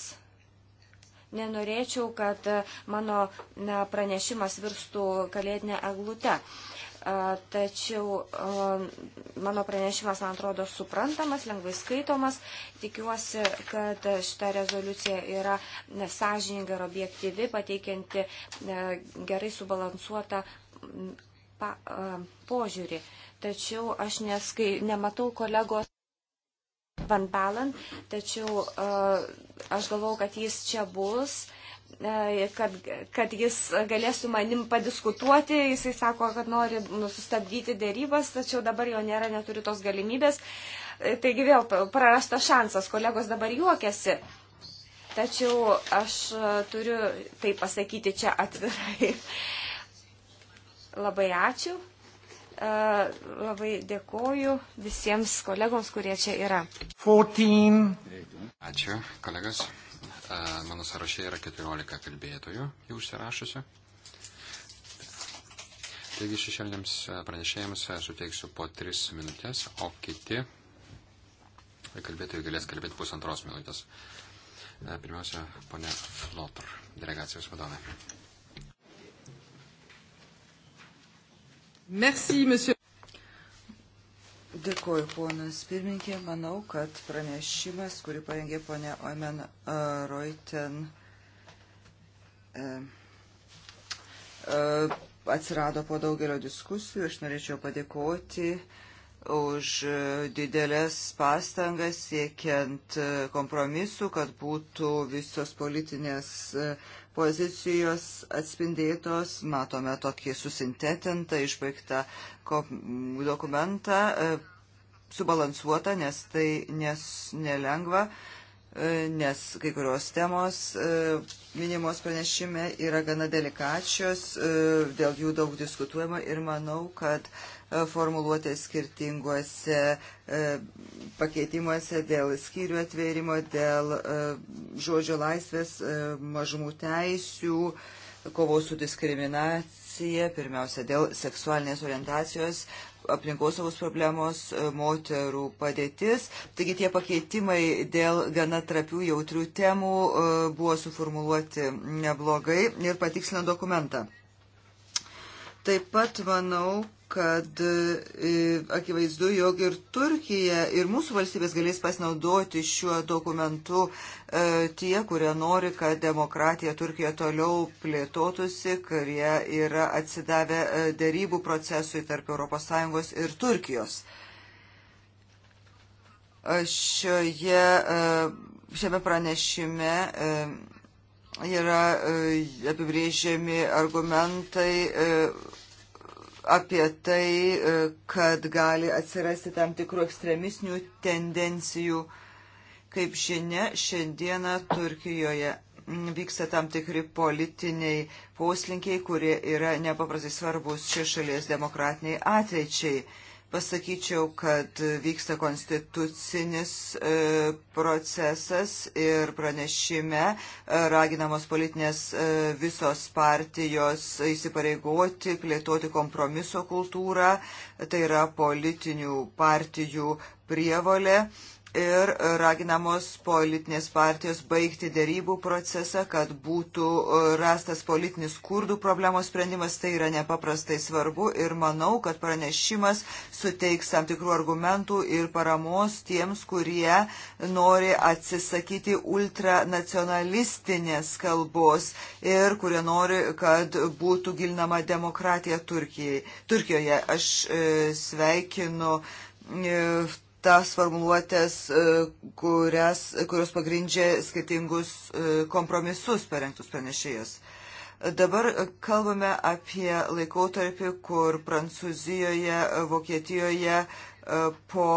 nenorėčiau, kad e, mano pranešimas virstų kalėdinę eglutę tačiau mano pranešimas, man atrodo, suprantamas, lengvai skaitomas. Tikiuosi, kad šita rezoliucija yra nesažininga ir objektyvi, pateikianti gerai subalansuotą pa, požiūrį. Tačiau aš neskai, nematau kolegos. Van Balen, tačiau uh, aš galvau, kad jis čia bus. Uh, E, kad, kad jis galės su manim padiskutuoti. Jisai sako, kad nori nu, sustabdyti dėrybas, tačiau dabar jo nėra, neturi tos galimybės. E, taigi vėl prarastas šansas, kolegos dabar juokiasi. Tačiau aš e, turiu tai pasakyti čia atvirai. Labai ačiū. Labai dėkoju visiems kolegoms, kurie čia yra. 14. Ačiū, kolegos mano sąraše yra 14 kalbėtojų jau užsirašusių. Taigi šešėliniams pranešėjams suteiksiu po 3 minutės, o kiti kalbėtojai galės kalbėti pusantros minutės. Pirmiausia, ponia Flotr, delegacijos vadovė. Merci, monsieur. Dėkuoju, ponas pirmininkė. Manau, kad pranešimas, kurį parengė ponė Oimen e, Reuten, e, e, atsirado po daugelio diskusijų. Aš norėčiau padėkoti už didelės pastangas siekiant e, kompromisų, kad būtų visos politinės e, pozicijos atspindėtos, matome tokį susintetintą, išbaigtą dokumentą, e, subalansuotą, nes tai nes nelengva, e, nes kai kurios temos e, minimos pranešime yra gana delikačios, dėl jų daug diskutuojama ir manau, kad formuluotės skirtinguose e, pakeitimuose dėl skyrių atvėrimo, dėl e, žodžio laisvės, e, mažumų teisių, kovos su diskriminacija, pirmiausia, dėl seksualinės orientacijos, aplinkosaugos problemos, moterų padėtis. Taigi tie pakeitimai dėl gana trapių jautrių temų buvo suformuluoti neblogai ir patikslina dokumentą. Taip pat manau, kad e, akivaizdu, jog ir Turkija, ir mūsų valstybės galės pasinaudoti šiuo dokumentu e, tie, kurie nori, kad demokratija Turkijoje toliau plėtotųsi, kurie yra atsidavę e, dėrybų procesui tarp ES ir Turkijos. Šioje, šiame pranešime yra apibrėžiami argumentai apie tai, e, kad gali atsirasti tam tikrų ekstremistinių tendencijų. Kaip žinia, šiandieną Turkijoje vyksta tam tikri politiniai poslinkiai, kurie yra nepaprastai svarbus šie šalies demokratiniai ateičiai pasakyčiau, kad vyksta konstitucinis e, procesas ir pranešime e, raginamos politinės e, visos partijos įsipareigoti, plėtoti kompromiso kultūrą, tai yra politinių partijų prievolė ir raginamos politinės partijos baigti dėrybų procesą, kad būtų rastas politinis kurdų problemos sprendimas. Tai yra nepaprastai svarbu ir manau, kad pranešimas suteiks tam tikrų argumentų ir paramos tiems, kurie nori atsisakyti ultranacionalistinės kalbos ir kurie nori, kad būtų gilinama demokratija Turkijai. Turkijoje. Aš e, sveikinu e, tas formuluotės, e, kurias, kurios pagrindžia skirtingus e, kompromisus parengtus pranešėjus. Dabar kalbame apie laikotarpį, kur Prancūzijoje, Vokietijoje e, po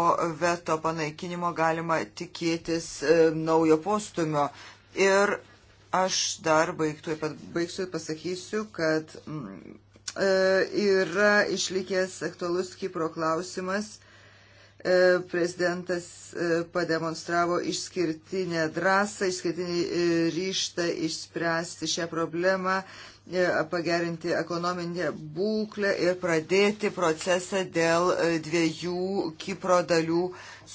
veto panaikinimo galima tikėtis naujo postumio. Ir aš dar baigtų, baigsiu ir pasakysiu, kad mm, yra išlikęs aktualus Kipro klausimas E, prezidentas e, pademonstravo išskirtinę drąsą, išskirtinį e, ryštą išspręsti šią problemą, pagerinti ekonominę būklę ir pradėti procesą dėl dviejų Kipro dalių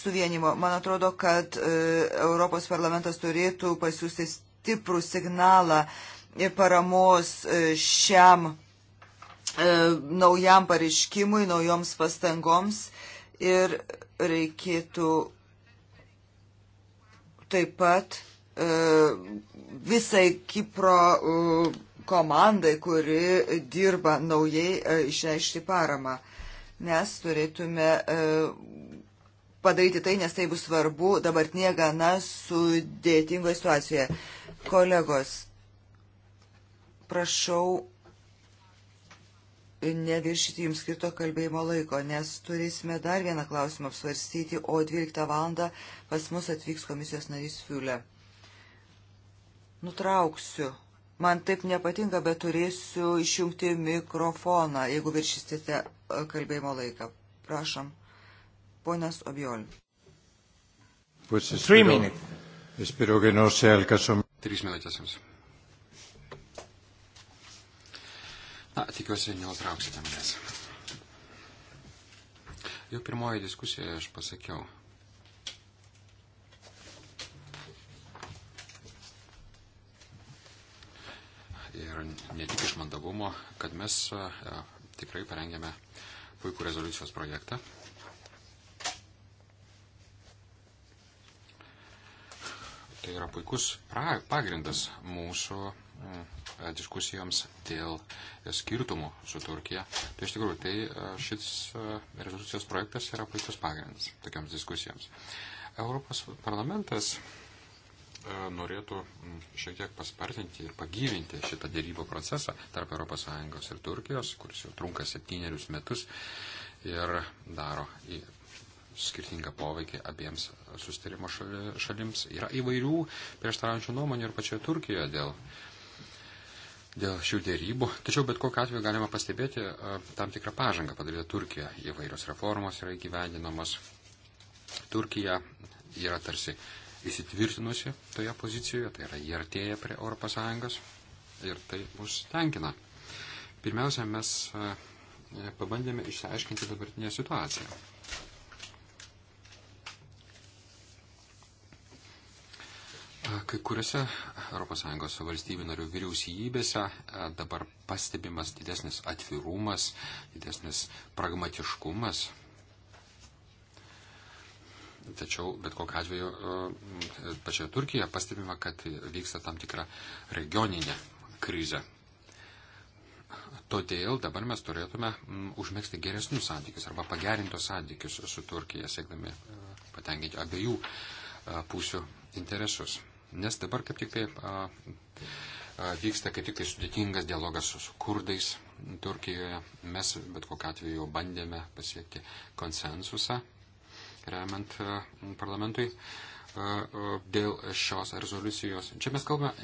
suvienimo. Man atrodo, kad Europos parlamentas turėtų pasiūsti stiprų signalą paramos šiam naujam pareiškimui, naujoms pastangoms ir reikėtų taip pat e, visai Kipro e, komandai, kuri dirba naujai e, išreikšti paramą. Mes turėtume padaryti tai, nes tai bus svarbu dabartinėje gana sudėtingoje situacijoje. Kolegos, prašau neviršyti jums skirto kalbėjimo laiko, nes turėsime dar vieną klausimą apsvarstyti, o 12 val. pas mus atvyks komisijos narys Fiulė. Nutrauksiu. Man taip nepatinka, bet turėsiu išjungti mikrofoną, jeigu viršysite e, kalbėjimo laiką. Prašom. Ponas Obiol. Pues espero, espero que no sea el caso. Trys minutės jums. Na, tikiuosi, neutrauksite manęs. Jau pirmoji diskusija aš pasakiau. Ir ne tik iš mandagumo, kad mes ja, e, tikrai parengėme puikų rezoliucijos projektą. Tai yra puikus pra, pagrindas mūsų mm, diskusijoms dėl skirtumų su Turkija. Tai iš tikrųjų, tai e, šis e, rezoliucijos projektas yra puikus pagrindas tokiams diskusijoms. Europos parlamentas e, norėtų šiek tiek paspartinti ir pagyvinti šitą dėrybų procesą tarp ES ir Turkijos, kuris jau trunka septynerius metus ir daro skirtingą poveikį abiems sustarimo šalims. Yra įvairių prieštaraujančių nuomonių ir pačioje Turkijoje dėl dėl šių dėrybų. Tačiau bet kokiu atveju galima pastebėti e, tam tikrą pažangą padarytą Turkiją. Įvairios reformos yra įgyvendinamos. Turkija yra tarsi įsitvirtinusi toje pozicijoje, tai yra jie artėja prie ES ir tai mus tenkina. Pirmiausia, mes e, pabandėme išsiaiškinti dabartinę situaciją. Kai kuriuose ES valstybių narių vyriausybėse e, dabar pastebimas didesnis atvirumas, didesnis pragmatiškumas. Tačiau, bet kokiu atveju, e, pačioje Turkijoje pastebima, kad vyksta tam tikra regioninė krizė. Todėl dabar mes turėtume užmėgsti geresnius santykius arba pagerintus santykius su Turkija, siekdami e, patenkinti abiejų pusių interesus. Nes dabar kaip tik taip a, a, vyksta kaip tik tai sudėtingas dialogas su, su kurdais Turkijoje. Mes bet kokiu atveju bandėme pasiekti konsensusą, remiant a, parlamentui a, a, dėl šios rezoliucijos. Čia mes kalbame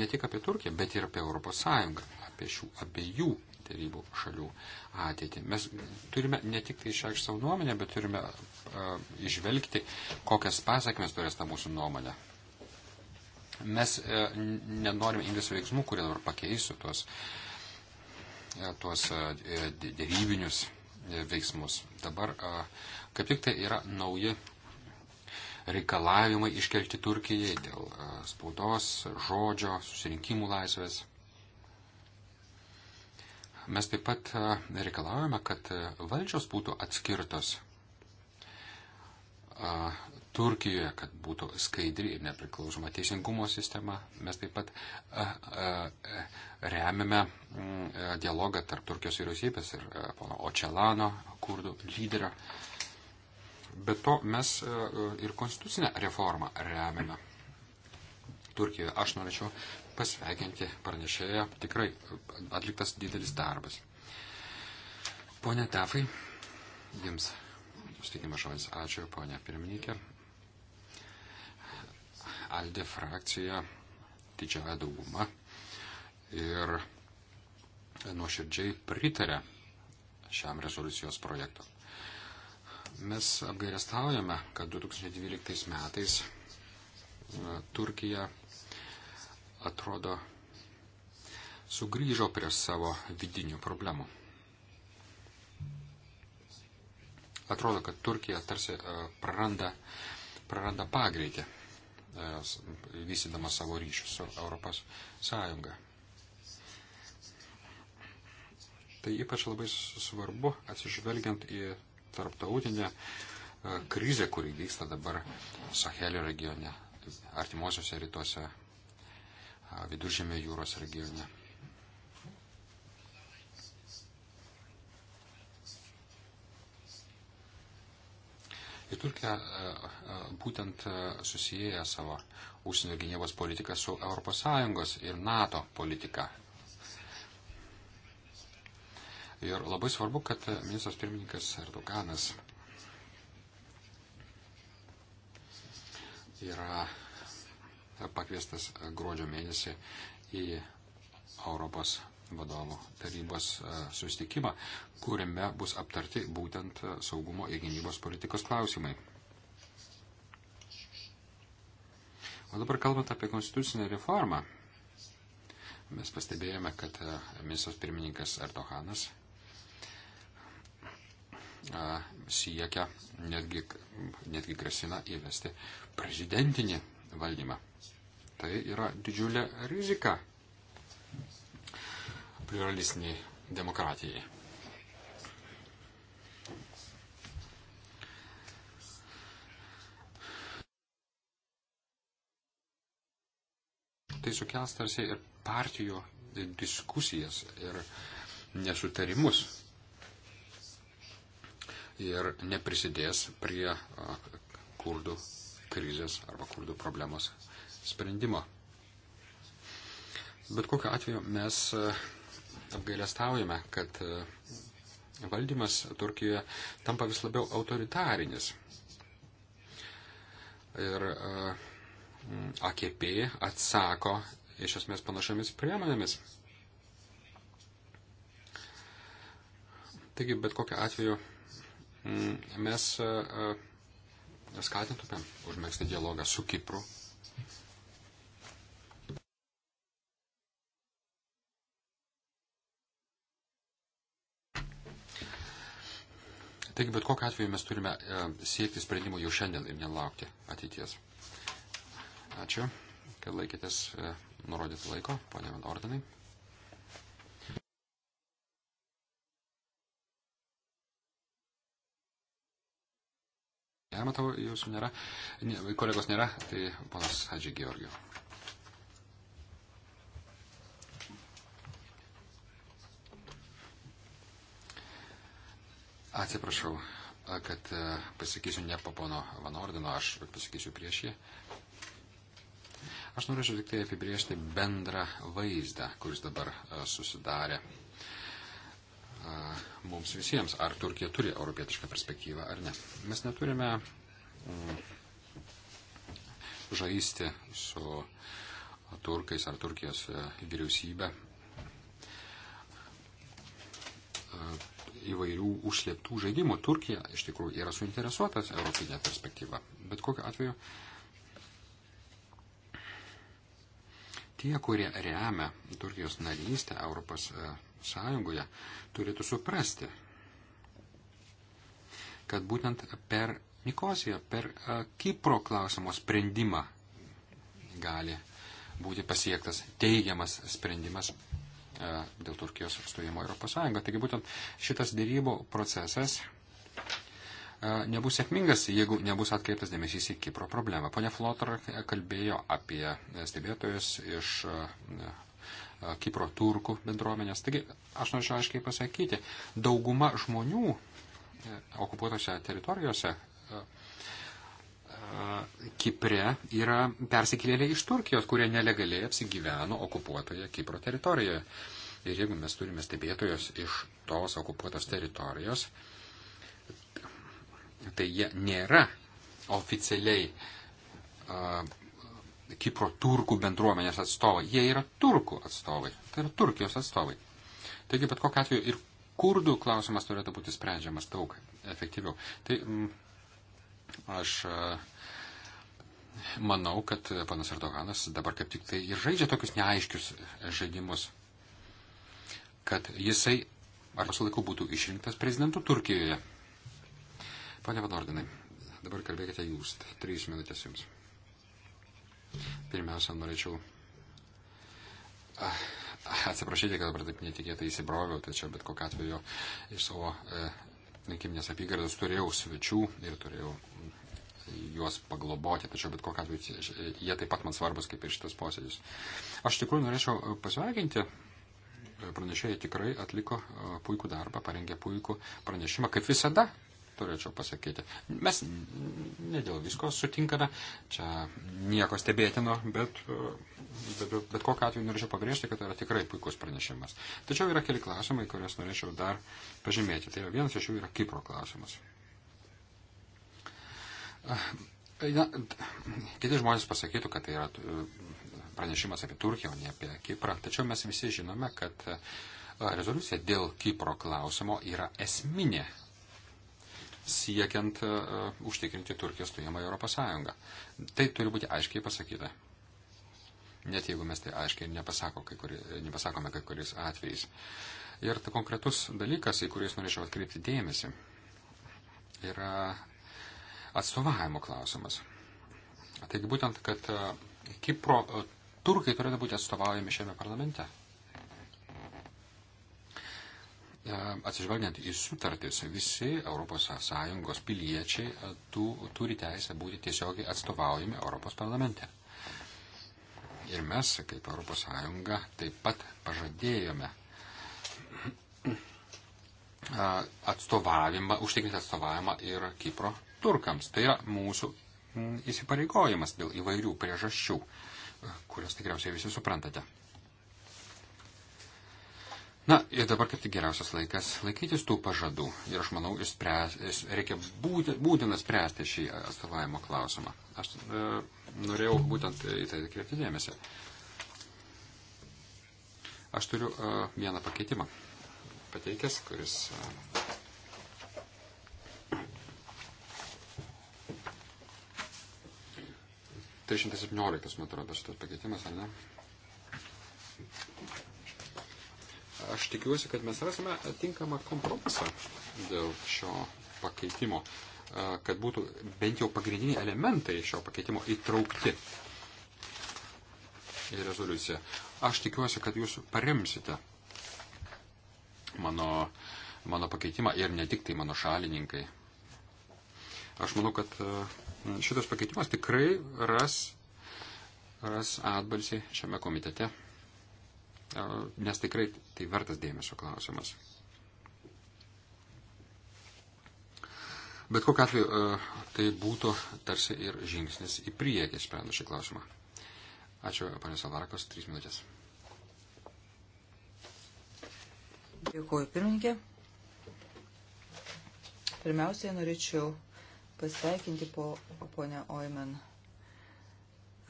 ne tik apie Turkiją, bet ir apie Europos Sąjungą, apie šių abiejų tarybų šalių ateitį. Mes turime ne tik tai išreikšti savo nuomonę, bet turime uh, išvelgti, kokias pasakmes turės ta mūsų nuomonė. Mes e, nenorime imtis veiksmų, kurie dabar pakeisų tuos, e, tuos e, dėrybinius veiksmus. Dabar kaip tik tai yra nauji reikalavimai iškelti Turkijai dėl spaudos, žodžio, susirinkimų laisvės. Mes taip pat reikalavome, kad valdžios būtų atskirtos Turkijoje, kad būtų skaidri ir nepriklausoma teisingumo sistema. Mes taip pat remiame mm, dialogą tarp Turkijos vyriausybės ir pono Očelano, kurdų lyderio. Bet to mes ir konstitucinę reformą remiame. Turkijoje aš norėčiau pasveikinti pranešėją. Tikrai atliktas didelis darbas. Pone Tafai, jums sutikimas žodis. Ačiū, ponė pirmininkė. Aldė frakcija didžiąją daugumą ir nuoširdžiai pritarė šiam rezoliucijos projektui. Mes apgairestaujame, kad 2012 metais e, Turkija atrodo sugrįžo prie savo vidinių problemų. Atrodo, kad Turkija tarsi e, praranda, praranda pagreitį E, vystydama savo ryšius su Europos Sąjunga. Tai ypač labai svarbu atsižvelgiant į tarptautinę e, krizę, kuri vyksta dabar Sahelio regione, artimuosiuose rytuose, viduržėmio jūros regione. Ir Turkija e, e, būtent e, susijęja savo užsienio gynybos politiką su ES ir NATO politika. Ir labai svarbu, kad ministras pirmininkas Erdoganas yra pakviestas gruodžio mėnesį į Europos vadovų tarybos e, susitikimą, kuriame bus aptarti būtent e, saugumo ir gynybos politikos klausimai. O dabar kalbant apie konstitucinę reformą, mes pastebėjome, kad e, ministras pirmininkas Erdoganas siekia, netgi, netgi grasina įvesti prezidentinį valdymą. Tai yra didžiulė rizika pluralistiniai demokratijai. Tai sukels tarsi ir partijų diskusijas ir nesutarimus. Ir neprisidės prie kurdų krizės arba kurdų problemos sprendimo. Bet kokiu atveju mes apgailestaujame, kad e, valdymas Turkijoje tampa vis labiau autoritarinis. Ir e, AKP atsako iš esmės panašiamis priemonėmis. Taigi, bet kokiu atveju mes e, skatintume užmėgsti dialogą su Kipru, Taigi, bet kokiu atveju mes turime e, siekti sprendimų jau šiandien ir nelaukti ateities. Ačiū, kad laikėtės e, nurodyti laiko, ponė Van Ordenai. Nematau, jūsų nėra, ne, kolegos nėra, tai ponas Hadži Georgijau. Atsiprašau, kad e, pasakysiu ne po pono Van Ordino, aš pasakysiu prieš jį. Aš norėčiau tik tai apibriežti bendrą vaizdą, kuris dabar e, susidarė e, mums visiems, ar Turkija turi europietišką perspektyvą ar ne. Mes neturime mm, žaisti su turkais ar Turkijos vyriausybė įvairių užslėptų žaidimų. Turkija iš tikrųjų yra suinteresuotas europinė perspektyva. Bet kokiu atveju tie, kurie remia Turkijos narystę Europos e, Sąjungoje, turėtų suprasti, kad būtent per Nikosiją, per e, Kipro klausimo sprendimą gali būti pasiektas teigiamas sprendimas E, dėl Turkijos atstojimo Europos Sąjungą. Taigi būtent šitas dėrybų procesas e, nebus sėkmingas, jeigu nebus atkreiptas dėmesys į Kipro problemą. Pone Flotra kalbėjo apie stebėtojus iš e, Kipro turkų bendruomenės. Taigi, aš norėčiau aiškiai pasakyti, dauguma žmonių okupuotose teritorijose Kipre yra persikėlėliai iš Turkijos, kurie nelegaliai apsigyveno okupuotoje Kipro teritorijoje. Ir jeigu mes turime stebėtojus iš tos okupuotos teritorijos, tai jie nėra oficialiai a, Kipro turkų bendruomenės atstovai. Jie yra turkų atstovai. Tai yra Turkijos atstovai. Taigi, bet kokiu atveju ir kurdų klausimas turėtų būti sprendžiamas daug efektyviau. Tai m, mm, aš a, Manau, kad panas Erdoganas dabar kaip tik tai ir žaidžia tokius neaiškius žaidimus, kad jisai ar su laiku būtų išrinktas prezidentu Turkijoje. Pane Vanordinai, dabar kalbėkite jūs, trys minutės jums. Pirmiausia, norėčiau atsiprašyti, kad dabar taip netikėtai įsibroviau, tačiau bet kokiu atveju iš savo e, rinkiminės apygardos turėjau svečių ir turėjau juos pagloboti, tačiau bet kokiu atveju jie taip pat man svarbus kaip ir šitas posėdis. Aš tikrųjų norėčiau e, pasveikinti. E, pranešėjai tikrai atliko e, puikų darbą, parengė puikų pranešimą, kaip visada, turėčiau pasakyti. Mes ne dėl visko sutinkame, čia nieko stebėtino, bet, bet, bet kokiu atveju norėčiau pabrėžti, kad tai yra tikrai puikus pranešimas. Tačiau yra keli klausimai, kuriuos norėčiau dar pažymėti. Tai yra, vienas iš jų yra Kipro klausimas. Tai, na, kiti žmonės pasakytų, kad tai yra e, pranešimas apie Turkiją, o ne apie Kiprą. Tačiau mes visi žinome, kad e, rezoliucija dėl Kipro klausimo yra esminė siekiant e, užtikrinti Turkijos stojimą į Europos Sąjungą. Tai turi būti aiškiai pasakyta. Net jeigu mes tai aiškiai nepasako, kai kuri, nepasakome kai kuriais atvejais. Ir ta konkretus dalykas, į kurį norėčiau atkreipti dėmesį, yra atstovavimo klausimas. Taigi būtent, kad e, Kipro e, turkai turėtų būti atstovaujami šiame parlamente. E, atsižvelgiant į sutartis, visi ES piliečiai tu, turi teisę būti tiesiogiai atstovaujami Europos parlamente. Ir mes, kaip ES, taip pat pažadėjome atstovavimą, užtikrinti atstovavimą ir Kipro turkams. Tai yra mūsų mm, įsipareigojimas dėl įvairių priežasčių, e, kurias tikriausiai visi suprantate. Na ir dabar kaip tik geriausias laikas laikytis tų pažadų ir aš manau, spręs, reikia būti, būtina spręsti šį atstovavimo klausimą. Aš e, norėjau būtent į tai atkreipti dėmesį. Aš turiu e, vieną pakeitimą pateikęs, kuris e, 317, man atrodo, šitas pakeitimas, ar ne? Aš tikiuosi, kad mes rasime tinkamą kompromisą dėl šio pakeitimo, kad būtų bent jau pagrindiniai elementai šio pakeitimo įtraukti į rezoliuciją. Aš tikiuosi, kad jūs paremsite mano, mano pakeitimą ir ne tik tai mano šalininkai. Aš manau, kad šitas pakeitimas tikrai ras, ras atbalsį šiame komitete, e, nes tikrai tai vertas dėmesio klausimas. Bet kokiu atveju e, tai būtų tarsi ir žingsnis į priekį sprendus šį klausimą. Ačiū, panė Salvarakos, trys minutės. Dėkuoju, pirmininkė. Pirmiausiai norėčiau pasveikinti po ponę Oiman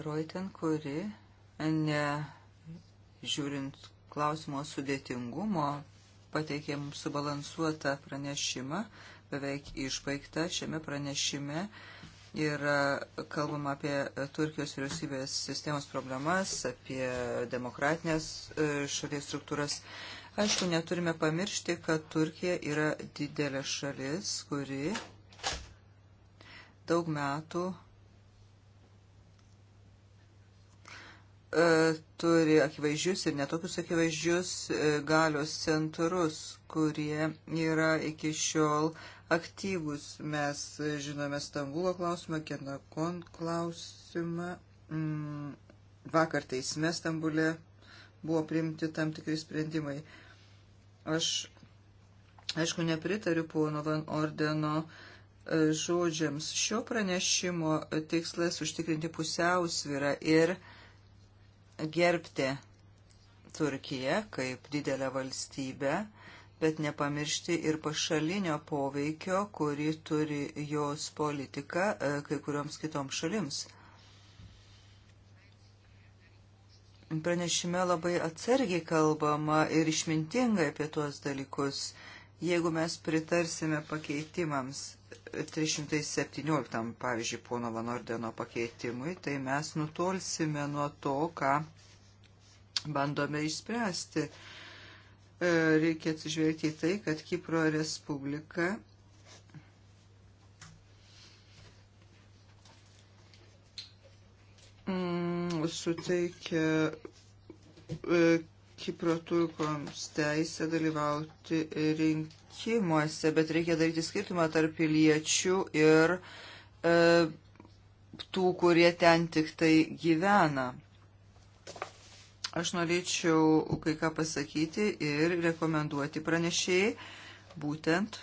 Reuten, kuri, ne žiūrint klausimo sudėtingumo, pateikė mums subalansuotą pranešimą, beveik išbaigta šiame pranešime. Ir kalbam apie Turkijos vyriausybės sistemos problemas, apie demokratinės e, šalies struktūras. Aišku, neturime pamiršti, kad Turkija yra didelė šalis, kuri daug metų e, turi akivaizdžius ir netokius akivaizdžius e, galios centrus, kurie yra iki šiol aktyvus. Mes žinome Stambulo klausimą, Kenakon klausimą. Mm, vakar teisme Stambulė buvo priimti tam tikri sprendimai. Aš, aišku, nepritariu pono Van Ordeno uh, žodžiams. Šio pranešimo tikslas užtikrinti pusiausvyrą ir gerbti Turkiją kaip didelę valstybę, bet nepamiršti ir pašalinio poveikio, kurį turi jos politika e, kai kurioms kitoms šalims. Pranešime labai atsargiai kalbama ir išmintingai apie tuos dalykus – Jeigu mes pritarsime pakeitimams 317, e, pavyzdžiui, pono Vanordeno pakeitimui, tai mes nutolsime nuo to, ką bandome išspręsti. E, reikia atsižvelgti į tai, kad Kipro Respublika mm, suteikia e, Kipro turkoms teisę dalyvauti rinkimuose, bet reikia daryti skirtumą tarp piliečių ir e, tų, kurie ten tik tai gyvena. Aš norėčiau kai ką pasakyti ir rekomenduoti pranešėjai būtent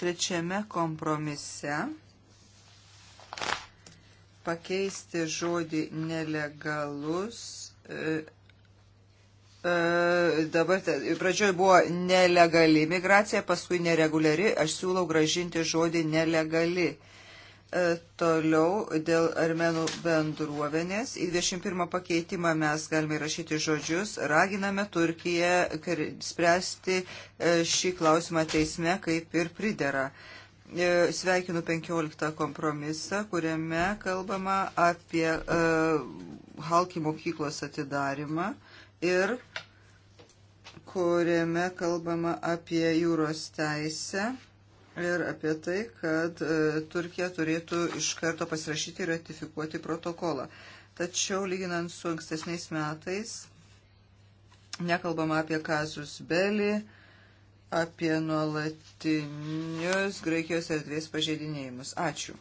trečiame kompromise pakeisti žodį nelegalus E, e, dabar pradžioj buvo nelegali migracija, paskui nereguliari, aš siūlau gražinti žodį nelegali. E, toliau dėl armenų bendruomenės. Į 21 pakeitimą mes galime rašyti žodžius. Raginame Turkiją spręsti šį klausimą teisme, kaip ir pridera. E, sveikinu 15 kompromisą, kuriame kalbama apie uh, Halki mokyklos atidarimą ir kuriame kalbama apie jūros teisę ir apie tai, kad uh, Turkija turėtų iš karto pasirašyti ir ratifikuoti protokolą. Tačiau lyginant su ankstesniais metais, nekalbama apie kazus belį, apie nuolatinius Graikijos erdvės pažeidinėjimus. Ačiū.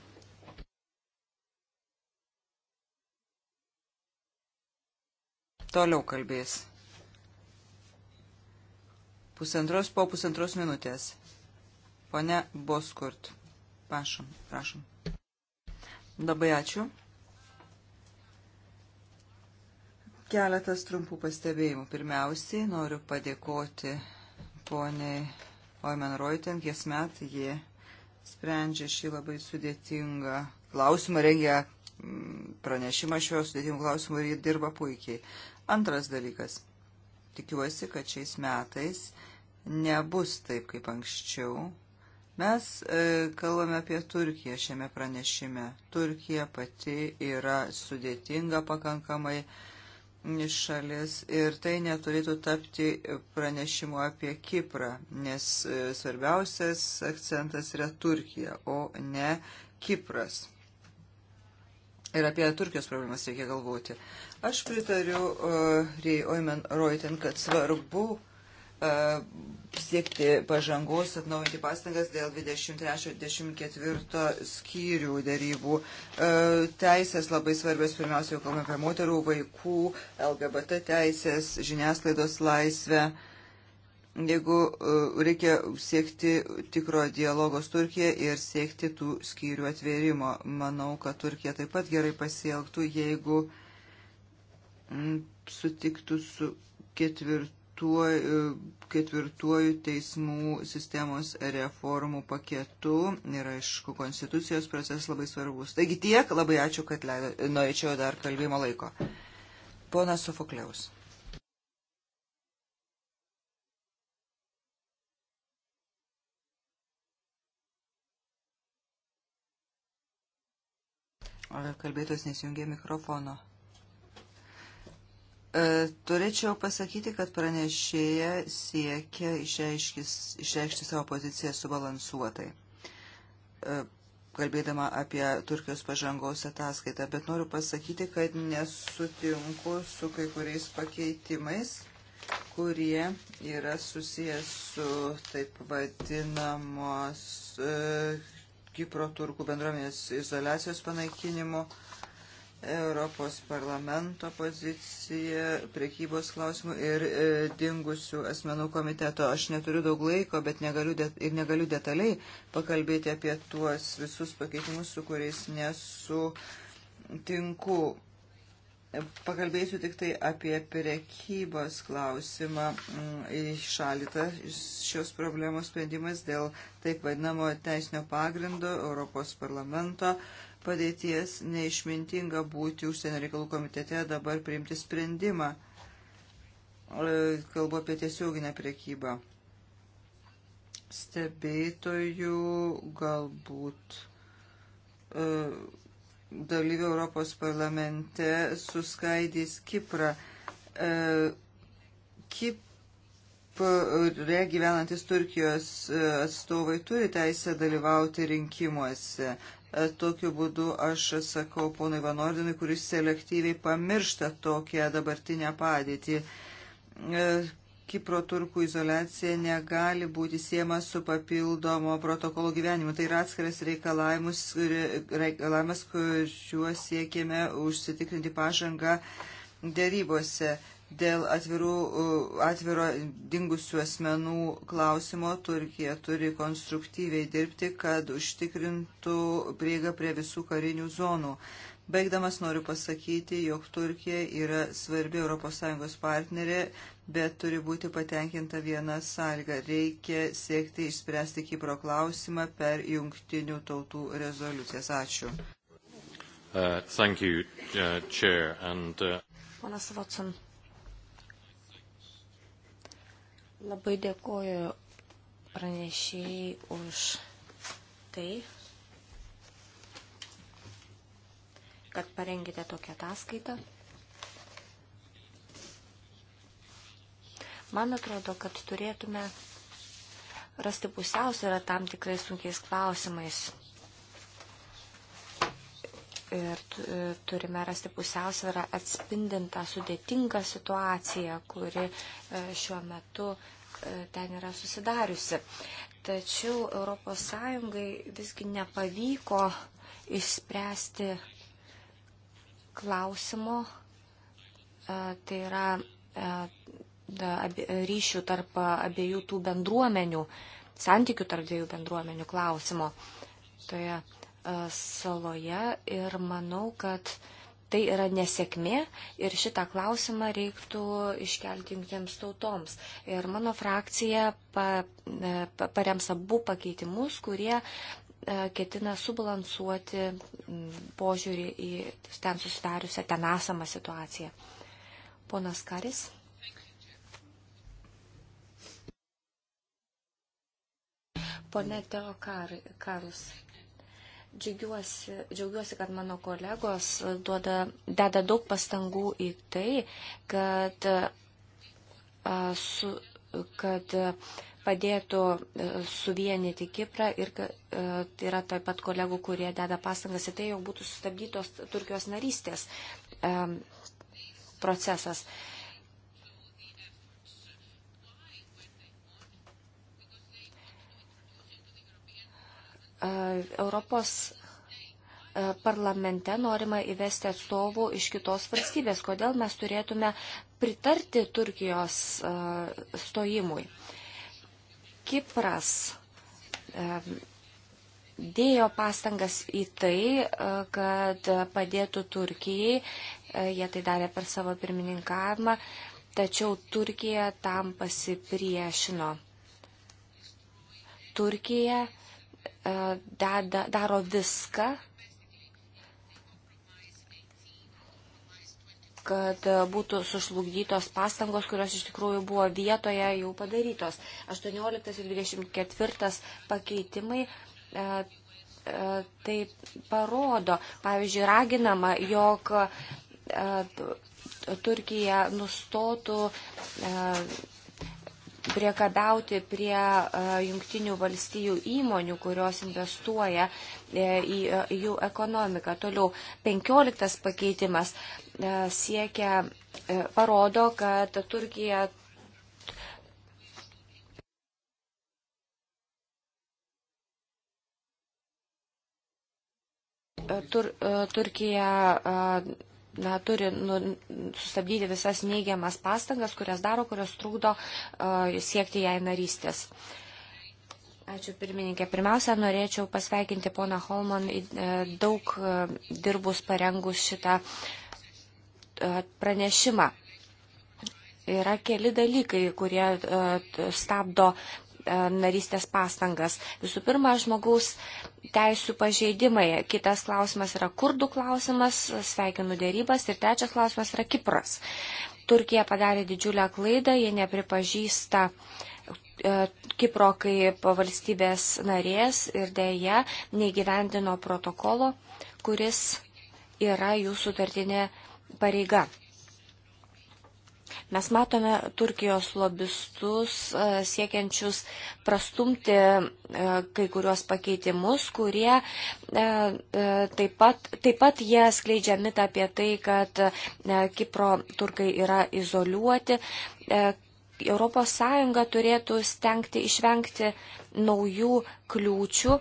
Toliau kalbės. Pusantros po pusantros minutės. Pone Boskurt. Prašom, prašom. Labai ačiū. Keletas trumpų pastebėjimų. Pirmiausiai noriu padėkoti poniai Oimen Reuten, kies met jie sprendžia šį labai sudėtingą klausimą, rengia mm, pranešimą šio sudėtingų klausimų ir jie dirba puikiai. Antras dalykas. Tikiuosi, kad šiais metais nebus taip kaip anksčiau. Mes e, kalbame apie Turkiją šiame pranešime. Turkija pati yra sudėtinga pakankamai. E, šalis ir tai neturėtų tapti pranešimu apie Kiprą, nes e, svarbiausias akcentas yra Turkija, o ne Kipras. Ir apie Turkijos problemas reikia galvoti. Aš pritariu uh, e, Rei Oimen Reuten, kad svarbu uh, E, siekti pažangos, atnaujinti pastangas dėl 23-24 skyrių darybų. E, teisės labai svarbios, pirmiausia, jau kalbame apie moterų, vaikų, LGBT teisės, žiniasklaidos laisvę. Jeigu e, reikia siekti tikro dialogos Turkija ir siekti tų skyrių atvėrimo, manau, kad Turkija taip pat gerai pasielgtų, jeigu sutiktų su ketvirtu E, ketvirtuoju teismų sistemos reformų paketu ir aišku, konstitucijos procesas labai svarbus. Taigi tiek, labai ačiū, kad leido, norėčiau dar kalbėjimo laiko. Ponas Sofokliaus. Kalbėtos nesijungė mikrofono. E, turėčiau pasakyti, kad pranešėja siekia išreikšti savo poziciją subalansuotai, e, kalbėdama apie Turkijos pažangos ataskaitą, bet noriu pasakyti, kad nesutinku su kai kuriais pakeitimais, kurie yra susijęs su taip vadinamos e, Kipro turkų bendruomenės izolacijos panaikinimu. E, Europos parlamento poziciją priekybos klausimų ir e, dingusių asmenų komiteto. Aš neturiu daug laiko, bet negaliu de, ir negaliu detaliai pakalbėti apie tuos visus pakeitimus, su kuriais nesutinku. Pakalbėsiu tik tai apie priekybos klausimą iššalytą mm, šios problemos sprendimas dėl taip vadinamo teisinio pagrindo Europos parlamento. E, padėties neišmintinga būti užsienio reikalų komitete dabar priimti sprendimą. E, kalbu apie tiesioginę priekybą. Stebėtojų galbūt e, dalyvių Europos parlamente suskaidys Kiprą. Kip e, Kipre gyvenantis Turkijos atstovai turi teisę dalyvauti rinkimuose. E, tokiu būdu aš atsakau ponui Vanordinui, kuris selektyviai pamiršta tokią dabartinę padėtį. E, Kipro turkų izolacija negali būti siema su papildomo protokolo gyvenimu. Tai yra atskiras reikalavimas, kuriuo siekėme užsitikrinti pažangą dėrybose. Dėl atvirų, atviro dingusių asmenų klausimo Turkija turi konstruktyviai dirbti, kad užtikrintų prieigą prie visų karinių zonų. Baigdamas noriu pasakyti, jog Turkija yra svarbi ES partnerė, bet turi būti patenkinta viena sąlyga. Reikia siekti išspręsti Kipro klausimą per jungtinių tautų rezoliucijas. Ačiū. Uh, you, uh, chair, and, uh... Ponas Watson. Labai dėkoju pranešėjai už tai, kad parengėte tokią ataskaitą. Man atrodo, kad turėtume rasti pusiausvyrą tam tikrai sunkiais klausimais ir e, turime rasti pusiausvyrą atspindintą sudėtingą situaciją, kuri e, šiuo metu e, ten yra susidariusi. Tačiau ES visgi nepavyko išspręsti klausimo, tai yra ryšių tarp abiejų tų bendruomenių, santykių tarp dviejų bendruomenių klausimo toje tai saloje ir manau, kad tai yra nesėkmė ir šitą klausimą reiktų iškelti jungtiems tautoms. Ir mano frakcija pa, e, pa, parems abu pakeitimus, kurie e, ketina subalansuoti požiūrį į ten susidariusią, ten esamą situaciją. Ponas Karis. Pone Teo Kar, Karus. Džiaugiuosi, džiaugiuosi, kad mano kolegos duoda, deda daug pastangų į tai, kad, su, kad padėtų e, suvienyti Kiprą ir e, tai yra taip pat kolegų, kurie deda pastangas į tai, jog būtų sustabdytos Turkijos narystės e, procesas. Europos parlamente norima įvesti atstovų iš kitos valstybės. Kodėl mes turėtume pritarti Turkijos stojimui? Kipras dėjo pastangas į tai, kad padėtų Turkijai, jie tai darė per savo pirmininkavimą, tačiau Turkija tam pasipriešino. Turkija uh, dada, daro viską, kad būtų sužlugdytos pastangos, kurios iš tikrųjų buvo vietoje jau padarytos. 18 ir 24 pakeitimai e, e, tai parodo. Pavyzdžiui, raginama, jog e, Turkija nustotų e, priekabauti prie e, jungtinių valstijų įmonių, kurios investuoja e, į e, jų ekonomiką. Toliau, penkioliktas pakeitimas siekia, parodo, kad Turkija Tur, Turkija na, turi nu, sustabdyti visas neigiamas pastangas, kurias daro, kurios trūkdo uh, siekti jai narystės. Ačiū pirmininkė. Pirmiausia, norėčiau pasveikinti poną Holman e, daug e, dirbus parengus šitą e, pranešimą. Yra keli dalykai, kurie stabdo narystės pastangas. Visų pirma, žmogaus teisų pažeidimai. Kitas klausimas yra kurdų klausimas, sveikinu dėrybas. Ir trečias klausimas yra Kipras. Turkija padarė didžiulę klaidą, jie nepripažįsta e, Kipro kaip valstybės narės ir dėja neįgyvendino protokolo, kuris yra jų sutartinė pareiga. Mes matome Turkijos lobistus e, siekiančius prastumti e, kai kuriuos pakeitimus, kurie e, taip pat, taip pat jie skleidžia mitą apie tai, kad Kipro turkai yra izoliuoti. ES turėtų stengti išvengti naujų kliūčių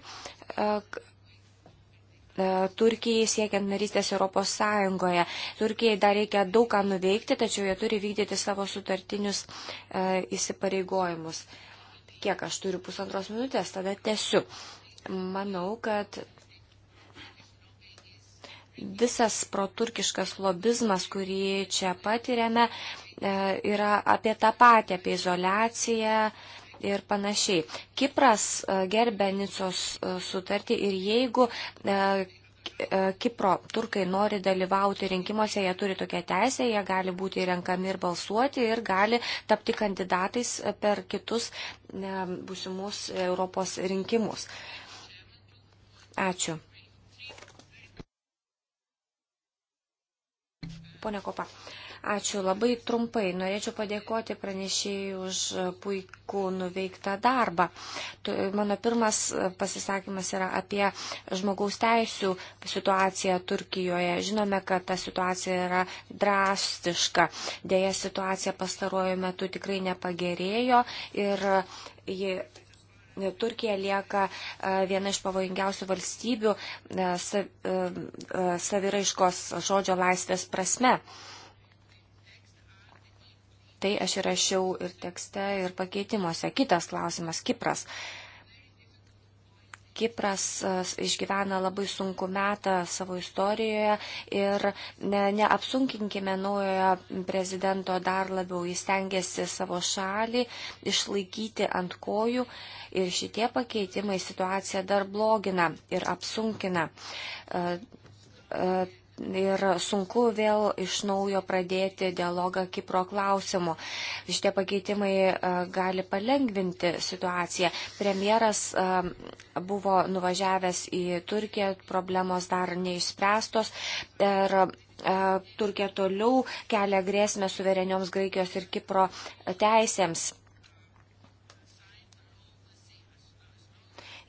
E, Turkijai siekiant narystės Europos Sąjungoje. Turkijai dar reikia daug ką nuveikti, tačiau jie turi vykdyti savo sutartinius e, įsipareigojimus. Kiek aš turiu pusantros minutės, tada tesiu. Manau, kad visas proturkiškas lobizmas, kurį čia patiriame, e, yra apie tą patį, apie izolaciją, e, ir panašiai. Kipras e, gerbė Nicos e, sutartį ir jeigu e, Kipro turkai nori dalyvauti rinkimuose, jie turi tokią teisę, jie gali būti renkami ir balsuoti ir gali tapti kandidatais per kitus būsimus Europos rinkimus. Ačiū. Pone Kopa. Uh, Ačiū labai trumpai. Norėčiau padėkoti pranešėjai už puikų nuveiktą darbą. Mano pirmas pasisakymas yra apie žmogaus teisų situaciją Turkijoje. Žinome, kad ta situacija yra drastiška. Deja, situacija pastaruoju metu tikrai nepagerėjo ir ji Turkija lieka e, viena iš pavojingiausių valstybių e, e, saviraiškos žodžio laisvės prasme. Tai aš įrašiau ir tekste, ir pakeitimuose. Kitas klausimas - Kipras. Kipras e, išgyvena labai sunku metą savo istorijoje ir ne, neapsunkinkime naujojo prezidento dar labiau. Jis tengiasi savo šalį išlaikyti ant kojų ir šitie pakeitimai situaciją dar blogina ir apsunkina. E, e, ir sunku vėl iš naujo pradėti dialogą Kipro klausimu. Šitie pakeitimai e, gali palengvinti situaciją. Premjeras e, buvo nuvažiavęs į Turkiją, problemos dar neišspręstos. Ir e, Turkija toliau kelia grėsmę suverenioms Graikijos ir Kipro teisėms.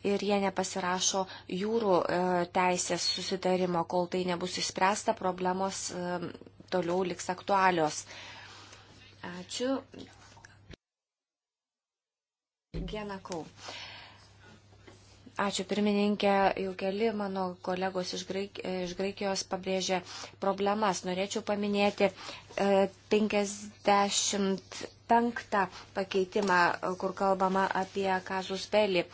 ir jie nepasirašo jūrų e, teisės susitarimo, kol tai nebus išspręsta, problemos e, toliau liks aktualios. Ačiū. Genakau. Ačiū pirmininkė, jau keli mano kolegos iš, Graik, iš Graikijos pabrėžė problemas. Norėčiau paminėti 55 e, pakeitimą, kur kalbama apie kazus pelį. E,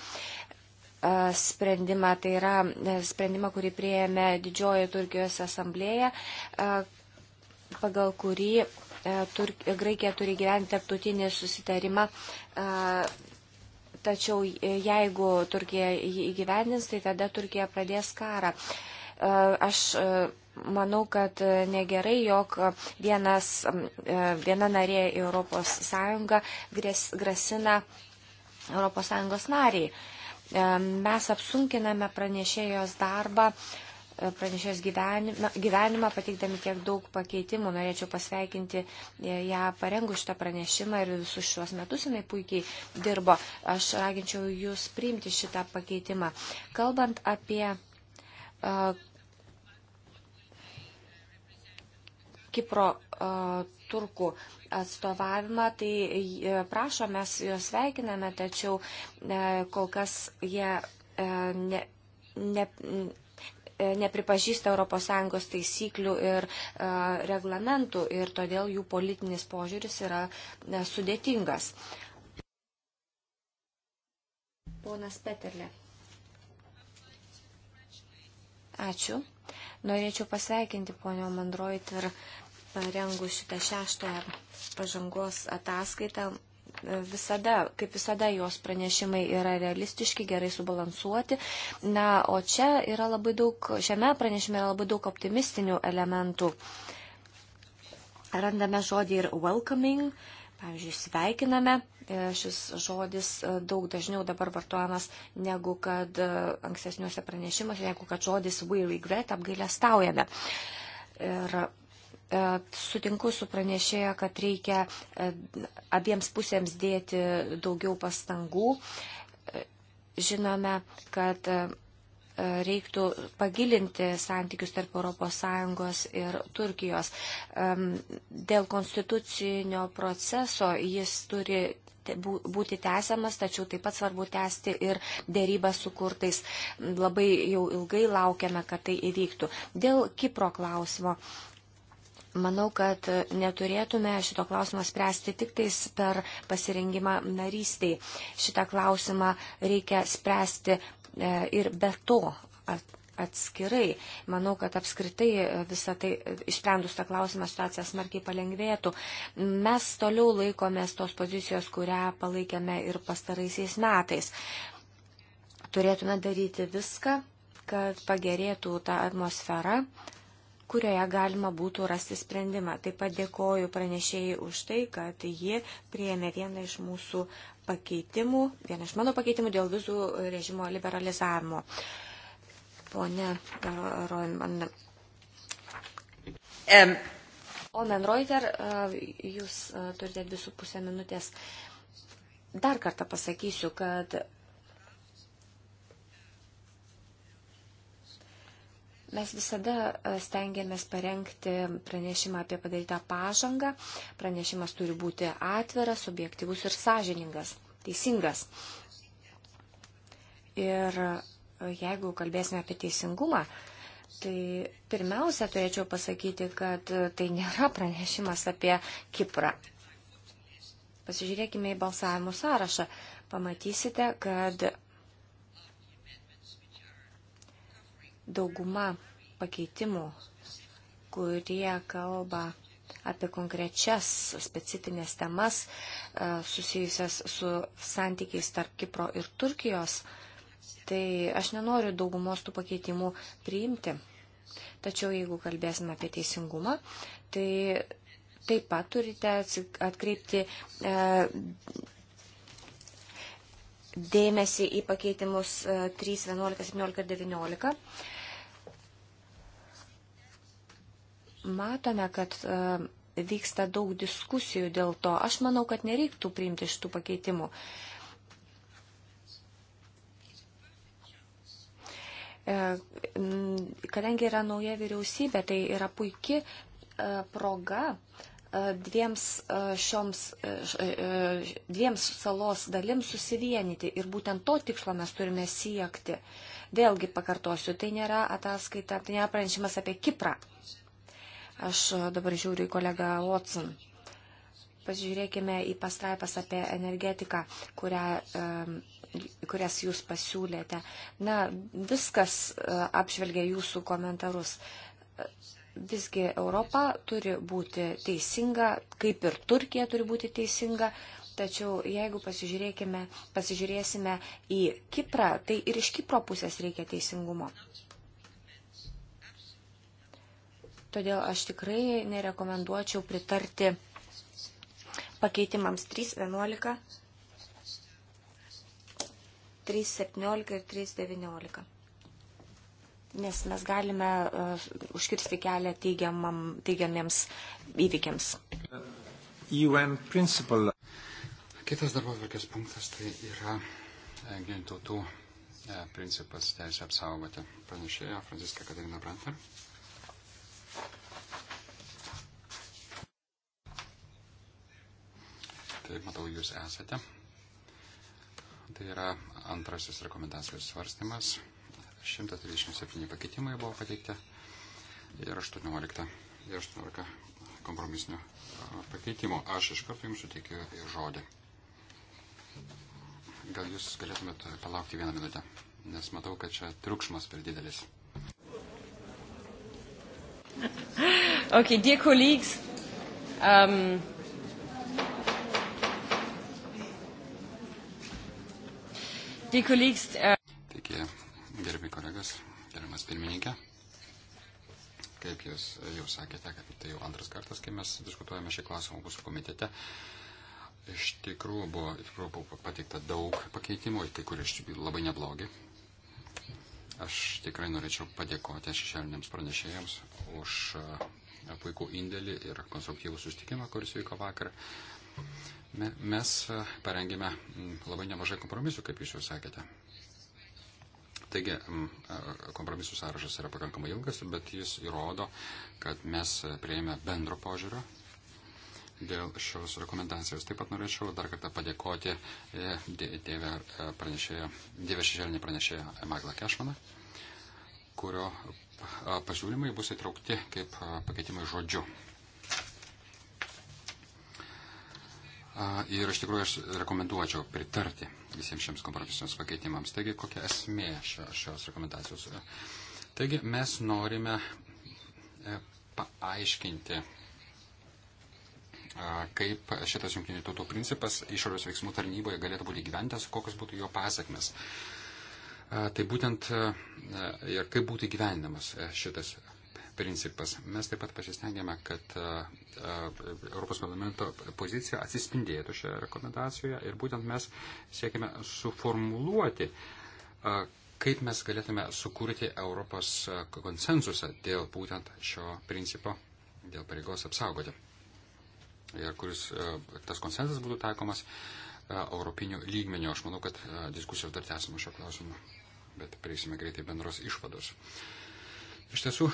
sprendimą, tai yra e, sprendimą, kurį prieėmė didžioji Turkijos asamblėja, pagal kurį e, Turk... Graikija turi gyventi tarptautinį susitarimą tačiau e, jeigu Turkija jį įgyvendins, tai tada Turkija pradės karą. Aš manau, kad negerai, jog vienas, viena narė Europos Sąjunga grasina Europos Sąjungos nariai. E, mes apsunkiname pranešėjos darbą e, pranešės gyvenimą, gyvenimą pateikdami tiek daug pakeitimų. Norėčiau pasveikinti e, ją parengus šitą pranešimą ir visus šiuos metus jinai puikiai dirbo. Aš raginčiau jūs priimti šitą pakeitimą. Kalbant apie uh, Kipro uh, turkų atstovavimą, tai e, prašom, mes juos sveikiname, tačiau e, kol kas jie e, ne, ne, nepripažįsta ES taisyklių ir reglamentų ir todėl jų politinis požiūris yra sudėtingas. Ponas Peterle. Ačiū. Norėčiau pasveikinti ponio Mandroit ir parengus šitą šeštąją pažangos ataskaitą, visada, kaip visada, jos pranešimai yra realistiški, gerai subalansuoti. Na, o čia yra labai daug, šiame pranešime yra labai daug optimistinių elementų. Randame žodį ir welcoming, pavyzdžiui, sveikiname. Šis žodis e, daug dažniau dabar vartojamas negu kad e, ankstesniuose pranešimuose, negu kad žodis we regret apgailę staujame. Ir E, sutinku su pranešėja, kad reikia e, abiems pusėms dėti daugiau pastangų. E, žinome, kad reiktų pagilinti santykius tarp ES ir Turkijos. Dėl konstitucinio proceso jis turi būti tęsiamas, tačiau taip pat svarbu tęsti ir dėrybą su kurtais. Labai jau ilgai laukiame, kad tai įvyktų. Dėl Kipro klausimo Manau, kad neturėtume šito klausimo spręsti tik tais per pasirengimą narystiai. Šitą klausimą reikia spręsti e, ir be to atskirai. Manau, kad apskritai visą tai, išsprendus tą klausimą, situacija smarkiai palengvėtų. Mes toliau laikomės tos pozicijos, kurią palaikėme ir pastaraisiais metais. Turėtume daryti viską, kad pagerėtų ta atmosfera, kurioje galima būtų rasti sprendimą. Taip pat dėkoju pranešėjai už tai, kad ji prieėmė vieną iš mūsų pakeitimų, vieną iš mano pakeitimų dėl vizų režimo liberalizavimo. Pone uh, Roiman. Um. Omen Reuter, uh, jūs uh, turite dvi su pusę minutės. Dar kartą pasakysiu, kad Mes visada e, stengiamės parengti pranešimą apie padarytą pažangą. Pranešimas turi būti atviras, objektivus ir sąžiningas, teisingas. Ir e, jeigu kalbėsime apie teisingumą, tai pirmiausia turėčiau pasakyti, kad e, tai nėra (laughs) pranešimas apie Kiprą. Pasižiūrėkime į balsavimų sąrašą. Pamatysite, kad Dauguma pakeitimų, kurie kalba apie konkrečias specifines temas e, susijusias su santykiais tarp Kipro ir Turkijos, tai aš nenoriu daugumos tų pakeitimų priimti. Tačiau jeigu kalbėsime apie teisingumą, tai taip pat turite atkreipti e, dėmesį į pakeitimus 3, 11, 17 ir 19. matome, kad e, vyksta daug diskusijų dėl to. Aš manau, kad nereiktų priimti šitų pakeitimų. E, kadangi yra nauja vyriausybė, tai yra puikia e, proga dviems šioms, dviems salos dalims susivienyti ir būtent to tikslo mes turime siekti. Vėlgi pakartosiu, tai nėra ataskaita, tai nėra pranešimas apie Kiprą. Aš e, dabar žiūriu į kolegą Watson. Pažiūrėkime į pastraipas apie energetiką, kurią, e, kurias jūs pasiūlėte. Na, viskas e, apžvelgia jūsų komentarus visgi Europa turi būti teisinga, kaip ir Turkija turi būti teisinga. Tačiau jeigu pasižiūrėsime į Kiprą, tai ir iš Kipro pusės reikia teisingumo. Todėl aš tikrai nerekomenduočiau pritarti pakeitimams 3.11, 3.17 ir 3.19. Nes mes galime uh, užkirsti kelią teigiamiems įvykiams. UN principle. Kitas darbo tvarkės punktas tai yra e, gintautų e, principas teisė apsaugoti. Pranešėjo Franciska Katarina Brantner. Taip, matau, jūs esate. Tai yra antrasis rekomendacijos svarstymas. 137 pakeitimai buvo pateikti ir 18, ir 18 kompromisinio pakeitimo. Aš iš karto jums suteikiu žodį. Gal jūs galėtumėte palaukti vieną minutę, nes matau, kad čia triukšmas per didelis. Okay, dear colleagues, um, Uh, Taigi, gerbi kolegas, gerbiamas pirmininkė, kaip jūs jau sakėte, kad tai jau antras kartas, kai mes diskutuojame šį klausimą mūsų komitete. Iš tikrųjų buvo, tikrųjų buvo pateikta daug pakeitimų, kai kurie iš tikrųjų labai neblogi. Aš tikrai norėčiau padėkoti šešėliniams pranešėjams už uh, puikų indėlį ir konstruktyvų sustikimą, kuris vyko vakar. Mes e, parengėme labai nemažai kompromisų, kaip jūs jau sakėte. Taigi, e, kompromisų sąrašas yra pakankamai ilgas, bet jis įrodo, kad mes prieėmė bendro požiūrio dėl šios rekomendacijos. Taip pat norėčiau dar kartą padėkoti e, Dieve šešėlinį pranešėją Maglą Kešmaną, kurio pasiūlymai bus įtraukti kaip pakeitimai žodžiu Ir iš tikrųjų aš rekomenduočiau pritarti visiems šiems kompromisiniams pakeitimams. Taigi, kokia esmė šios rekomendacijos? Taigi, mes norime e, paaiškinti, kaip šitas jungtinių tautų principas išorės veiksmų tarnyboje galėtų būti gyventas, kokios būtų jo pasiekmes. Tai būtent e, ir kaip būtų gyvenimas e, šitas principas. Mes taip pat pasistengėme, kad e, e, Europos parlamento pozicija atsispindėtų šioje rekomendacijoje ir būtent mes siekime suformuluoti, e, kaip mes galėtume sukurti Europos konsensusą dėl būtent šio principo, dėl pareigos apsaugoti. Ir kuris tas konsensusas būtų taikomas europinių lygmenių. Aš manau, kad diskusijos dar tęsimo šio klausimu, bet prieisime greitai bendros išvados. Iš tiesų,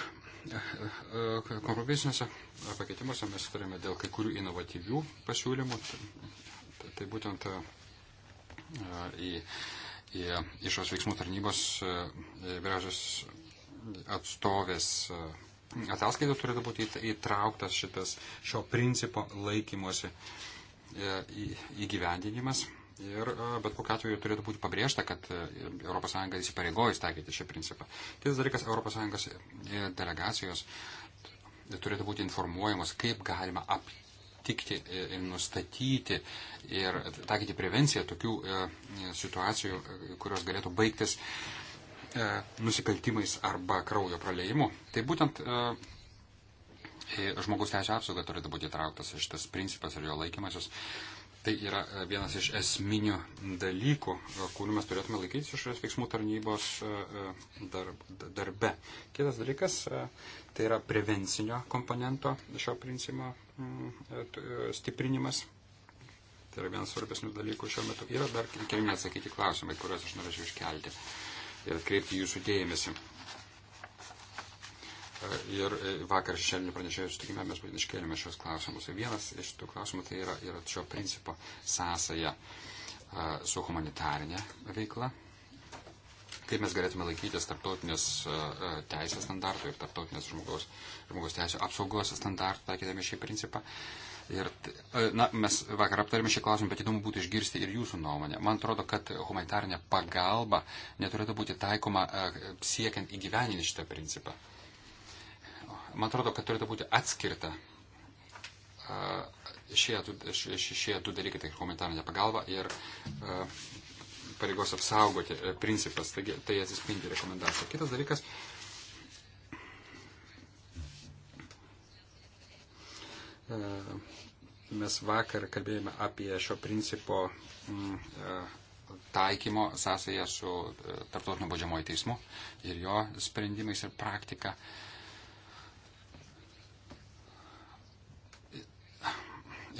E, kompromisiniuose pakeitimuose mes turime dėl kai kurių inovatyvių pasiūlymų. Tai, tai būtent e, į, į išos veiksmų tarnybos e, vyriausios atstovės ataskaita turėtų būti įtrauktas šitas šio principo laikymosi įgyvendinimas. Į, į Ir e, bet kokiu atveju turėtų būti pabrėžta, kad ES įsipareigojus taikyti šį principą. Kitas dalykas, ES e, delegacijos turėtų būti informuojamos, kaip galima aptikti e, ir nustatyti ir taikyti prevenciją tokių situacijų, kurios galėtų baigtis nusikaltimais arba kraujo praleimu. Tai būtent žmogus teisė apsauga turėtų būti įtrauktas šitas principas ir jo laikymasis. Tai yra e, vienas iš esminių dalykų, e, kurių mes turėtume laikytis išorės veiksmų tarnybos e, darb, darbe. Kitas dalykas, tai yra prevencinio komponento šio principo mm, stiprinimas. Tai yra vienas svarbesnių dalykų šiuo metu. Yra dar keli neatsakyti klausimai, kuriuos aš norėčiau iškelti ir atkreipti jūsų dėmesį. Ir e, vakar šešėlinių pranešėjų sutikime mes būtent iškėlėme šios klausimus. Vienas iš tų klausimų tai yra, yra šio principo sąsaja e, su humanitarinė veikla. Kaip mes galėtume laikytis tarptautinės e, teisės standartų ir tarptautinės žmogaus, žmogaus teisės apsaugos standartų, taikydami šį principą. Ir, na, mes vakar aptarėme šį klausimą, bet įdomu būtų išgirsti ir jūsų nuomonę. Man atrodo, kad humanitarinė pagalba neturėtų būti taikoma siekiant įgyveninti šitą principą man atrodo, kad turėtų būti atskirta šie, šie, šie du dalykai, tai humanitarinė pagalba ir pareigos apsaugoti e, principas, taigi tai atsispindi rekomendacija. Kitas dalykas. Mes vakar kalbėjome apie šio principo mm, taikymo sąsąją su e, tarptautiniu baudžiamoju teismu ir jo sprendimais ir praktika. Uh,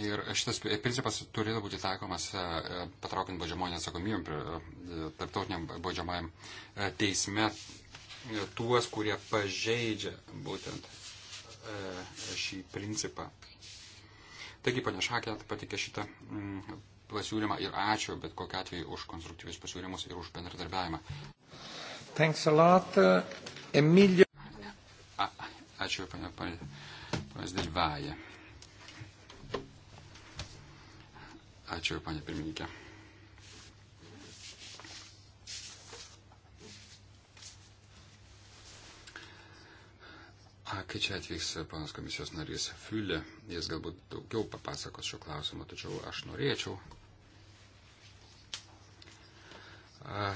Ir šitas principas turėtų būti taikomas e, e, patraukiant baudžiamonę atsakomybę e, tarptautiniam baudžiamajam teisme tuos, kurie pažeidžia būtent šį principą. Taigi, panešakė, patikė šitą mm, pasiūlymą ir ačiū, bet kokiu atveju už konstruktyvius pasiūlymus ir už bendradarbiavimą. Thanks a lot, Emilio. A, ačiū, panė, panė, panė Dilvaja. Ačiū, panė pirmininkė. A, kai čia atvyks panas komisijos narys Fiulė, jis galbūt daugiau papasakos šio klausimo, tačiau aš norėčiau a,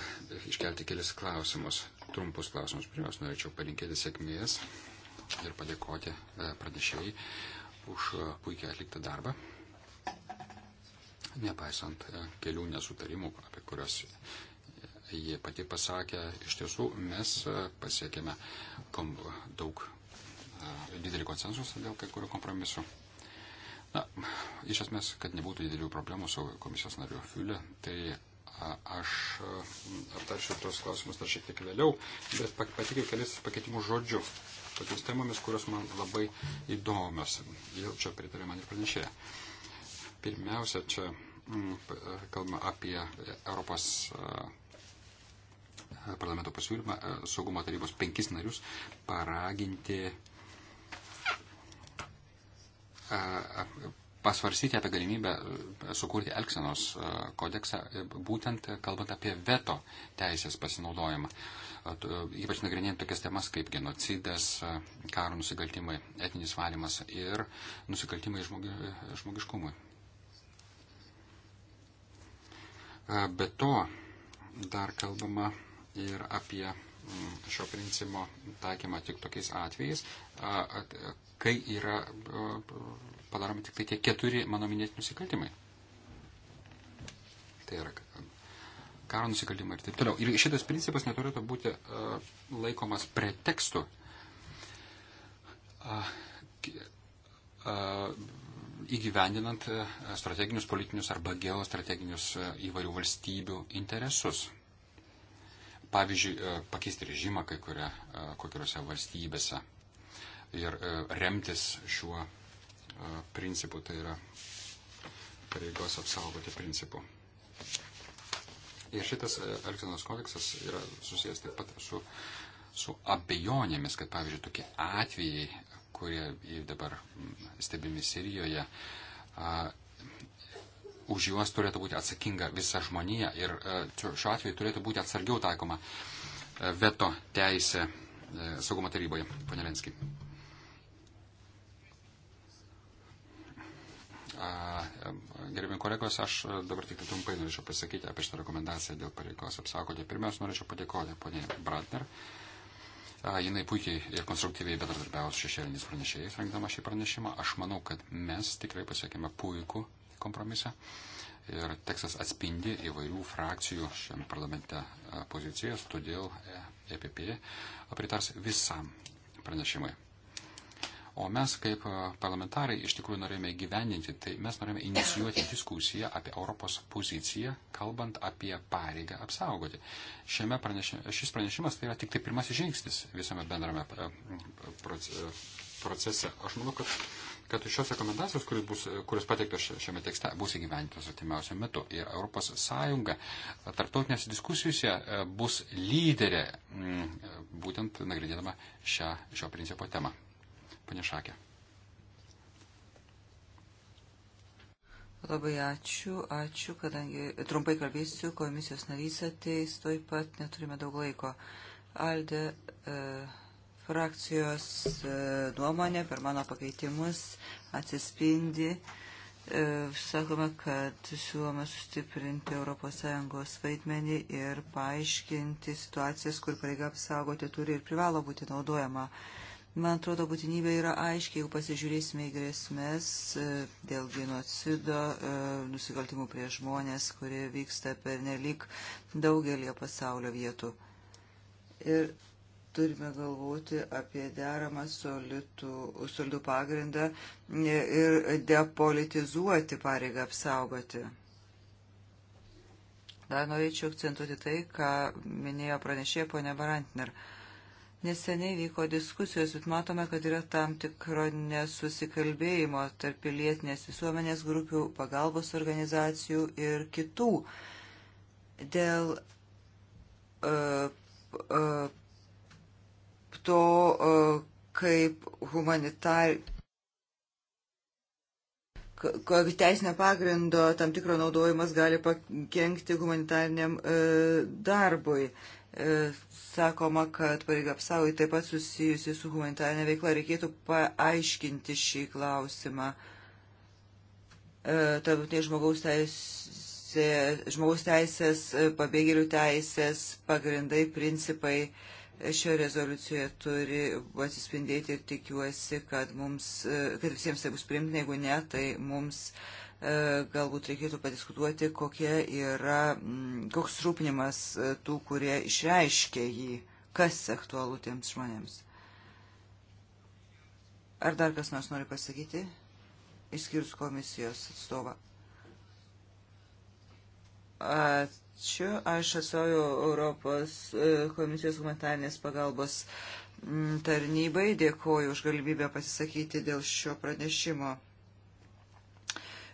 iškelti kelis klausimus, trumpus klausimus. Pirmiausia, norėčiau palinkėti sėkmės ir padėkoti e, pranešėjai už e, puikiai atliktą darbą nepaisant e, kelių nesutarimų, apie kurios jie pati pasakė, iš tiesų mes e, pasiekėme daug e, didelį konsensusą dėl kai kurių kompromisų. Na, iš esmės, kad nebūtų didelių problemų su komisijos nariu Fiulė, tai aš aptaršiu tos klausimus dar šiek tiek vėliau, bet patikiu kelias pakeitimų žodžių, tokius temomis, kurios man labai įdomios. Ir čia pritarė man ir pranešėja. Pirmiausia, čia mm, kalbame apie Europos e, parlamento pasiūlymą e, saugumo tarybos penkis narius paraginti e, pasvarsyti apie galimybę sukurti Elksenos kodeksą, būtent kalbant apie veto teisės pasinaudojimą. Ypač nagrinėjant tokias temas kaip genocidas, karo nusikaltimai, etinis valymas ir nusikaltimai žmogi, žmogiškumui. Be to, dar kalbama ir apie mm, šio principo taikymą tik tokiais atvejais, kai yra padaromi tik tai tie keturi mano minėti nusikaltimai. Tai yra karo nusikaltimai ir taip toliau. Ir šitas principas neturėtų būti laikomas pretekstu įgyvendinant e, strateginius politinius arba geostrateginius e, įvairių valstybių interesus. Pavyzdžiui, e, pakeisti režimą kai kuria, kokiuose valstybėse ir remtis šiuo principu, tai yra pareigos apsaugoti principu. Ir šitas Elksinos kodeksas yra susijęs taip pat su, su abejonėmis, kad, pavyzdžiui, tokie atvejai kurie dabar stebimi Sirijoje, už juos turėtų būti atsakinga visa žmonija ir šiuo atveju turėtų būti atsargiau taikoma veto teisė saugumo taryboje, ponė Lenski. Gerbimi kolegos, aš dabar tik trumpai norėčiau pasakyti apie šitą rekomendaciją dėl pareigos apsaugoti. Pirmiausia, norėčiau padėkoti ponė Bratner. Uh, Jinai puikiai ir konstruktyviai bendradarbiavo su šešėliniais pranešėjais, rengdama šį pranešimą. Aš manau, kad mes tikrai pasiekėme puikų kompromisą. Ir tekstas atspindi įvairių frakcijų šiame parlamente pozicijas, todėl EPP e pritars visam pranešimui. O mes kaip e, parlamentarai iš tikrųjų norėjome gyveninti, tai mes norėjome inicijuoti diskusiją apie Europos poziciją, kalbant apie pareigą apsaugoti. Šiame pranešime, šis pranešimas tai yra tik tai pirmasis žingsnis visame bendrame e, e, procese. Aš manau, kad kad šios rekomendacijos, kuris, bus, kuris pateiktas šiame tekste, bus įgyventintos artimiausiu metu. Ir ES tarptautinėse diskusijose bus lyderė būtent nagrinėdama šią, šio principo temą. Pane Šakė. Labai ačiū, ačiū, kadangi trumpai kalbėsiu, komisijos narys ateis, toj pat neturime daug laiko. Alde e, frakcijos e, nuomonė per mano pakeitimus atsispindi. E, sakome, kad siūloma sustiprinti ES vaidmenį ir paaiškinti situacijas, kur pareiga apsaugoti turi ir privalo būti naudojama. E, Man atrodo, būtinybė yra aiškiai, jeigu pasižiūrėsime į grėsmės e, dėl genocido, e, nusikaltimų prie žmonės, kurie vyksta per nelik daugelį pasaulio vietų. Ir turime galvoti apie deramą solidų, solidų pagrindą e, ir depolitizuoti pareigą apsaugoti. Dar norėčiau akcentuoti tai, ką minėjo pranešė ponia Barantner. Uh, Neseniai vyko diskusijos, bet matome, kad yra tam tikro nesusikalbėjimo tarp pilietinės visuomenės grupių, pagalbos organizacijų ir kitų dėl uh, uh, to, uh, kaip humanitar kokio teisinio pagrindo tam tikro naudojimas gali pakengti humanitariniam e, darbui. E, sakoma, kad pareiga apsaugoti taip pat susijusi su humanitarinė veikla. Reikėtų paaiškinti šį klausimą. E, tarptautinė žmogaus, teisė, žmogaus teisės, e, pabėgėlių teisės, pagrindai, principai šioje rezoliucijoje turi atsispindėti ir tikiuosi, kad, mums, kad visiems tai bus primtina, jeigu ne, tai mums uh, E, galbūt reikėtų padiskutuoti, kokie yra, koks rūpinimas e, tų, kurie išreiškia jį, kas aktualu tiems žmonėms. Ar dar kas nors nori pasakyti, išskyrus komisijos atstovą? Ačiū, aš esuoju Europos e, komisijos humanitarnės pagalbos tarnybai, dėkoju už galimybę pasisakyti dėl šio pranešimo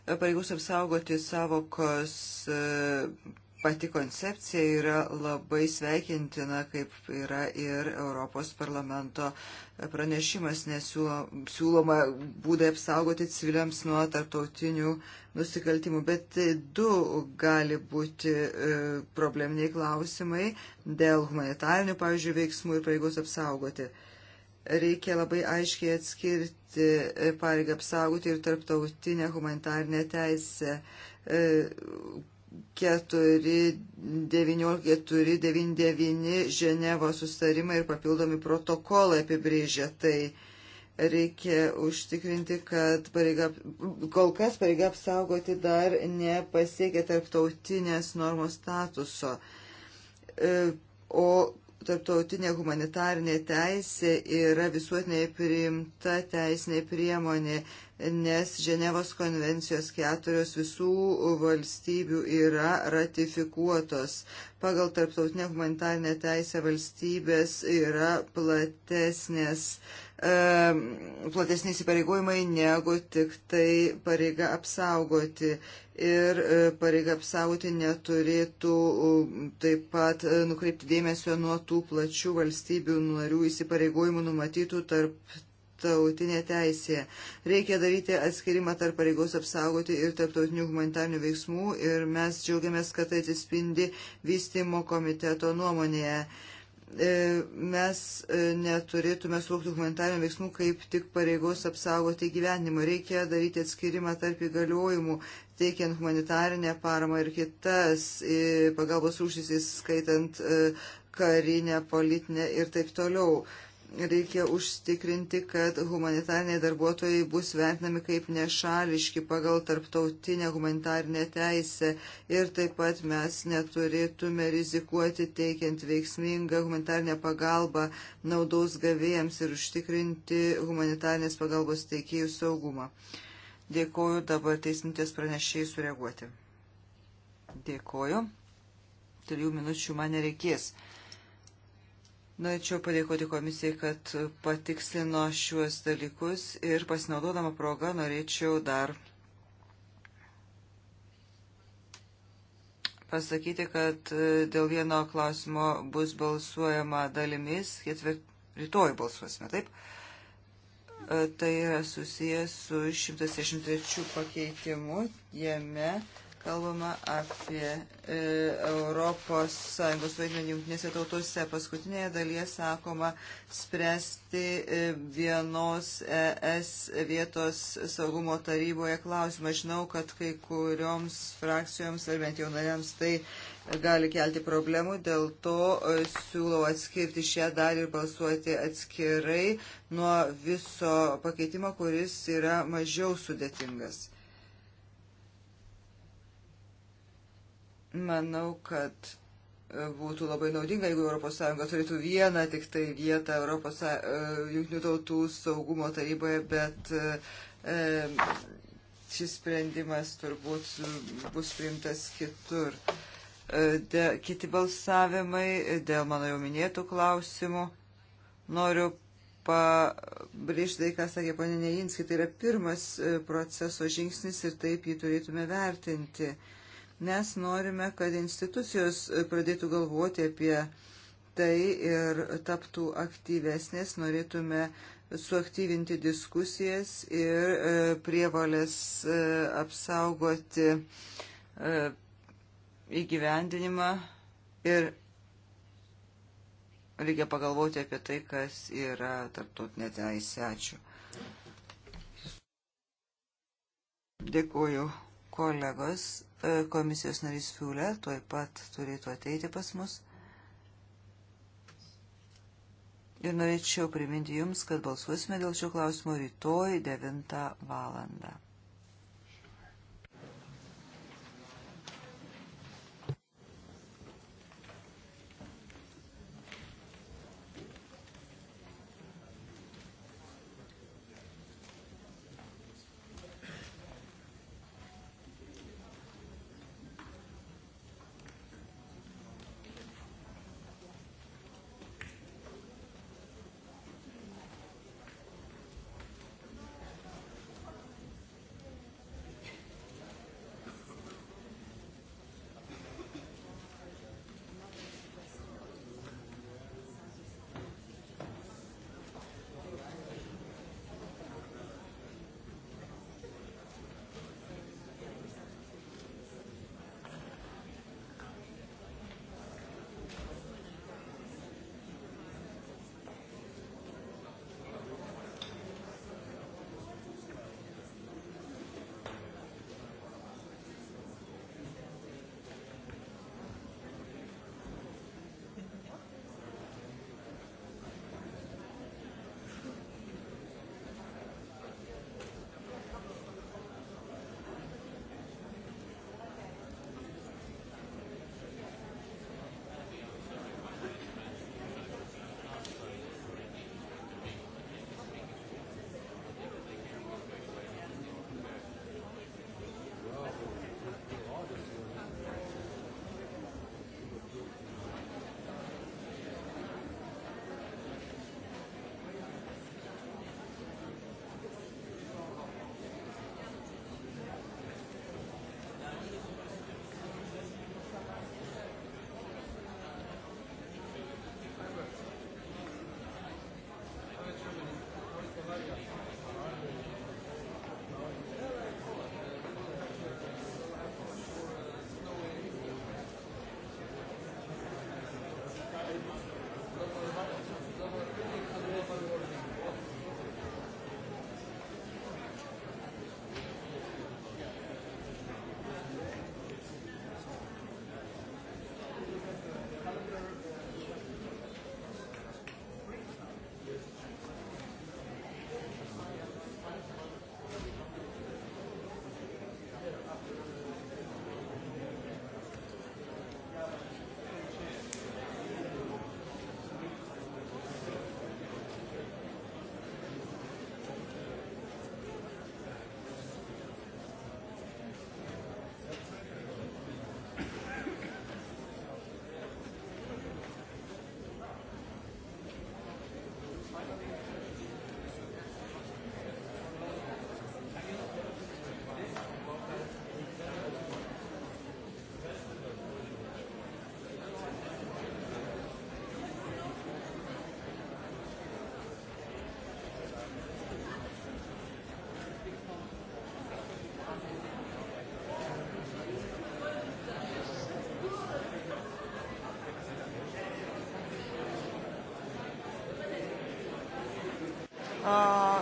pareigūs apsaugoti savokos e, pati koncepcija yra labai sveikintina, kaip yra ir Europos parlamento pranešimas, nes siūloma būdai apsaugoti civiliams nuo tarptautinių nusikaltimų. Bet du gali būti e, probleminiai klausimai dėl humanitarinių, pavyzdžiui, veiksmų ir pareigos apsaugoti reikia labai aiškiai atskirti e, pareigą apsaugoti ir tarptautinę humanitarnę teisę. 4.19.4.99 e, Ženevo sustarimai ir papildomi protokolai apibrėžia tai. Reikia užtikrinti, kad pareiga, kol kas pareiga apsaugoti dar nepasiekia tarptautinės normos statuso. E, o tarptautinė humanitarinė teisė yra visuotinai priimta teisinė priemonė, nes Ženevos konvencijos keturios visų valstybių yra ratifikuotos. Pagal tarptautinę humanitarinę teisę valstybės yra platesnės uh, E, platesni įsipareigojimai negu tik tai pareiga apsaugoti. Ir e, pareiga apsaugoti neturėtų taip pat e, nukreipti dėmesio nuo tų plačių valstybių narių įsipareigojimų numatytų tarp tarptautinė teisė. Reikia daryti atskirimą tarp pareigos apsaugoti ir tarptautinių humanitarnių veiksmų ir mes džiaugiamės, kad tai atsispindi vystimo komiteto nuomonėje. E, mes e, neturėtume suvokti humanitarinių veiksmų kaip tik pareigos apsaugoti gyvenimą. Reikia daryti atskirimą tarp įgaliojimų, teikiant humanitarinę paramą ir kitas e, pagalbos rūšys, įskaitant karinę, politinę ir taip toliau reikia užtikrinti, kad humanitariniai darbuotojai bus vertinami kaip nešališki pagal tarptautinę humanitarinę teisę ir taip pat mes neturėtume rizikuoti teikiant veiksmingą humanitarinę pagalbą naudos gavėjams ir užtikrinti humanitarinės pagalbos teikėjų saugumą. Dėkoju dabar teismintės pranešėjai sureaguoti. Dėkoju. Trijų minučių man nereikės. Norėčiau padėkoti komisijai, kad patikslino šiuos dalykus ir pasinaudodama progą norėčiau dar pasakyti, kad e, dėl vieno klausimo bus balsuojama dalimis, ketvirt, rytoj balsuosime, taip? E, tai yra susijęs su 163 pakeitimu, jame kalbama apie e, Europos Sąjungos vaidmenį jungtinėse tautose. Paskutinėje dalyje sakoma spręsti e, vienos ES vietos saugumo taryboje klausimą. Žinau, kad kai kurioms frakcijoms ar bent jau nariams tai gali kelti problemų, dėl to e, siūlau atskirti šią dalį ir balsuoti atskirai nuo viso pakeitimo, kuris yra mažiau sudėtingas. Manau, kad e, būtų labai naudinga, jeigu ES turėtų vieną tik tai vietą Europos e, Junktinių tautų saugumo taryboje, bet e, šis sprendimas turbūt bus priimtas kitur. De, kiti balsavimai dėl mano jau minėtų klausimų. Noriu pabrėžti tai, ką sakė ponė Neinskai, tai yra pirmas proceso žingsnis ir taip jį turėtume vertinti. Uh, Mes norime, kad institucijos pradėtų galvoti apie tai ir taptų aktyvesnės, norėtume suaktyvinti diskusijas ir e, prievalės e, apsaugoti e, įgyvendinimą ir reikia pagalvoti apie tai, kas yra tarptautinė teisė. Ačiū. Dėkuoju kolegos. E, komisijos narys Fiulė tuoj pat turėtų ateiti pas mus. Ir norėčiau priminti Jums, kad balsuosime dėl šio klausimo rytoj 9 valandą.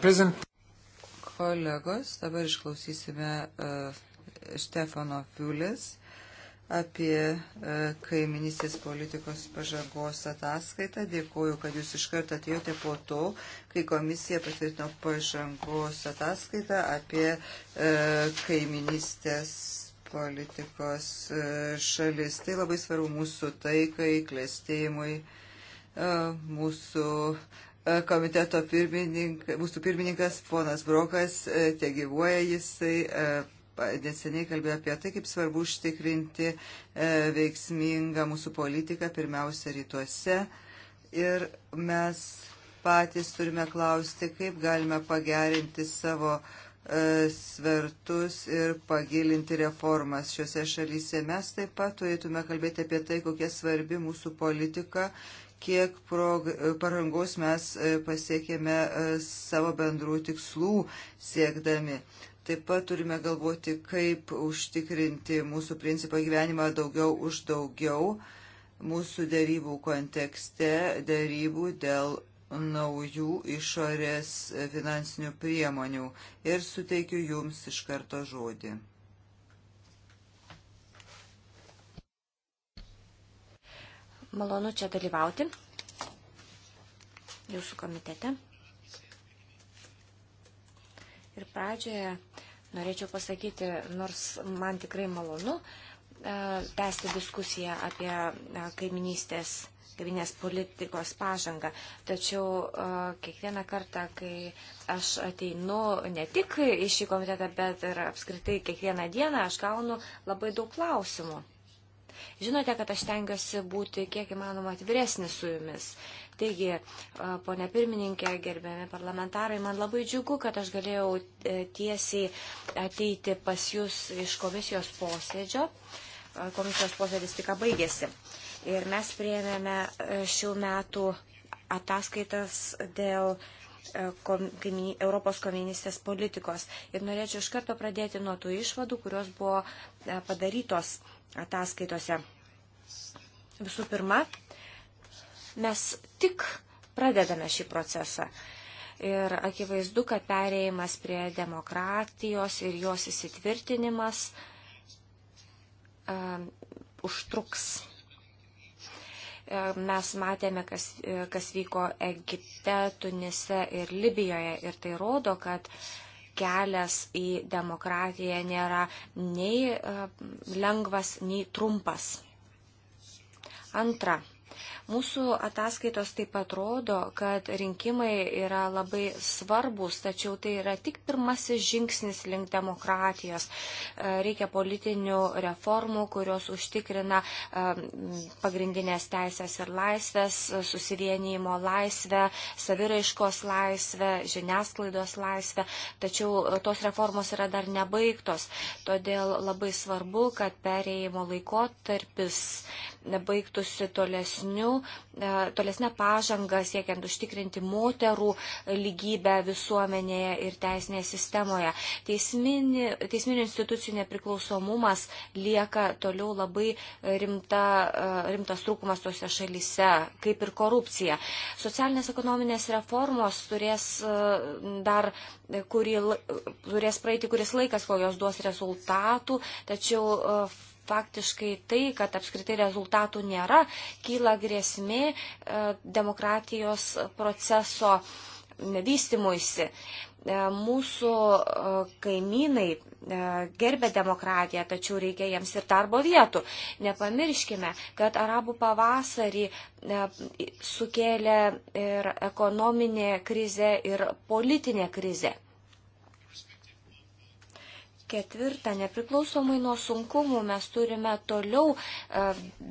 Present... Kolegos, dabar išklausysime uh, Štefano Fiulis apie uh, kaiminystės politikos pažangos ataskaitą. Dėkuoju, kad jūs iš karto atėjote po to, kai komisija patvirtino pažangos ataskaitą apie uh, kaiminystės politikos uh, šalis. Tai labai svarbu mūsų taikai, klėstėjimui, uh, mūsų uh, E, komiteto pirmininkas, mūsų pirmininkas ponas Brokas, e, te gyvuoja jisai, e, neseniai kalbėjo apie tai, kaip svarbu užtikrinti veiksmingą mūsų politiką, pirmiausia, rytuose. Ir mes patys turime klausti, kaip galime pagerinti savo svertus ir pagilinti reformas šiuose šalyse. Mes taip pat turėtume kalbėti apie tai, kokia svarbi mūsų politika kiek parangos mes e, pasiekėme e, savo bendrų tikslų siekdami. Taip pat turime galvoti, kaip užtikrinti mūsų principą gyvenimą daugiau už daugiau mūsų dėrybų kontekste, dėrybų dėl naujų išorės finansinių priemonių. Ir suteikiu Jums iš karto žodį. Malonu čia dalyvauti jūsų komitete. Ir pradžioje norėčiau pasakyti, nors man tikrai malonu e, tęsti diskusiją apie e, kaiminystės kavinės politikos pažangą. Tačiau e, kiekvieną kartą, kai aš ateinu ne tik į šį komitetą, bet ir apskritai kiekvieną dieną, aš gaunu labai daug klausimų. Žinote, kad aš tengiuosi būti kiek įmanoma atviresnis su jumis. Taigi, ponė pirmininkė, gerbėmi parlamentarai, man labai džiugu, kad aš galėjau e, tiesiai ateiti pas jūs iš komisijos posėdžio. Komisijos posėdis tik baigėsi. Ir mes prieėmėme e, šių metų ataskaitas dėl e, Europos komunistės politikos. Ir norėčiau iš karto pradėti nuo tų išvadų, kurios buvo padarytos ataskaitose. Visų pirma, mes tik pradedame šį procesą. Ir akivaizdu, kad perėjimas prie demokratijos ir jos įsitvirtinimas um, užtruks e, mes matėme, kas, e, kas vyko Egipte, Tunise ir Libijoje. Ir tai rodo, kad kelias į demokratiją nėra nei e, lengvas, nei trumpas. Antra, Mūsų ataskaitos taip pat rodo, kad rinkimai yra labai svarbus, tačiau tai yra tik pirmasis žingsnis link demokratijos. E, reikia politinių reformų, kurios užtikrina e, pagrindinės teisės ir laisvės, susivienijimo laisvę, saviraiškos laisvę, žiniasklaidos laisvę, tačiau e, tos reformos yra dar nebaigtos. Todėl labai svarbu, kad perėjimo laikotarpis baigtųsi tolesniu toliau, e, tolesnę pažangą siekiant užtikrinti moterų lygybę visuomenėje ir teisinėje sistemoje. Teismini, teisminių institucijų nepriklausomumas lieka toliau labai rimta, e, rimtas trūkumas tose šalyse, kaip ir korupcija. Socialinės ekonominės reformos turės e, dar kurį, turės praeiti kuris laikas, kol jos duos rezultatų, tačiau faktiškai tai, kad apskritai rezultatų nėra, kyla grėsmė e, demokratijos proceso vystimuisi. E, mūsų e, kaimynai gerbė demokratiją, tačiau reikia jiems ir darbo vietų. Nepamirškime, kad arabų pavasarį sukėlė ir ekonominė krizė, ir politinė krizė. Ketvirta, nepriklausomai nuo sunkumų mes turime toliau e,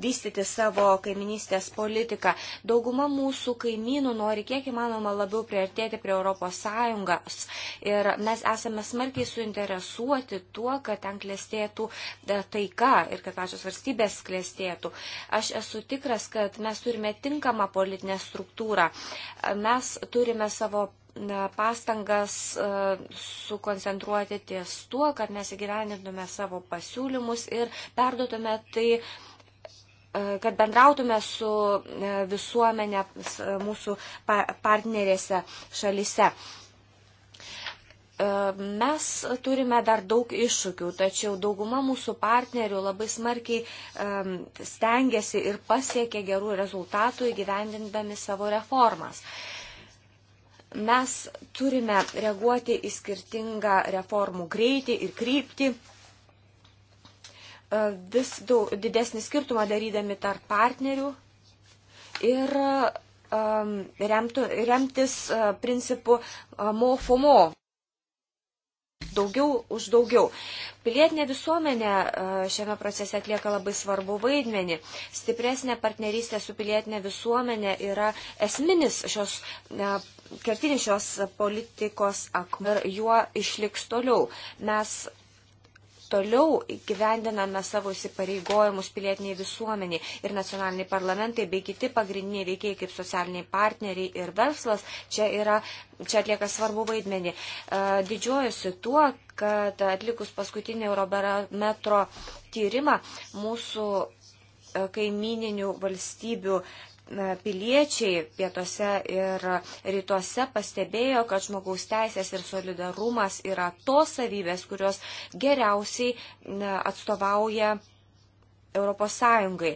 vystyti savo kaiminystės politiką. Dauguma mūsų kaimynų nori kiek įmanoma labiau priartėti prie ES ir mes esame smarkiai suinteresuoti tuo, kad ten klestėtų e, taika ir kad pačios valstybės klestėtų. Aš esu tikras, kad mes turime tinkamą politinę struktūrą. E, mes turime savo pastangas e, sukoncentruoti ties tuo, kad mes įgyvendintume savo pasiūlymus ir perduotume tai, e, kad bendrautume su e, visuomenė mūsų partnerėse šalise mes turime dar daug iššūkių, tačiau dauguma mūsų partnerių labai smarkiai stengiasi ir pasiekia gerų rezultatų įgyvendindami savo reformas mes turime reaguoti į skirtingą reformų greitį ir kryptį, e, vis daug, didesnį skirtumą darydami tarp partnerių ir um, e, remtų, remtis uh, principu uh, mo for more daugiau už daugiau. Pilietinė visuomenė e, šiame procese atlieka labai svarbu vaidmenį. Stipresnė partnerystė su pilietinė visuomenė yra esminis šios, e, kertinis šios politikos akmuo ir juo išliks toliau. Mes toliau gyvendiname savo įsipareigojimus pilietiniai visuomeniai ir nacionaliniai parlamentai bei kiti pagrindiniai veikiai kaip socialiniai partneriai ir verslas čia, yra, čia atlieka svarbu vaidmenį. E, Didžiuojusi tuo, kad atlikus paskutinį Eurobarometro tyrimą mūsų e, kaimininių valstybių piliečiai pietuose ir rytuose pastebėjo, kad žmogaus teisės ir solidarumas yra tos savybės, kurios geriausiai atstovauja Europos Sąjungai.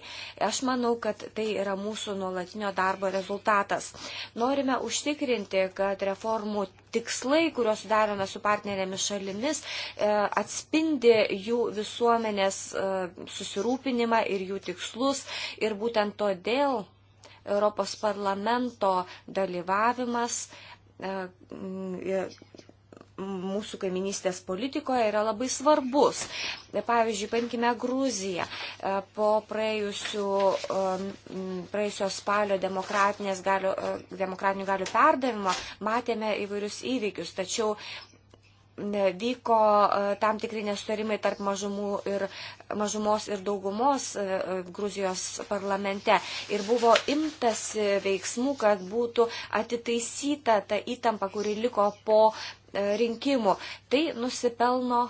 Aš manau, kad tai yra mūsų nuolatinio darbo rezultatas. Norime užtikrinti, kad reformų tikslai, kuriuos sudarėme su partnerėmis šalimis, e, atspindi jų visuomenės e, susirūpinimą ir jų tikslus. Ir būtent todėl Europos parlamento dalyvavimas e, e, mūsų kaiminystės politikoje yra labai svarbus. E, pavyzdžiui, paimkime Gruziją. Po praėjusio spalio galių, demokratinių galių perdavimo matėme įvairius įvykius, tačiau vyko e, tam tikri nesutarimai tarp mažumų ir, mažumos ir daugumos e, e, Gruzijos parlamente. Ir buvo imtas veiksmų, kad būtų atitaisyta ta įtampa, kuri liko po rinkimų. Tai nusipelno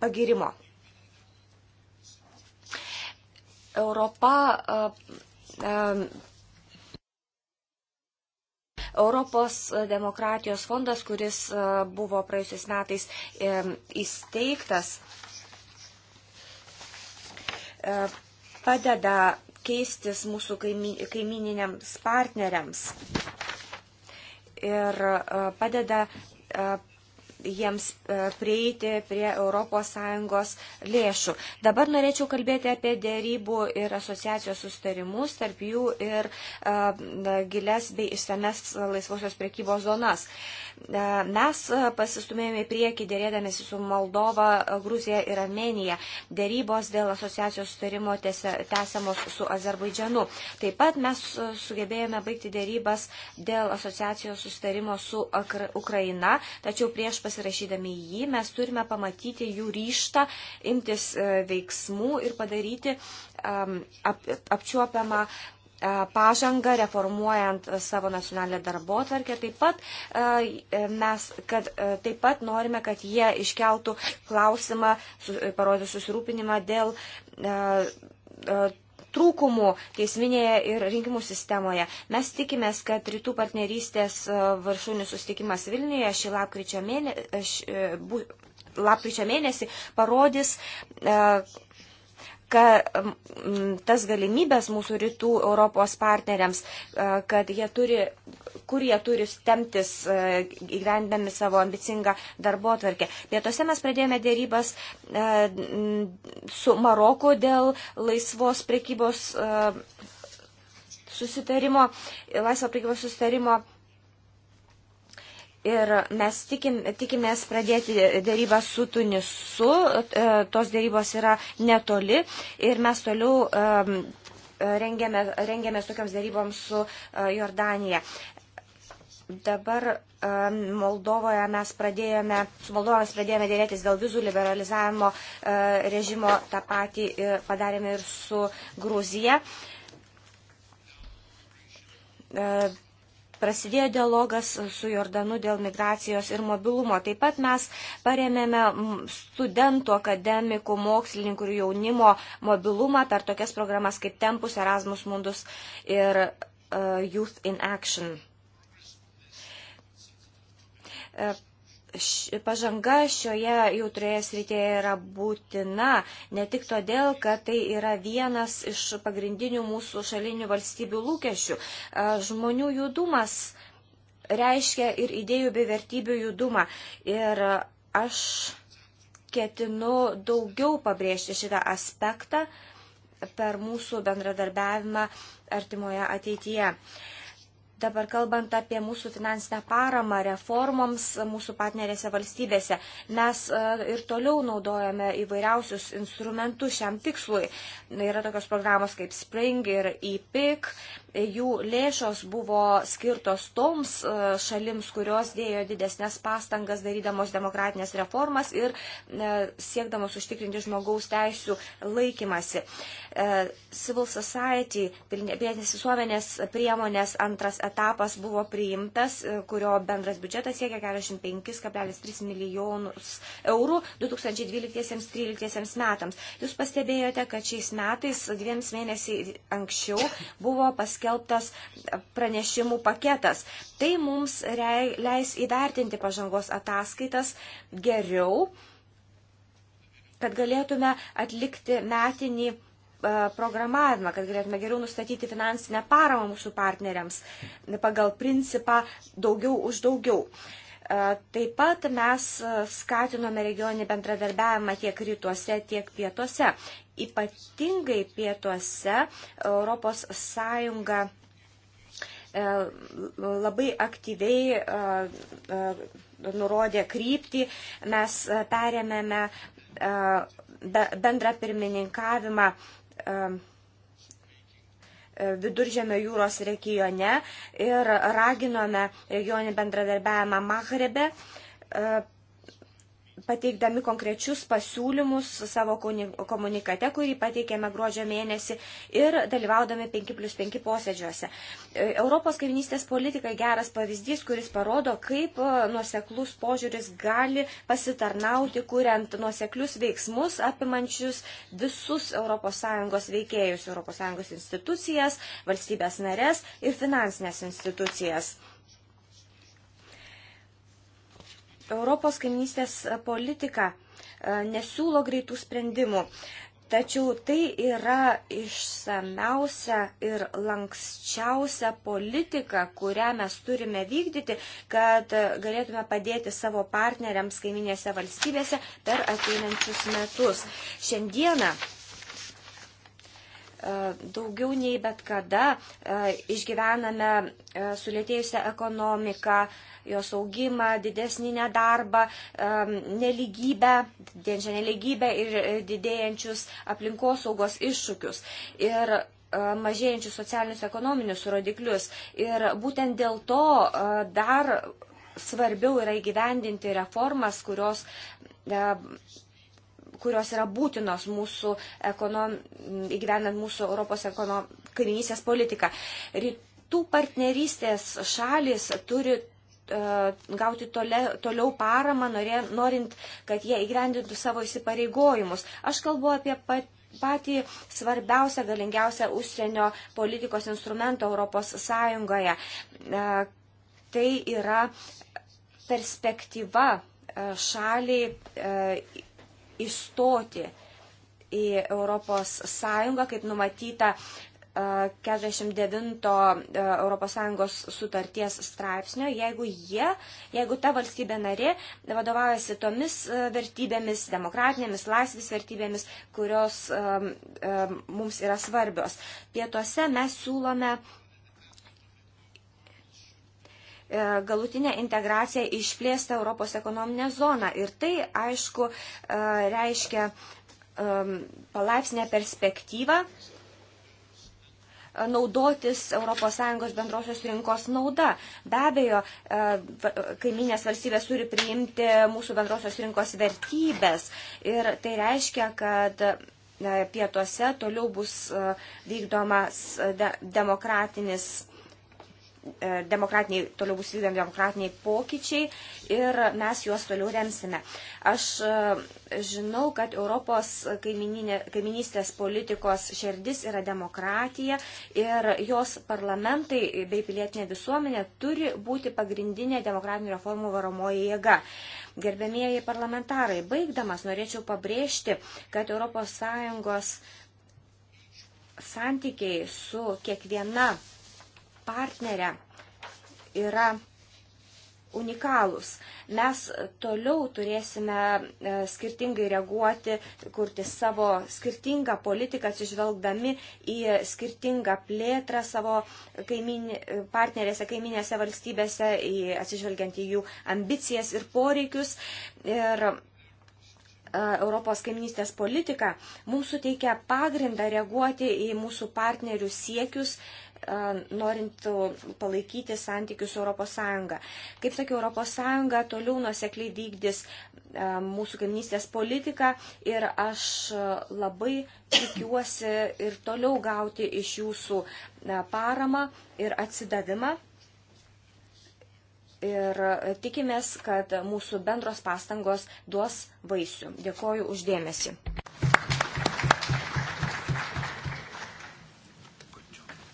pagirimo. Europa Europos demokratijos fondas, kuris e, buvo praėjusiais metais e, įsteigtas, e, padeda keistis mūsų kaimininiams partneriams ir padeda jiems e, prieiti prie ES lėšų. Dabar norėčiau kalbėti apie dėrybų ir asociacijos sustarimus, tarp jų ir e, giles bei išsames laisvosios priekybos zonas. E, mes pasistumėjome į priekį dėrėdamėsi su Moldova, Gruzija ir Armenija. Dėrybos dėl asociacijos sustarimo tęsiamos su Azerbaidžianu. Taip pat mes sugebėjome baigti dėrybas dėl asociacijos sustarimo su Ukra Ukraina, tačiau prieš pasistumėjome pasirašydami jį, mes turime pamatyti jų ryštą, imtis e, veiksmų ir padaryti ap, apčiuopiamą e, pažangą, reformuojant savo nacionalinę darbo tvarkę. Taip pat e, mes kad, taip pat norime, kad jie iškeltų klausimą, parodė susirūpinimą dėl trūkumų teisminėje ir rinkimų sistemoje. Mes tikimės, kad rytų partnerystės e, viršūnių sustikimas Vilniuje šį lapkričio mėnesį, e, lapkričio mėnesį parodys, e, ka, tas galimybės mūsų rytų Europos partneriams, e, kad jie turi, kur jie turi stemtis e, įgyvendami savo ambicingą darbo atvarkę. Pietose mes pradėjome dėrybas e, su Maroku dėl laisvos prekybos susitarimo, laisvo prekybos susitarimo Ir mes tikim, tikimės pradėti dėrybą su Tunisu, e, tos dėrybos yra netoli ir mes toliau rengėme, rengėmės tokiams dėryboms su e, Jordanija. Dabar Moldovoje mes pradėjome, su Moldovas pradėjome dėrėtis dėl vizų liberalizavimo e, režimo, tą patį padarėme ir su Gruzija Prasidėjo dialogas su Jordanu dėl migracijos ir mobilumo. Taip pat mes paremėme studentų, akademikų, mokslininkų ir jaunimo mobilumą per tokias programas kaip Tempus, Erasmus Mundus ir uh, Youth in Action. Uh, pažanga šioje jautrioje srityje yra būtina, ne tik todėl, kad tai yra vienas iš pagrindinių mūsų šalinių valstybių lūkesčių. Žmonių judumas reiškia ir idėjų bei vertybių judumą. Ir aš ketinu daugiau pabrėžti šitą aspektą per mūsų bendradarbiavimą artimoje ateityje. Uh, Dabar kalbant apie mūsų finansinę paramą reformoms mūsų partnerėse valstybėse, mes e, ir toliau naudojame įvairiausius instrumentus šiam tikslui. Yra tokios programos kaip Spring ir EPIC, E, jų lėšos buvo skirtos toms e, šalims, kurios dėjo didesnės pastangas darydamos demokratinės reformas ir e, siekdamos užtikrinti žmogaus teisų laikymasi. Civil society, pilietinės visuomenės priemonės antras etapas buvo priimtas, kurio bendras biudžetas siekia 45,3 milijonus eurų 2012-2013 metams. Jūs pastebėjote, kad šiais metais dviems mėnesiai anksčiau buvo paskirtas paskelbtas pranešimų paketas. Tai mums leis įvertinti pažangos ataskaitas geriau, kad galėtume atlikti metinį e, programavimą, kad galėtume geriau nustatyti finansinę paramą mūsų partneriams pagal principą daugiau už daugiau. E, taip pat mes e, skatinome regioninį bendradarbiavimą tiek rytuose, tiek pietuose ypatingai pietuose Europos Sąjunga e, labai aktyviai e, e, nurodė kryptį, mes perėmėme bendrą pirmininkavimą Viduržėmio jūros regione ir raginome regioninį bendradarbiavimą Mahrebe pateikdami konkrečius pasiūlymus savo komunikate, kurį pateikėme gruodžio mėnesį ir dalyvaudami 5 plus 5 posėdžiuose. E, Europos kaiminystės politika geras pavyzdys, kuris parodo, kaip e, nuoseklus požiūris gali pasitarnauti, kuriant nuoseklius veiksmus apimančius visus ES veikėjus, ES institucijas, valstybės narės ir finansinės institucijas. Europos kaiminystės politika e, nesiūlo greitų sprendimų. Tačiau tai yra išsameusia ir lankščiausia politika, kurią mes turime vykdyti, kad galėtume padėti savo partneriams kaiminėse valstybėse per ateinančius metus. Šiandieną E, daugiau nei bet kada e, išgyvename e, sulėtėjusią ekonomiką, jos augimą, didesnį nedarbą, neligybę, didėjančią neligybę ir didėjančius aplinkosaugos iššūkius. Ir mažėjančius socialinius ekonominius rodiklius. Ir būtent dėl to dar svarbiau yra įgyvendinti reformas, kurios kurios yra būtinos mūsų ekonom, įgyvenant mūsų Europos ekonom, kaiminysės politiką. Rytų partnerystės šalis turi e, gauti tole, toliau paramą, norė, norint, kad jie įgyvendintų savo įsipareigojimus. Aš kalbu apie pat, patį svarbiausią, galingiausią užsienio politikos instrumentą Europos Sąjungoje. E, tai yra perspektyva e, šaliai įstoti į Europos Sąjungą, kaip numatyta 49 e, ES sutarties straipsnio, jeigu jie, jeigu ta valstybė narė vadovaujasi tomis e, vertybėmis, demokratinėmis laisvės vertybėmis, kurios um, um, mums yra svarbios. Pietuose mes siūlome uh, E, galutinę integraciją išplėstą Europos ekonominę zoną. Ir tai, aišku, e, reiškia e, palaipsnę perspektyvą naudotis ES bendrosios rinkos nauda. Be abejo, kaiminės valstybės turi priimti mūsų bendrosios rinkos vertybės ir tai reiškia, kad pietuose toliau bus vykdomas demokratinis E, demokratiniai, toliau bus vykdami demokratiniai pokyčiai ir mes juos toliau remsime. Aš e, žinau, kad Europos kaiminystės politikos šerdis yra demokratija ir jos parlamentai bei pilietinė visuomenė turi būti pagrindinė demokratinių reformų varomoji jėga. Gerbėmieji parlamentarai, baigdamas norėčiau pabrėžti, kad ES santykiai su kiekviena partnerę yra unikalūs. Mes toliau turėsime e, skirtingai reaguoti, kurti savo skirtingą politiką, atsižvelgdami į skirtingą plėtrą savo kaiminė, partnerėse, kaiminėse valstybėse, į, atsižvelgiant į jų ambicijas ir poreikius. Ir e, Europos kaiminystės politika mums suteikia pagrindą reaguoti į mūsų partnerių siekius norint palaikyti santykius su ES. Kaip sakiau, ES toliau nusekliai vykdys mūsų kaimynystės politiką ir aš labai tikiuosi ir toliau gauti iš jūsų paramą ir atsidavimą. Ir tikimės, kad mūsų bendros pastangos duos vaisių. Dėkoju uždėmesi.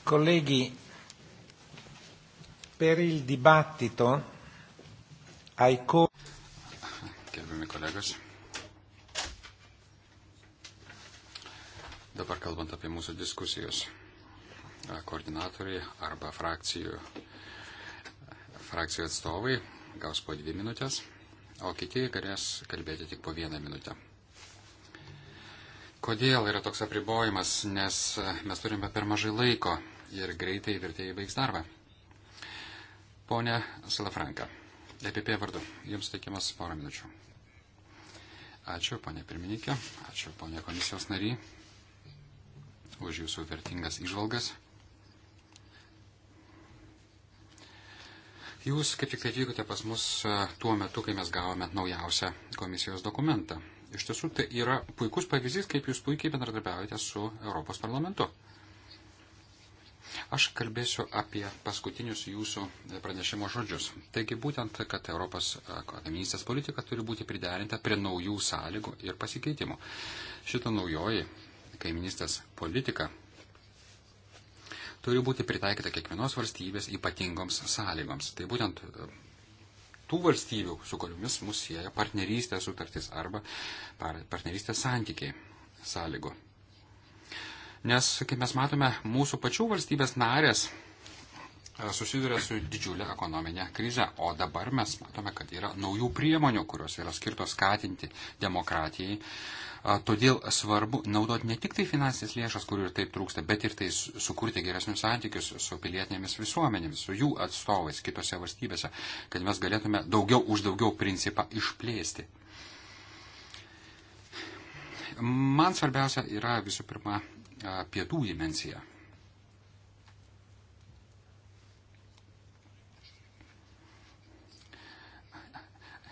Colleghi, per il dibattito ai co... Gerbiami kolegos, dabar kalbant apie mūsų diskusijos koordinatoriai arba frakcijų, frakcijų atstovai gaus po dvi minutės, o kiti galės kalbėti tik po vieną minutę. Kodėl yra toks apribojimas? Nes mes turime per mažai laiko ir greitai vertėjai baigs darbą. Pone Salafranka, EPP vardu, jums teikiamas porą minučių. Ačiū, ponė pirmininkė, ačiū, ponė komisijos nary, už jūsų vertingas išvalgas. Jūs kaip tik atvykote pas mus e, tuo metu, kai mes gavome naujausią komisijos dokumentą. Iš tiesų, tai yra puikus pavyzdys, kaip jūs puikiai bendradarbiaujate su Europos parlamentu. Aš kalbėsiu apie paskutinius jūsų pranešimo žodžius. Taigi būtent, kad Europos kaimynystės politika turi būti priderinta prie naujų sąlygų ir pasikeitimų. Šita naujoji kaiminystės politika turi būti pritaikyta kiekvienos valstybės ypatingoms sąlygoms. Tai būtent e, tų valstybių, su kuriomis mus sieja partnerystės sutartis arba partnerystės santykiai sąlygo. Nes, kaip mes matome, mūsų pačių valstybės narės e, susiduria su didžiulė ekonominė krize, o dabar mes matome, kad yra naujų priemonių, kurios yra skirtos skatinti demokratijai. E, todėl svarbu naudoti ne tik tai finansinės lėšas, kurių ir taip trūksta, bet ir tai sukurti geresnius santykius su pilietinėmis visuomenėmis, su jų atstovais kitose valstybėse, kad mes galėtume daugiau už daugiau principą išplėsti. Man svarbiausia yra visų pirma pietų dimensiją.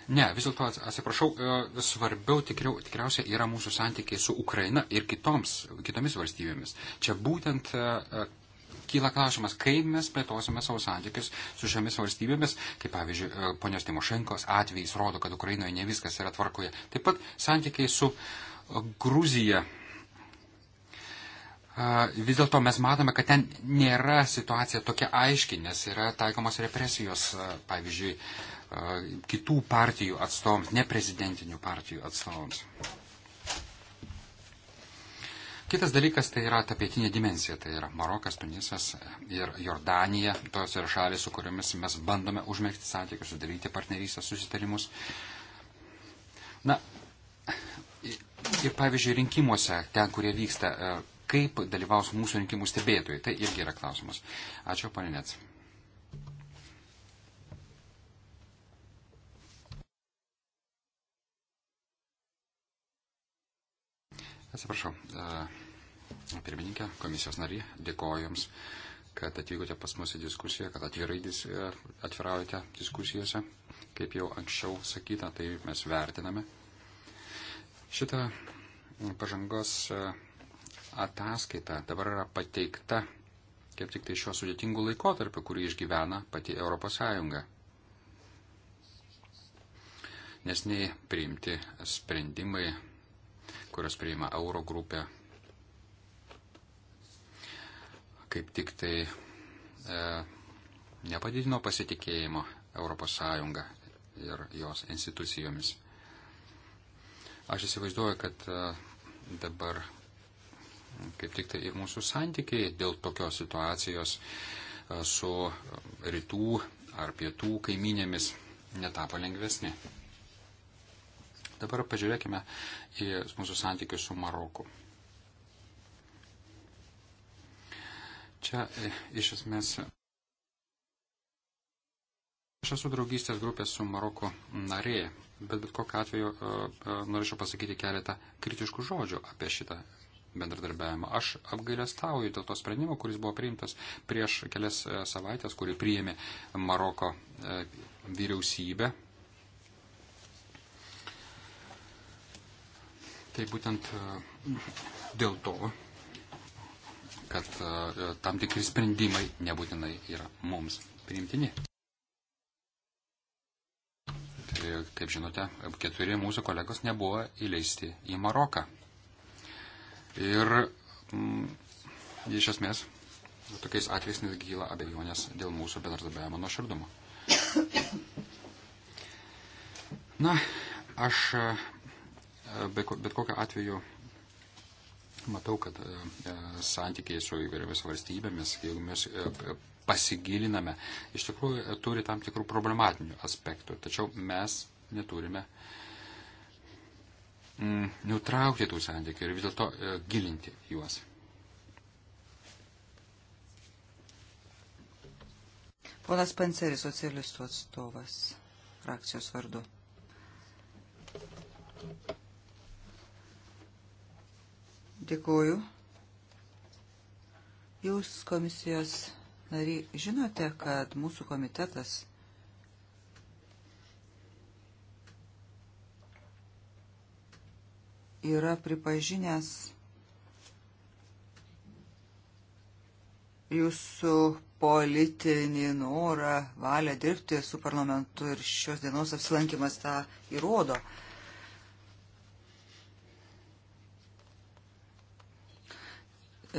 Ne, vis dėlto atsiprašau, e, svarbiau tikriau, tikriausiai yra mūsų santykiai su Ukraina ir kitoms, kitomis valstybėmis. Čia būtent e, e, kyla klausimas, kaip mes plėtosime savo santykius su šiomis valstybėmis, kaip pavyzdžiui, ponios Timošenkos atvejais rodo, kad Ukrainoje ne viskas yra tvarkoje. Taip pat santykiai su Gruzija vis dėlto mes matome, kad ten nėra situacija tokia aiški, nes yra taikomos represijos, pavyzdžiui, kitų partijų atstovams, neprezidentinių partijų atstovams. Kitas dalykas tai yra tapietinė dimensija, tai yra Marokas, Tunisas ir Jordanija, tos yra šalis, su kuriomis mes bandome užmėgti santykius, sudaryti partnerystės susitarimus. Na, ir pavyzdžiui, rinkimuose, ten, kurie vyksta e, kaip dalyvaus mūsų rinkimų stebėtojai. Tai irgi yra klausimas. Ačiū, ponė Nets. Atsiprašau, e, pirmininkė, komisijos nariai, dėkoju Jums, kad atvykote pas mus į diskusiją, kad atvirai e, atviraujate diskusijose. Kaip jau anksčiau sakyta, tai mes vertiname. Šitą pažangos e, ataskaita dabar yra pateikta kaip tik tai šio sudėtingų laikotarpio, kurį išgyvena pati Europos Sąjunga. Nes nei priimti sprendimai, kurios priima euro grupė, kaip tik tai e, nepadidino pasitikėjimo Europos Sąjunga ir jos institucijomis. Aš įsivaizduoju, kad e, dabar kaip tik tai ir mūsų santykiai dėl tokios situacijos e, su rytų ar pietų kaiminėmis netapo lengvesni. Dabar pažiūrėkime į mūsų santykius su Maroku. Čia e, iš esmės. Aš esu draugystės grupės su Maroku narė, bet bet kokiu atveju e, norėčiau pasakyti keletą kritiškų žodžių apie šitą bendradarbiavimą. Aš apgailestauju dėl to sprendimo, kuris buvo priimtas prieš kelias e, savaitės, kurį priėmė Maroko e, vyriausybė. Tai būtent e, dėl to, kad tam tikri sprendimai nebūtinai yra mums priimtini. Tai, kaip žinote, keturi mūsų kolegos nebuvo įleisti į Maroką. Ir mm, iš esmės tokiais atvejais nesgyla abejonės dėl mūsų bendradarbiavimo nuoširdumo. Na, aš e, bet kokiu atveju matau, kad e, santykiai su įvairiomis valstybėmis, jeigu mes e, pasigiliname, iš tikrųjų turi tam tikrų problematinių aspektų. Tačiau mes neturime uh, m, mm, nutraukti tų santykių ir vis dėlto e, gilinti juos. Ponas Panceris, socialistų atstovas, frakcijos vardu. Dėkuoju. Jūs komisijos nariai žinote, kad mūsų komitetas yra pripažinęs jūsų politinį norą, valią dirbti su parlamentu ir šios dienos apsilankimas tą įrodo.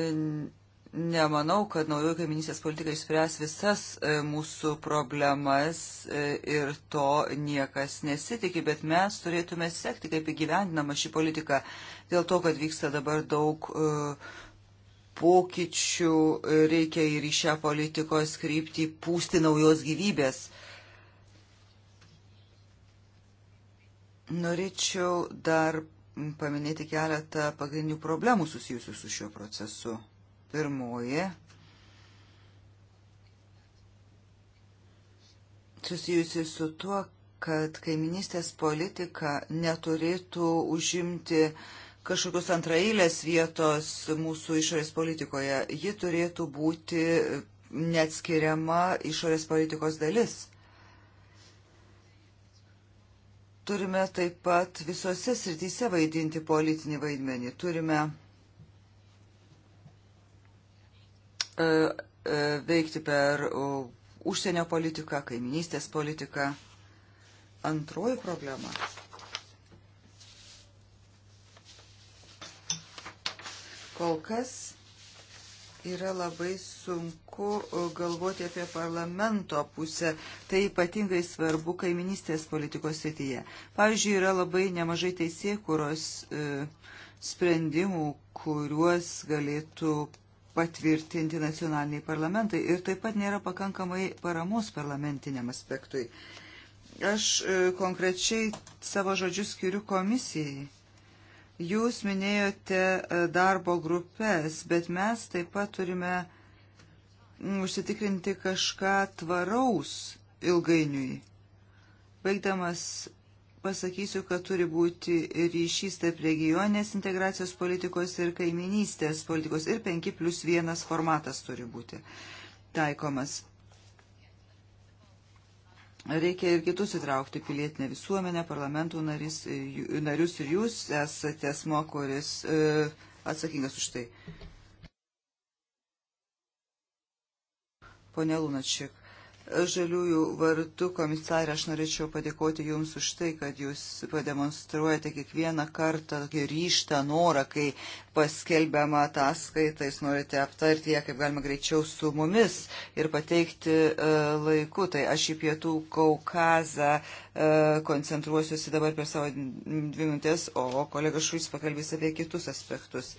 In Nemanau, kad naujoji kaiminystės politika išspręs visas e, mūsų problemas e, ir to niekas nesitikė, bet mes turėtume sekti, kaip įgyvendinama ši politika. Dėl to, kad vyksta dabar daug e, pokyčių, reikia ir į šią politikos kryptį pūsti naujos gyvybės. Norėčiau dar paminėti keletą pagrindinių problemų susijusių su šiuo procesu. Pirmoji susijusi su tuo, kad kaiminystės politika neturėtų užimti kažkokios antrailės vietos mūsų išorės politikoje. Ji turėtų būti neatskiriama išorės politikos dalis. Turime taip pat visose srityse vaidinti politinį vaidmenį. Turime E, e, veikti per e, užsienio politiką, kaiminystės politiką. Antroji problema. Kol kas yra labai sunku galvoti apie parlamento pusę. Tai ypatingai svarbu kaiminystės politikos srityje. Pavyzdžiui, yra labai nemažai teisėkuros e, sprendimų, kuriuos galėtų patvirtinti nacionaliniai parlamentai ir taip pat nėra pakankamai paramos parlamentiniam aspektui. Aš e, konkrečiai savo žodžius skiriu komisijai. Jūs minėjote e, darbo grupės, bet mes taip pat turime mm, užsitikrinti kažką tvaraus ilgainiui. Baigdamas pasakysiu, kad turi būti ryšys tarp regioninės integracijos politikos ir kaiminystės politikos ir 5 plus 1 formatas turi būti taikomas. Reikia ir kitus įtraukti pilietinę visuomenę, parlamentų narys, narius ir jūs esate asmo, kuris e, atsakingas už tai. Pone Lunačiuk. Žaliųjų vartų komisarė, aš norėčiau padėkoti Jums už tai, kad Jūs pademonstruojate kiekvieną kartą tokį ryštą norą, kai paskelbiama ataskaita, Jūs norite aptarti ją kaip galima greičiau su mumis ir pateikti uh, laiku. Tai aš į pietų Kaukazą uh, koncentruosiuosi dabar per savo dvi minutės, o kolega Šuis pakalbės apie kitus aspektus.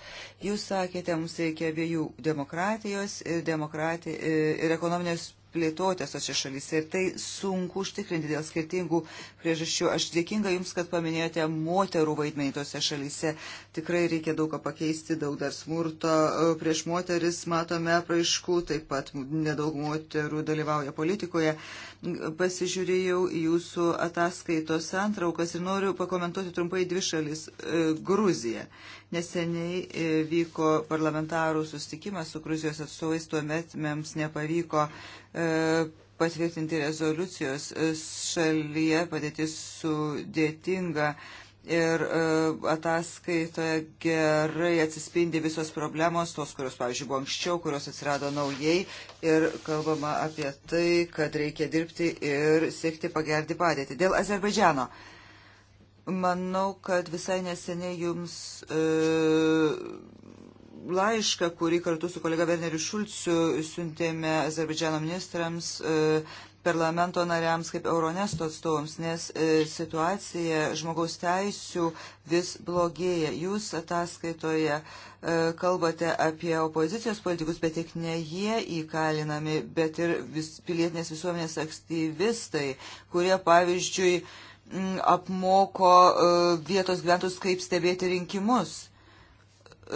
Jūs sakėte, mums reikia abiejų demokratijos ir, demokrati, ir ekonominės išplėtotės tose šalyse ir tai sunku užtikrinti dėl skirtingų priežasčių. Aš dėkinga Jums, kad paminėjote moterų vaidmenį tose šalyse. Tikrai reikia daug ką pakeisti, daug dar smurto e, prieš moteris matome praaiškų, taip pat nedaug moterų dalyvauja politikoje. Pasižiūrėjau Jūsų ataskaitos antraukas ir noriu pakomentuoti trumpai dvi šalis e, - Gruziją Neseniai e, vyko parlamentarų sustikimas su Gruzijos atstovais, tuomet mums nepavyko e, patvirtinti rezoliucijos. E, šalyje padėtis sudėtinga ir ataskaitoje gerai atsispindi visos problemos, tos, kurios, pavyzdžiui, buvo anksčiau, kurios atsirado naujai ir kalbama apie tai, kad reikia dirbti ir siekti pagerti padėtį. Dėl Azerbaidžiano. Uh, Manau, kad visai neseniai jums e, laišką, kurį kartu su kolega Werneriu Šulciu siuntėme Azerbaidžiano ministrams, e, parlamento nariams kaip Euronesto atstovams, nes e, situacija žmogaus teisių vis blogėja. Jūs ataskaitoje e, kalbate apie opozicijos politikus, bet tik ne jie įkalinami, bet ir vis, pilietinės visuomenės aktyvistai, kurie pavyzdžiui Mm, apmoko e, vietos gyventojus, kaip stebėti rinkimus.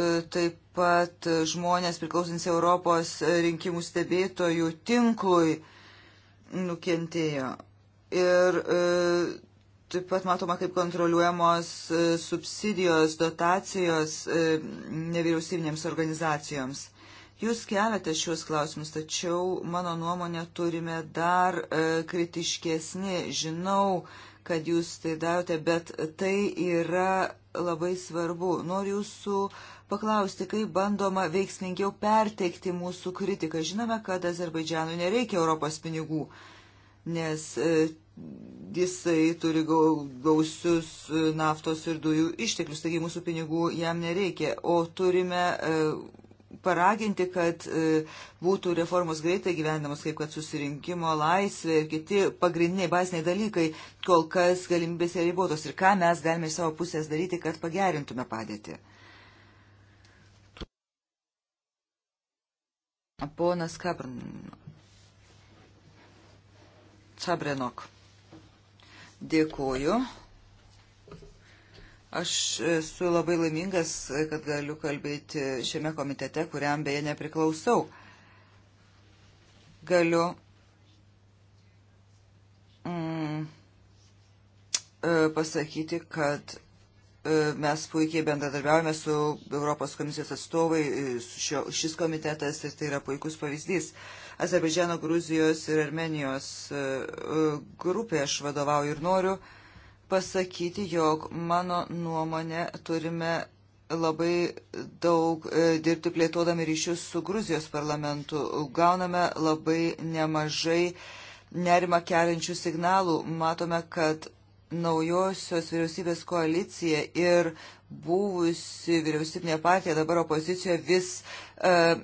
E, taip pat e, žmonės priklausins Europos rinkimų stebėtojų tinklui nukentėjo. Ir taip pat matoma, kaip kontroliuojamos subsidijos, dotacijos nevyriausybinėms organizacijoms. Jūs keliate šios klausimus, tačiau mano nuomonė turime dar kritiškesni. Žinau, kad jūs tai darote, bet tai yra labai svarbu. Noriu jūsų paklausti, kaip bandoma veiksmingiau perteikti mūsų kritiką. Žinome, kad Azerbaidžianui nereikia Europos pinigų, nes e, jisai turi gausius e, naftos ir dujų išteklius, taigi mūsų pinigų jam nereikia, o turime e, paraginti, kad e, būtų reformos greitai gyvendamos, kaip kad susirinkimo laisvė ir kiti pagrindiniai baziniai dalykai, kol kas galimybės yra ribotos ir ką mes galime iš savo pusės daryti, kad pagerintume padėtį. Ponas Kabrn. Čabrenok. Dėkuoju. Aš esu labai laimingas, kad galiu kalbėti šiame komitete, kuriam beje nepriklausau. Galiu mm, e, pasakyti, kad e, mes puikiai bendradarbiaujame su Europos komisijos atstovai, e, šio, šis komitetas ir tai yra puikus pavyzdys. Azerbaidžiano, Gruzijos ir Armenijos grupė aš vadovauju ir noriu uh, pasakyti, jog mano nuomonė turime labai daug e, dirbti plėtodami ryšius su Gruzijos parlamentu. Gauname labai nemažai nerima keliančių signalų. Matome, kad naujosios vyriausybės koalicija ir buvusi vyriausybinė partija dabar opozicijoje vis uh,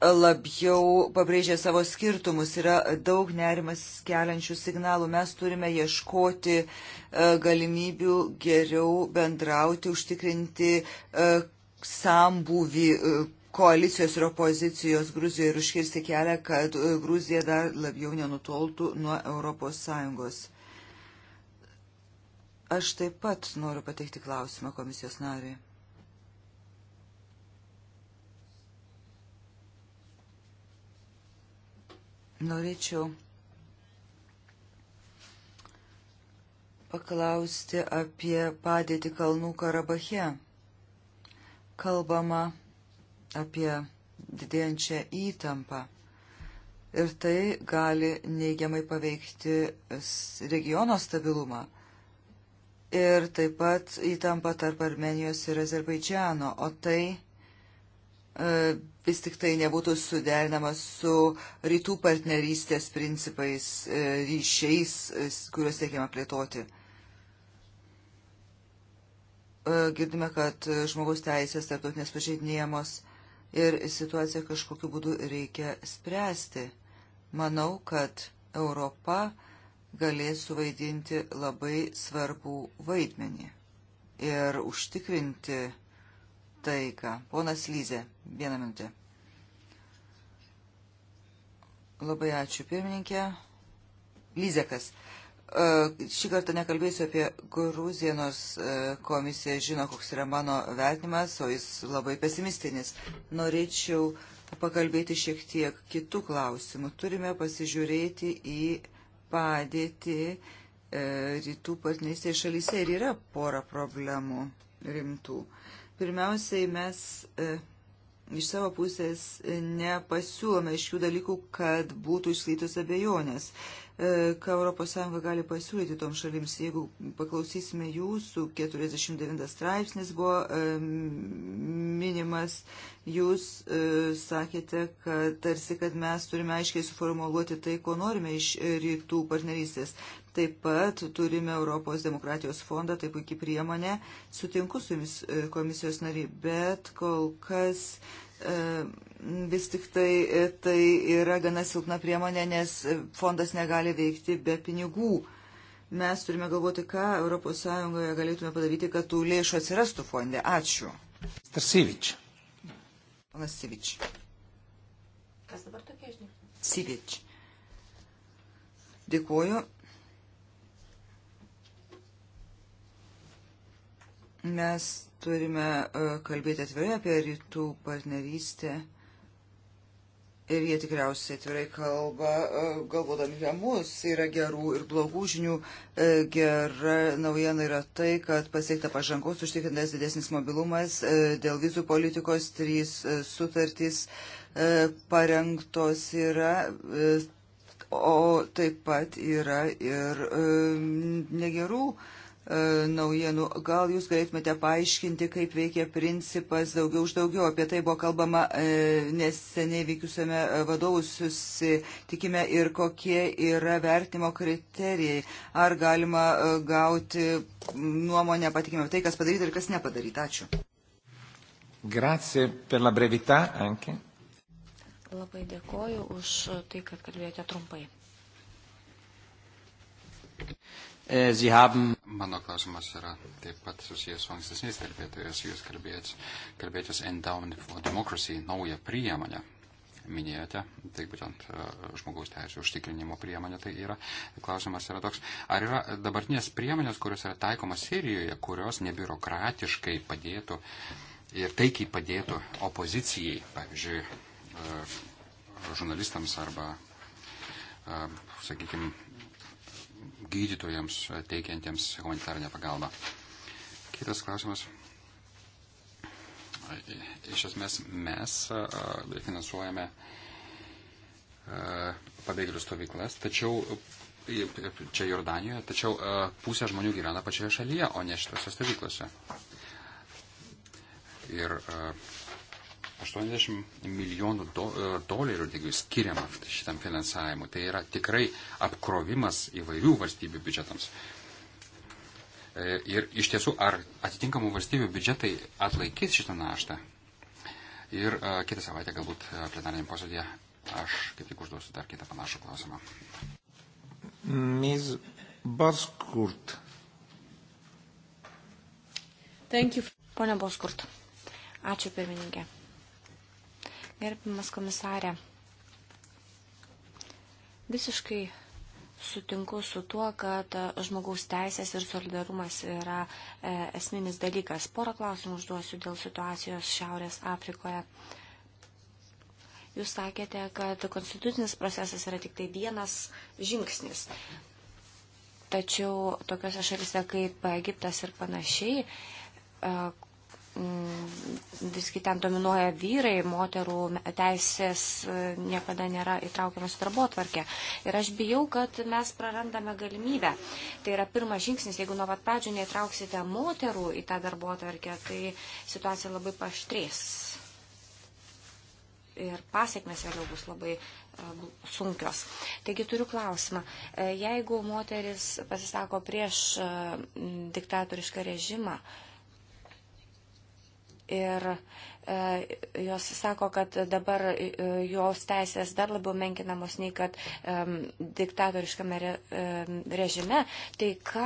labiau pabrėžia savo skirtumus, yra daug nerimas keliančių signalų. Mes turime ieškoti e, galimybių geriau bendrauti, užtikrinti e, sambūvį e, koalicijos ir opozicijos Gruzijoje ir užkirsti kelią, kad Gruzija dar labiau nenutoltų nuo Europos Sąjungos. Aš taip pat noriu pateikti klausimą komisijos nariai. Norėčiau paklausti apie padėtį Kalnų Karabache. Kalbama apie didėjančią įtampą. Ir tai gali neigiamai paveikti regiono stabilumą. Ir taip pat įtampa tarp Armenijos ir Azerbaidžiano, o tai e, vis tik tai nebūtų suderinamas su rytų partnerystės principais, e, ryšiais, e, kuriuos teikiama plėtoti. E, girdime, kad žmogaus teisės tarptautinės pažeidinėjamos ir situaciją kažkokiu būdu reikia spręsti. Manau, kad Europa galės suvaidinti labai svarbų vaidmenį ir užtikrinti taiką. Ponas Lyzė, vieną minutę. Labai ačiū, pirmininkė. Lyzekas. E, šį kartą nekalbėsiu apie Gruziją, nors e, komisija žino, koks yra mano vertinimas, o jis labai pesimistinis. Norėčiau pakalbėti šiek tiek kitų klausimų. Turime pasižiūrėti į padėtį e, rytų partnerystėje šalyse ir yra pora problemų rimtų. Pirmiausiai mes iš savo pusės e, nepasiūlome šių dalykų, kad būtų išslytos abejonės. E, ką ES gali pasiūlyti tom šalims, jeigu paklausysime jūsų, 49 straipsnis buvo e, minimas, jūs sakėte, kad tarsi, kad mes turime aiškiai suformuoluoti tai, ko norime iš rytų partnerystės. Taip pat turime Europos demokratijos fondą, tai puikiai priemonė. Sutinku su jumis e, komisijos nariai, bet kol kas e, vis tik tai, e, tai yra gana silpna priemonė, nes fondas negali veikti be pinigų. Mes turime galvoti, ką ES galėtume padaryti, kad tų lėšų atsirastų fonde. Ačiū. Starsivič. Panas Sivič. Kas dabar tokie žiniai? Sivič. Dėkuoju. Mes turime e, kalbėti atvirai apie rytų partnerystę. Ir jie tikriausiai atvirai kalba, e, galvodami apie mus, yra gerų ir blogų žinių. E, gera naujiena yra tai, kad pasiekta pažangos, užtikrintas didesnis mobilumas, dėl vizų politikos trys sutartys parengtos yra, o taip pat yra ir negerų. Ne E, naujienų. Gal jūs galėtumėte paaiškinti, kaip veikia principas daugiau už daugiau. Apie tai buvo kalbama e, neseniai vykiusiame e, vadovų susitikime ir kokie yra vertimo kriterijai. Ar galima gauti nuomonę patikimą tai, kas padaryta ir kas nepadaryta. Ačiū. Grazie per la brevità anche. Labai dėkoju už tai, kad kalbėjote trumpai. Eh, Sie haben. Mano klausimas yra taip pat susijęs su ankstesniais kalbėtojais. Jūs kalbėjot, kalbėtės Endowment for Democracy, naują priemonę. Minėjote, tai būtent eh, žmogaus teisų užtikrinimo priemonė tai yra. Klausimas yra toks, ar yra dabartinės priemonės, kurios yra taikomas Sirijoje, kurios nebiurokratiškai padėtų ir taikiai padėtų opozicijai, pavyzdžiui, eh, žurnalistams arba, sakykime, gydytojams e, teikiantiems humanitarinę pagalbą. Kitas klausimas. E, e, iš esmės mes finansuojame pabėgėlių stovyklas, tačiau čia Jordanijoje, tačiau pusė žmonių gyvena pačioje šalyje, o ne šitose stovyklose. Ir uh, 80 milijonų do, e, dolerių taigi, skiriama šitam finansavimui. Tai yra tikrai apkrovimas įvairių valstybių biudžetams. E, ir iš tiesų, ar atitinkamų valstybių biudžetai atlaikys šitą naštą? Ir a, e, kitą savaitę galbūt plenariniam posėdėje aš kaip tik užduosiu dar kitą panašų klausimą. Ms. Boskurt. Thank you. Pone Boskurt. Ačiū pirmininkė. Gerbimas komisarė, visiškai sutinku su tuo, kad e, žmogaus teisės ir solidarumas yra e, esminis dalykas. Porą klausimų užduosiu dėl situacijos Šiaurės Afrikoje. Jūs sakėte, kad konstitucinis procesas yra tik tai vienas žingsnis. Tačiau tokiuose šalise kaip Egiptas ir panašiai, e, Mm, visgi ten dominuoja vyrai, moterų teisės e, niekada nėra įtraukiamas darbo tvarkė. Ir aš bijau, kad mes prarandame galimybę. Tai yra pirmas žingsnis, jeigu nuo pat pradžių neįtrauksite moterų į tą darbo tvarkę, tai situacija labai paštrės. Ir pasiekmes vėliau bus labai e, sunkios. Taigi turiu klausimą. E, jeigu moteris pasisako prieš diktatorišką režimą, Ir e, jos sako, kad dabar e, jos teisės dar labiau menkinamos nei kad um, diktatoriškame re, um, režime. Tai ką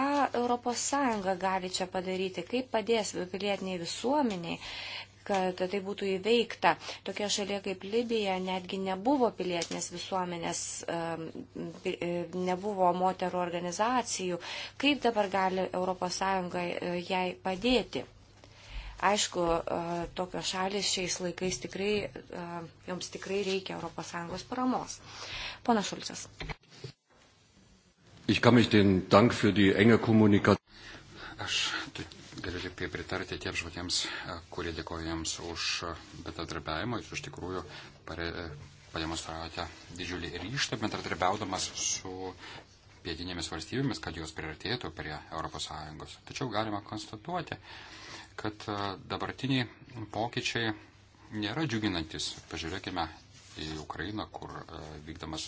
ES gali čia padaryti, kaip padės pilietiniai visuomeniai, kad tai būtų įveikta. Tokia šalia kaip Libija netgi nebuvo pilietinės visuomenės, e, nebuvo moterų organizacijų. Kaip dabar gali ES jai padėti? Aišku, e, tokios šalis šiais laikais tikrai, e, joms tikrai reikia ES paramos. Pana Šulcas. Aš galiu tik tai pritarti tiems žmonėms, e, kurie dėkoja jiems už bendradarbiavimą. Jūs iš tikrųjų pare, pademonstravote didžiulį ryštą bendradarbiaudamas su pietinėmis valstybėmis, kad jos priartėtų prie ES. Tačiau galima konstatuoti, kad e, dabartiniai pokyčiai nėra džiuginantis. Pažiūrėkime į Ukrainą, kur e, vykdamas,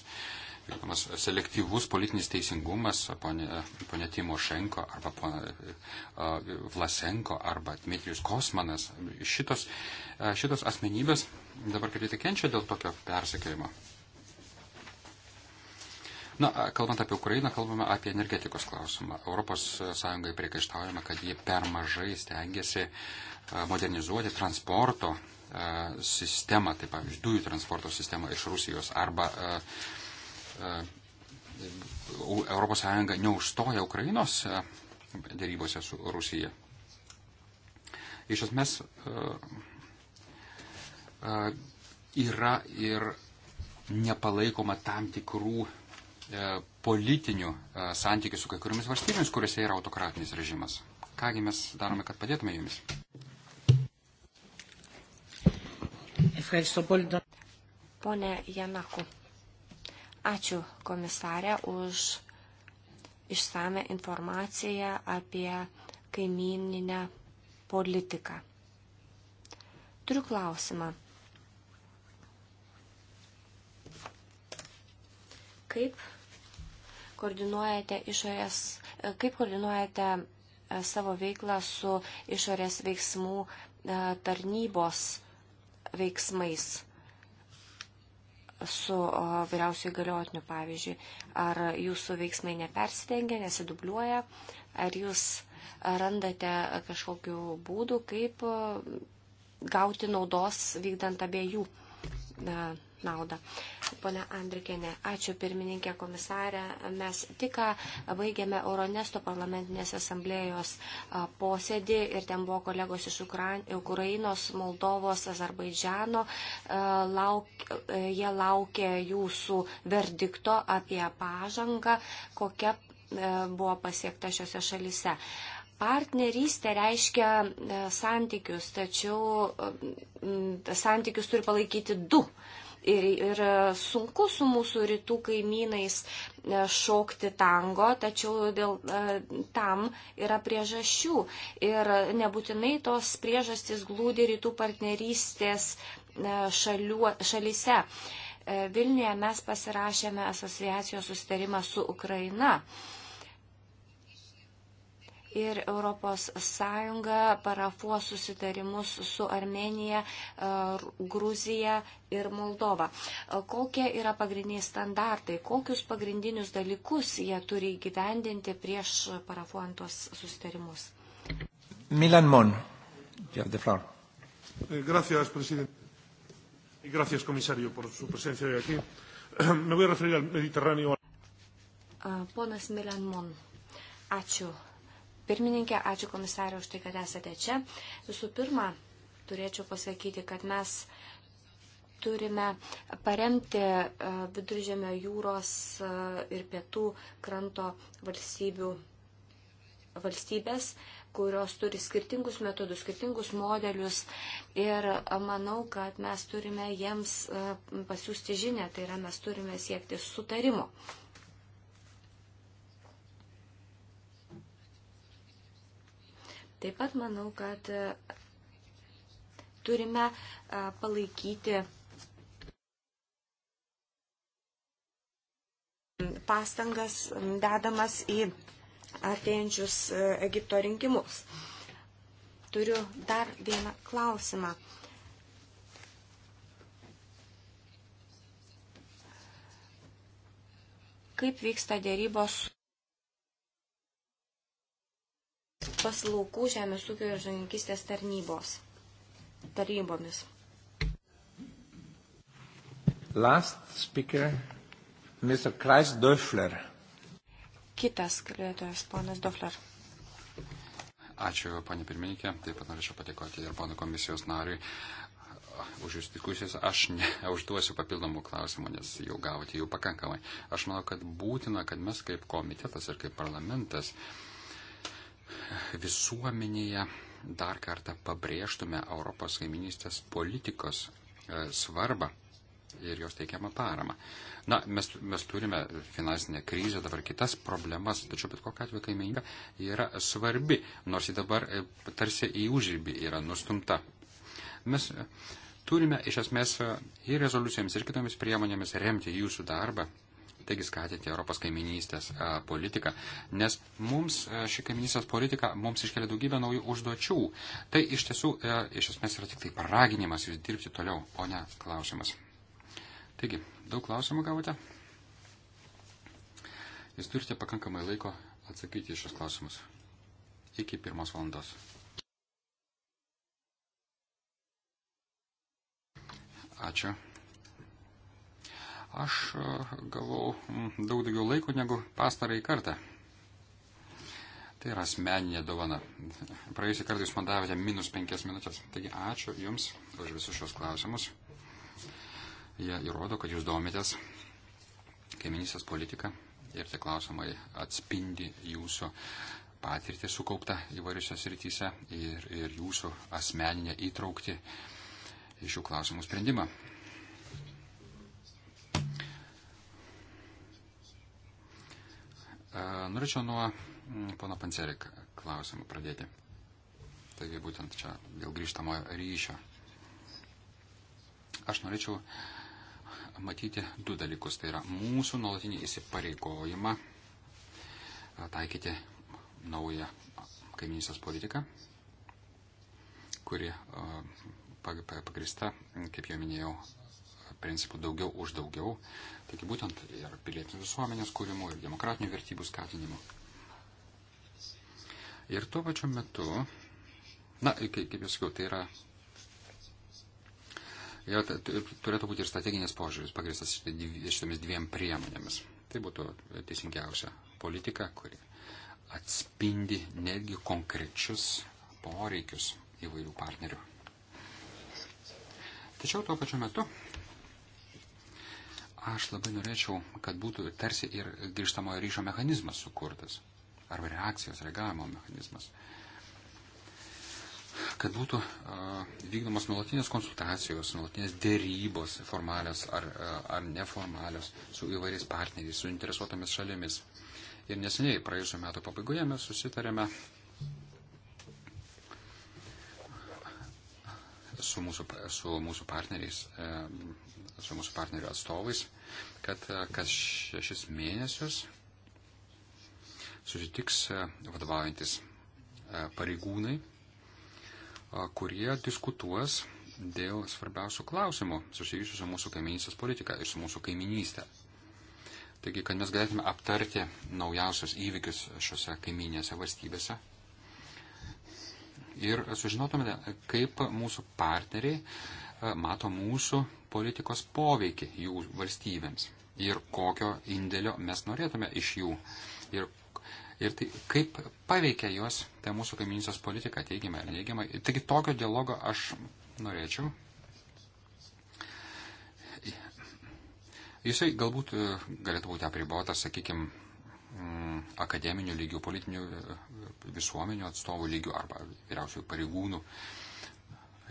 vykdamas selektyvus politinis teisingumas, ponė Timošenko arba ponė e, Vlasenko arba Dmitrijus Kosmanas. Šitos, šitos asmenybės dabar kritikė kenčia dėl tokio persikėjimo. Na, kalbant apie Ukrainą, kalbame apie energetikos klausimą. ES priekaištaujama, kad jie per mažai stengiasi modernizuoti transporto sistemą, tai pavyzdžiui, dujų transporto sistemą iš Rusijos arba ES neužstoja Ukrainos dėrybose su Rusija. Iš esmės yra ir nepalaikoma tam tikrų E, politinių e, santykių su kai kuriomis valstybėmis, kuriuose yra autokratinis režimas. Kągi mes darome, kad padėtume jums? Pone Janaku, ačiū komisarė už išsame informaciją apie kaimininę politiką. Turiu klausimą. Kaip koordinuojate išorės, e, kaip koordinuojate e, savo veiklą su išorės veiksmų e, tarnybos veiksmais su vyriausiai galiotiniu, pavyzdžiui, ar jūsų veiksmai nepersidengia, nesidubliuoja, ar jūs randate kažkokiu būdu, kaip gauti naudos vykdant abiejų naudą. Pone Andrikėne, ačiū pirmininkė komisarė. Mes tik baigėme Euronesto parlamentinės asamblėjos posėdį ir ten buvo kolegos iš Ukrainos, Moldovos, Azerbaidžiano. Lauk, jie laukė jūsų verdikto apie pažangą, kokia buvo pasiekta šiuose šalyse. Partnerystė reiškia santykius, tačiau santykius turi palaikyti du ir, ir sunku su mūsų rytų kaimynais e, šokti tango, tačiau dėl e, tam yra priežasčių. Ir nebūtinai tos priežastys glūdi rytų partnerystės e, šalių, šalyse. Vilniuje mes pasirašėme asociacijos susitarimą su Ukraina ir ES parafuos susitarimus su Armenija, e, Gruzija ir Moldova. E, kokie yra pagrindiniai standartai, kokius pagrindinius dalykus jie turi gyvendinti prieš parafuojant tuos susitarimus? Milan Mon, you have the floor. Eh, gracias, presidente. Y gracias, comisario, por su presencia hoy aquí. (clears throat) Me voy a referir al Mediterráneo. E, ponas Milan Mon. Ačiū, pirmininkė, ačiū komisarė už tai, kad esate čia. Visų pirma, turėčiau pasakyti, kad mes turime paremti e, viduržėmio jūros e, ir pietų kranto valstybių, valstybės, kurios turi skirtingus metodus, skirtingus modelius. Ir e, manau, kad mes turime jiems pasiūsti žinę, tai yra mes turime siekti sutarimo. Taip pat manau, kad e, turime e, palaikyti pastangas dedamas į artėjančius e, Egipto rinkimus. Turiu dar vieną klausimą. Kaip vyksta dėrybos? paslaugų žemės ūkio ir žaninkistės tarnybos, tarybomis. Last speaker, Mr. Kreis Döfler. Kitas kalbėtojas, ponas Döfler. Ačiū, panė pirmininkė. Taip pat norėčiau patikoti ir pono komisijos nariui už jūsų diskusijas. Aš neužduosiu (laughs) papildomų klausimų, nes jau gavote jų pakankamai. Aš manau, kad būtina, kad mes kaip komitetas ir kaip parlamentas uh, visuomenėje dar kartą pabrėžtume Europos kaiminystės politikos e, svarbą ir jos teikiamą paramą. Na, mes, mes turime finansinę krizę, dabar kitas problemas, tačiau bet kokia atveju kaiminga yra svarbi, nors ji dabar e, tarsi į užrybį yra nustumta. Mes e, turime iš esmės ir rezoliucijomis, ir kitomis priemonėmis remti jūsų darbą Taigi skatinti Europos kaiminystės politiką, nes mums ši kaiminystės politika mums iškelia daugybę naujų užduočių. Tai iš tiesų, iš esmės yra tik tai paraginimas jūs dirbti toliau, o ne klausimas. Taigi, daug klausimų gavote? Jūs turite pakankamai laiko atsakyti iš šios klausimus. Iki pirmos valandos. Ačiū. Aš e, gavau daug daugiau laiko negu pastarąjį kartą. Tai yra asmeninė dovana. Praėjusį kartą jūs man davėte minus penkias minutės. Taigi ačiū Jums už visus šios klausimus. Jie įrodo, kad Jūs domitės kaiminysės politiką ir tie klausimai atspindi Jūsų patirtį sukauptą įvairiose srityse ir, ir Jūsų asmeninę įtraukti į šių klausimų sprendimą. Norėčiau nuo mm, pono Pancerika klausimų pradėti. Taigi būtent čia dėl grįžtamo ryšio. Aš norėčiau matyti du dalykus. Tai yra mūsų nuolatinį įsipareigojimą taikyti naują kaiminysės politiką, kuri pagrista, kaip jau minėjau, principų daugiau už daugiau, taigi būtent ir pilietinės visuomenės kūrimu, ir demokratinių vertybių skatinimu. Ir tuo pačiu metu, na, kaip jau sakiau, tai yra Ir turėtų būti ir strateginis požiūris pagristas šitomis dviem priemonėmis. Tai būtų teisingiausia politika, kuri atspindi netgi konkrečius poreikius įvairių partnerių. Tačiau tuo pačiu metu aš labai norėčiau, kad būtų tarsi ir grįžtamojo ryšio mechanizmas sukurtas, arba reakcijos, reagavimo mechanizmas. Kad būtų uh, vykdomos nuolatinės konsultacijos, nuolatinės dėrybos, formalios ar, ar neformalios, su įvairiais partneriais, su interesuotomis šalimis. Ir neseniai, praėjusiu metu pabaigoje, mes susitarėme uh, su mūsų, su mūsų partneriais, su mūsų partnerių atstovais, kad e, kas šešis mėnesius susitiks e, vadovaujantis e, pareigūnai, kurie diskutuos dėl svarbiausių klausimų susijusių su mūsų kaiminystės politika ir su mūsų kaiminystė. Taigi, kad mes galėtume aptarti naujausius įvykius šiuose kaiminėse valstybėse, ir sužinotumėte, kaip mūsų partneriai e, mato mūsų politikos poveikį jų valstybėms ir kokio indėlio mes norėtume iš jų ir, ir tai, kaip paveikia juos ta mūsų kaiminysios politika teigiamai ar neigiamai. Taigi tokio dialogo aš norėčiau. Jisai galbūt e, galėtų būti apribotas, sakykime, Mm, akademinių lygių, politinių e, visuomenių atstovų lygių arba vyriausių pareigūnų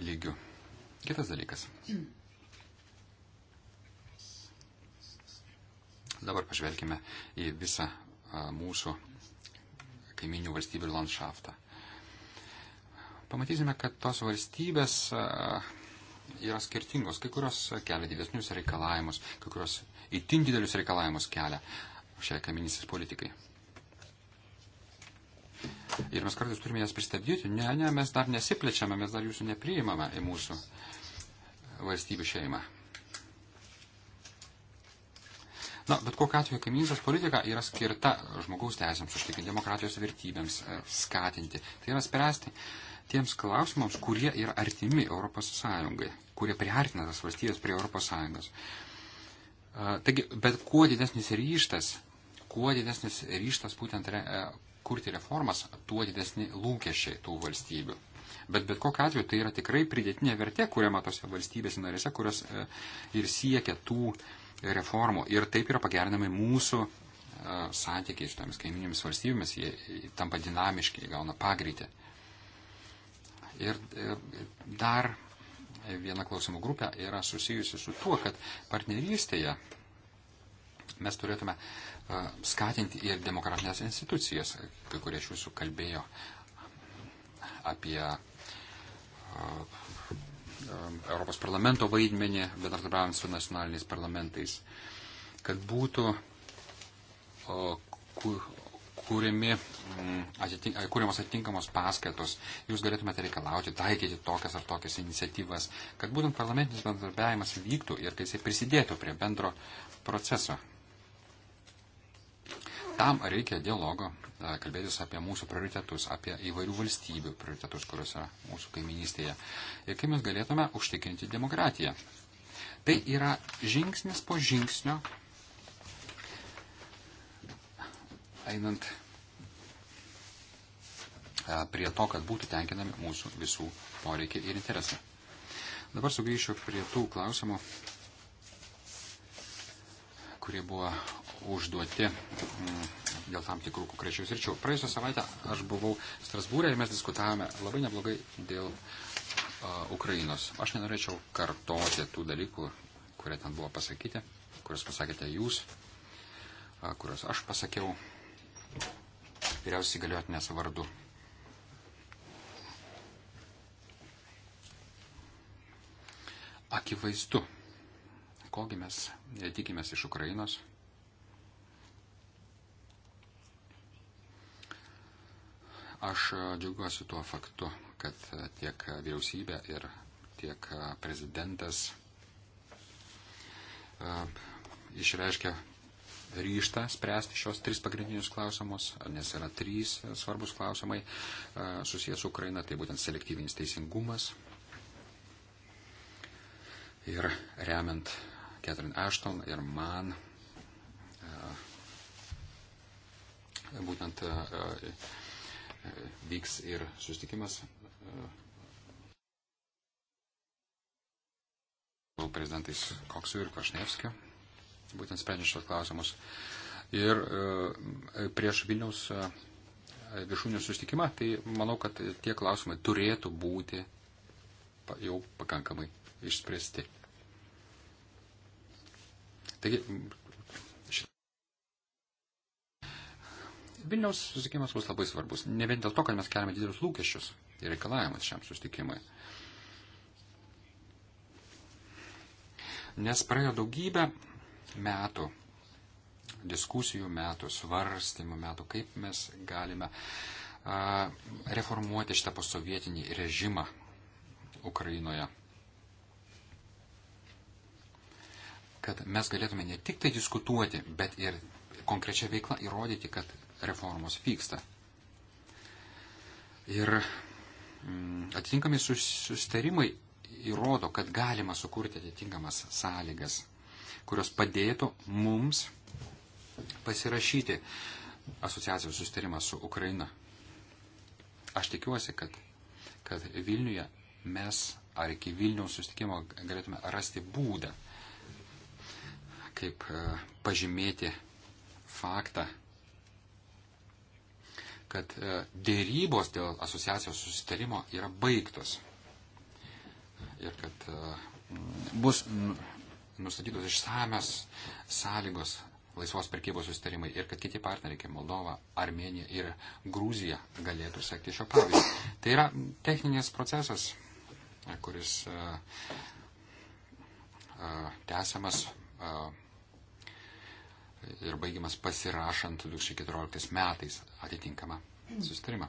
lygių. Kitas dalykas. Dabar pažvelkime į visą e, mūsų kaiminių valstybių landšaftą. Pamatysime, kad tos valstybės e, yra skirtingos. Kai kurios kelia didesnius reikalavimus, kai kurios įtin didelius reikalavimus kelia šiai kaminysis politikai. Ir mes kartais turime jas pristabdyti. Ne, ne, mes dar nesiplečiame, mes dar jūsų nepriimame į mūsų valstybių šeimą. Na, bet kokiu atveju kaimynės politika yra skirta žmogaus teisėms užtikrinti, demokratijos vertybėms e, skatinti. Tai yra spręsti tiems klausimams, kurie yra artimi ES, kurie priartina tas valstybės prie ES. E, taigi, bet kuo didesnis ryštas kuo didesnis ryštas būtent re, e, kurti reformas, tuo didesni lūkesčiai tų valstybių. Bet bet kokiu atveju tai yra tikrai pridėtinė vertė, kuriama tose valstybėse narėse, kurios e, ir siekia tų reformų. Ir taip yra pagerinami mūsų e, santykiai su tomis kaiminėmis valstybėmis, jie tampa dinamiški, gauna pagreitį. Ir dar viena klausimų grupė yra susijusi su tuo, kad partnerystėje Mes turėtume e, skatinti ir demokratinės institucijas, kai kurie iš jūsų kalbėjo apie e, e, Europos parlamento vaidmenį, bendradarbiavant su nacionaliniais parlamentais, kad būtų kūrimi, atitink, kūrimos atitinkamos paskatos, jūs galėtumėte reikalauti, taikyti tokias ar tokias iniciatyvas, kad būtent parlamentinis bendradarbiavimas vyktų ir kad jisai prisidėtų prie bendro proceso Tam reikia dialogo, e, kalbėtis apie mūsų prioritetus, apie įvairių valstybių prioritetus, kurios yra mūsų kaiminystėje. Ir kaip mes galėtume užtikrinti demokratiją. Tai yra žingsnis po žingsnio, einant e, prie to, kad būtų tenkinami mūsų visų poreikiai ir interesai. Dabar sugrįšiu prie tų klausimų, kurie buvo užduoti mm, dėl tam tikrų konkrečių sričių. Praėjusią savaitę aš buvau Strasbūrė ir mes diskutavome labai neblogai dėl uh, Ukrainos. Aš nenorėčiau kartoti tų dalykų, kurie ten buvo pasakyti, kuriuos pasakėte jūs, uh, kuriuos aš pasakiau vyriausiai galiotinės vardu. Akivaizdu, kogi mes tikimės iš Ukrainos. Aš e, džiaugiuosi tuo faktu, kad e, tiek vyriausybė ir tiek e, prezidentas išreiškia ryštą spręsti šios tris pagrindinius klausimus, nes yra trys svarbus klausimai susijęs su Ukraina, tai būtent selektyvinis teisingumas ir remiant Catherine Ashton ir man e, būtent e, e, vyks ir susitikimas prezidentais Koksu ir Košnevskiu, būtent sprendžiant šios klausimus. Ir prieš Vilniaus viršūnių sustikimą, tai manau, kad tie klausimai turėtų būti jau pakankamai išspręsti. Taigi, šit... Vilniaus susitikimas bus labai svarbus. Ne vien dėl to, kad mes keliame didelius lūkesčius ir reikalavimus šiam susitikimui. Nes praėjo daugybę metų, diskusijų metų, svarstymų metų, kaip mes galime reformuoti šitą posovietinį režimą Ukrainoje. kad mes galėtume ne tik tai diskutuoti, bet ir konkrečia veikla įrodyti, kad reformos vyksta. Ir mm, atitinkami sustarimai įrodo, kad galima sukurti atitinkamas sąlygas, kurios padėtų mums pasirašyti asociacijos sustarimą su Ukraina. Aš tikiuosi, kad, kad Vilniuje mes ar iki Vilniaus sustikimo galėtume rasti būdą, kaip e, pažymėti faktą, kad e, dėrybos dėl asociacijos susitarimo yra baigtos ir kad e, bus nu, nustatytos išsamios sąlygos laisvos prekybos susitarimai ir kad kiti partneriai kaip Moldova, Armenija ir Grūzija galėtų sekti šio pavyzdžio. Tai yra techninės procesas, kuris tęsiamas ir baigiamas pasirašant 2014 metais atitinkamą sustarimą,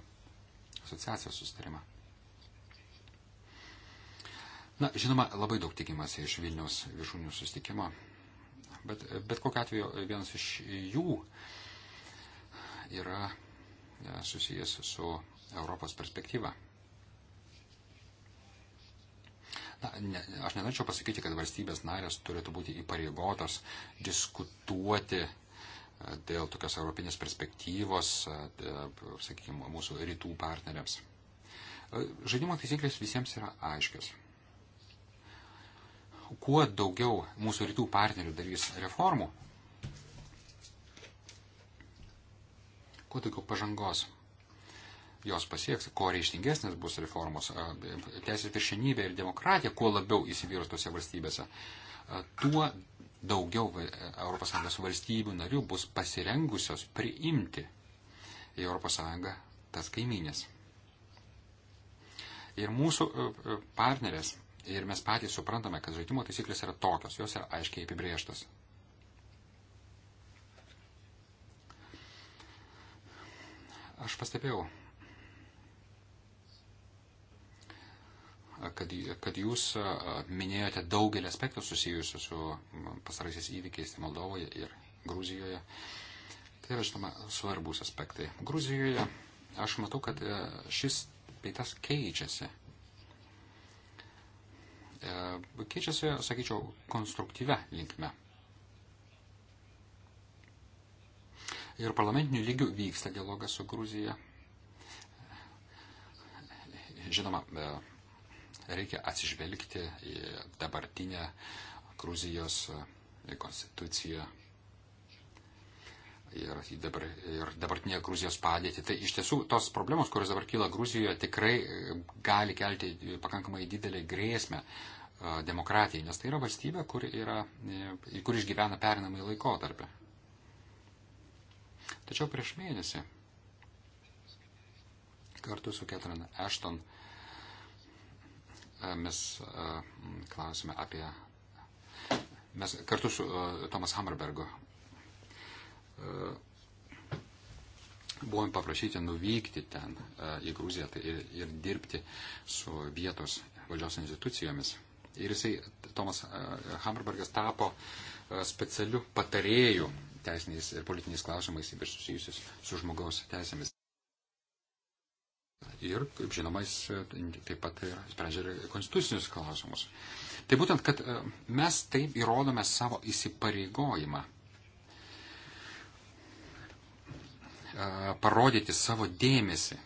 asociacijos sustarimą. Na, žinoma, labai daug tikimasi iš Vilniaus viršūnių sustikimo, bet, bet kokiu atveju vienas iš jų yra e, susijęs su Europos perspektyva. Na, ne, aš nenorėčiau pasakyti, kad valstybės narės turėtų būti įpareigotos diskutuoti e, dėl tokios europinės perspektyvos, e, sakykime, mūsų rytų partneriams. E, žaidimo taisyklės visiems yra aiškios. Kuo daugiau mūsų rytų partnerių darys reformų, kuo daugiau pažangos jos pasieks, kuo reištingesnės bus reformos, teisės viršenybė ir demokratija, kuo labiau įsivyros tose valstybėse, tuo daugiau ES valstybių narių bus pasirengusios priimti į ES tas kaiminės. Ir mūsų partnerės, ir mes patys suprantame, kad žaidimo taisyklės yra tokios, jos yra aiškiai apibrieštos. Aš pastebėjau, kad, kad jūs minėjote daugelį aspektų susijusių su pasaraisiais įvykiais tai Moldovoje ir Gruzijoje. Tai yra, žinoma, svarbus aspektai. Gruzijoje aš matau, kad e, šis peitas keičiasi. E, keičiasi, sakyčiau, konstruktyvę linkme. Ir parlamentinių lygių vyksta dialogas su Gruzija. Žinoma, e, reikia atsižvelgti į dabartinę Gruzijos konstituciją ir, dabar, ir dabartinę Gruzijos padėtį. Tai iš tiesų tos problemos, kurios dabar kyla Gruzijoje, tikrai gali kelti pakankamai didelį grėsmę e, demokratijai, nes tai yra valstybė, kur, yra, e, kur išgyvena perinamąjį laikotarpį. Tačiau prieš mėnesį kartu su Ketrin Ashton mes klausime apie. Mes kartu su Tomas Hammerbergu buvome paprašyti nuvykti ten į Gruziją tai ir, ir dirbti su vietos valdžios institucijomis. Ir jisai, Tomas Hammerbergas, tapo specialiu patarėju teisiniais ir politiniais klausimais, ypač susijusius su žmogaus teisėmis ir, kaip žinoma, jis e, taip pat e, sprendžia ir konstitucinius klausimus. Tai būtent, kad e, mes taip įrodome savo įsipareigojimą parodyti savo dėmesį.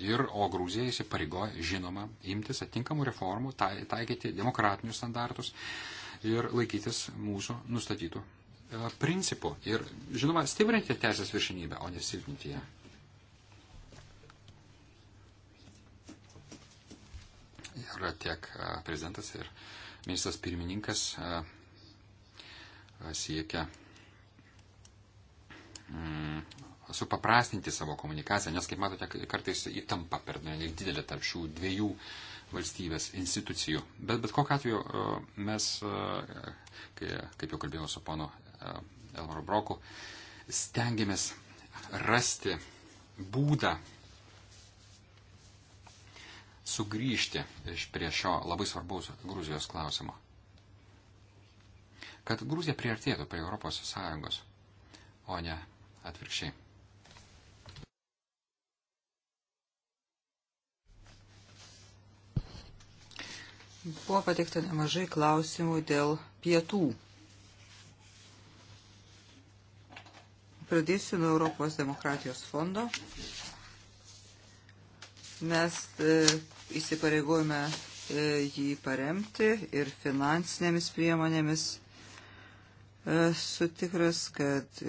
Ir, o Grūzija įsipareigoja, žinoma, imtis atinkamų reformų, tai, taikyti demokratinius standartus ir laikytis mūsų nustatytų principų. Ir, žinoma, stiprinti teisės viršinybę, o nesilpninti ją. ir tiek prezidentas ir ministras pirmininkas siekia mm, supaprastinti savo komunikaciją, nes, kaip matote, kartais įtampa per didelė tarp šių dviejų valstybės institucijų. Bet bet kokiu atveju mes, kaip jau kalbėjau su ponu Elmaru Broku, stengiamės rasti būdą sugrįžti prie šio labai svarbaus Gruzijos klausimo. Kad Gruzija priartėtų prie Europos Sąjungos, o ne atvirkščiai. Buvo pateikta nemažai klausimų dėl pietų. Pradėsiu nuo Europos demokratijos fondo. Mes e, įsipareigojame e, jį paremti ir finansinėmis priemonėmis. E, Sutikras, kad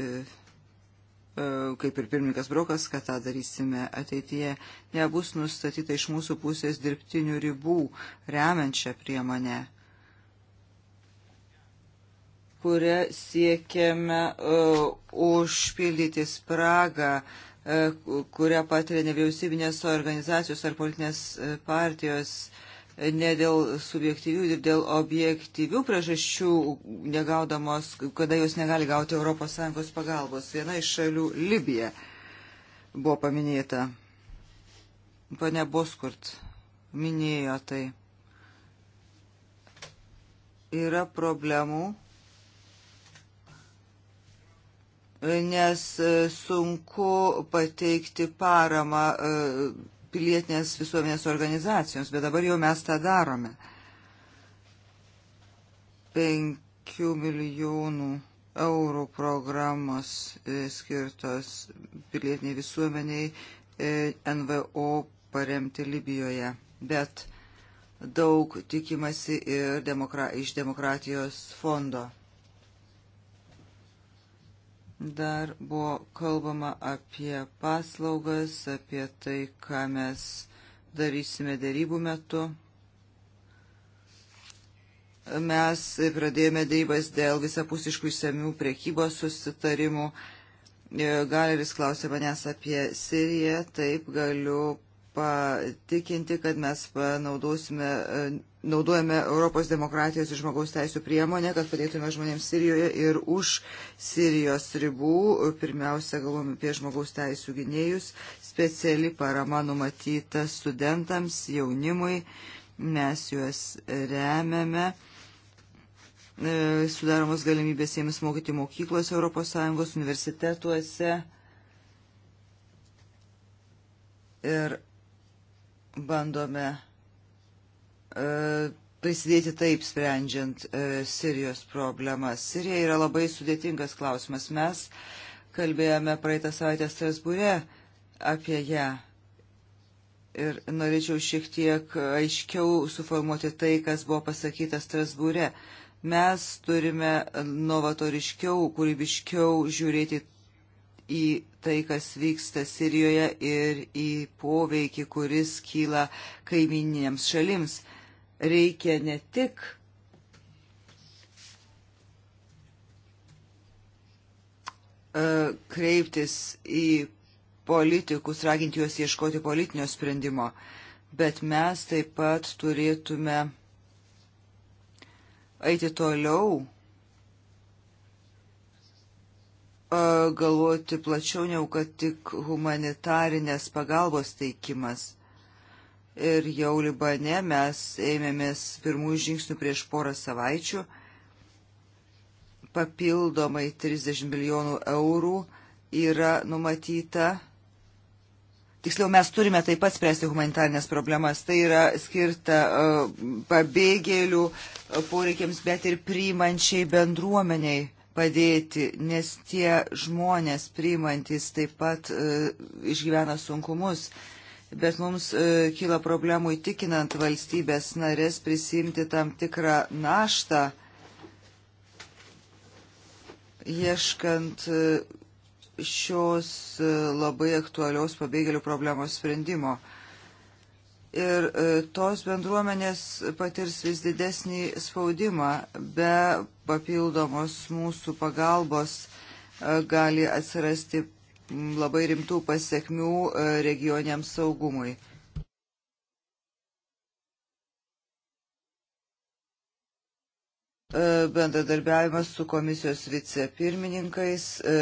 kaip ir pirmininkas Brokas, kad tą darysime ateityje, nebus nustatyta iš mūsų pusės dirbtinių ribų remiančią priemonę, kuria siekiame uh, užpildyti spragą uh, E, kurią patiria nevyriausybinės organizacijos ar politinės e, partijos e, ne dėl subjektyvių ir dėl objektyvių priežasčių negaudamos, kada jos negali gauti ES pagalbos. Viena iš šalių Libija buvo paminėta. Pane Boskurt minėjo tai. Yra problemų nes e, sunku pateikti paramą e, pilietinės visuomenės organizacijoms, bet dabar jau mes tą darome. 5 milijonų eurų programos e, skirtos pilietiniai visuomeniai NVO paremti Libijoje. Bet daug tikimasi ir demokra iš demokratijos fondo. Dar buvo kalbama apie paslaugas, apie tai, ką mes darysime dėrybų metu. Mes pradėjome dėrybas dėl visapusiškų įsamių priekybos susitarimų. E, Galeris klausė manęs apie Siriją, taip galiu patikinti, kad mes panaudosime naudojame Europos demokratijos ir žmogaus teisų priemonę, kad padėtume žmonėms Sirijoje ir už Sirijos ribų. Pirmiausia, galvom apie žmogaus teisų gynėjus. Speciali parama numatyta studentams, jaunimui. Mes juos remiame. E, sudaromos galimybės jiems mokyti mokyklos ES universitetuose. Ir bandome E, prisidėti taip sprendžiant e, Sirijos problemas. Sirija yra labai sudėtingas klausimas. Mes kalbėjome praeitą savaitę Strasbūre apie ją. Ir norėčiau šiek tiek aiškiau suformuoti tai, kas buvo pasakyta Strasbūre. Mes turime novatoriškiau, kūrybiškiau žiūrėti į tai, kas vyksta Sirijoje ir į poveikį, kuris kyla kaimininėms šalims reikia ne tik e, kreiptis į politikus, raginti juos ieškoti politinio sprendimo, bet mes taip pat turėtume eiti toliau, e, galvoti plačiau negu kad tik humanitarinės pagalbos teikimas ir jau Libane mes ėmėmės pirmųjų žingsnių prieš porą savaičių. Papildomai 30 milijonų eurų yra numatyta. Tiksliau, mes turime taip pat spręsti humanitarnės problemas. Tai yra skirta e, pabėgėlių e, poreikiams, bet ir priimančiai bendruomeniai padėti, nes tie žmonės priimantis taip pat e, išgyvena sunkumus. Uh, bet mums e, kyla problemų įtikinant valstybės narės prisimti tam tikrą naštą, ieškant e, šios e, labai aktualios pabėgėlių problemos sprendimo. Ir e, tos bendruomenės patirs vis didesnį spaudimą be papildomos mūsų pagalbos e, gali atsirasti labai rimtų pasiekmių e, regioniam saugumui. E, bendradarbiavimas su komisijos vicepirmininkais e,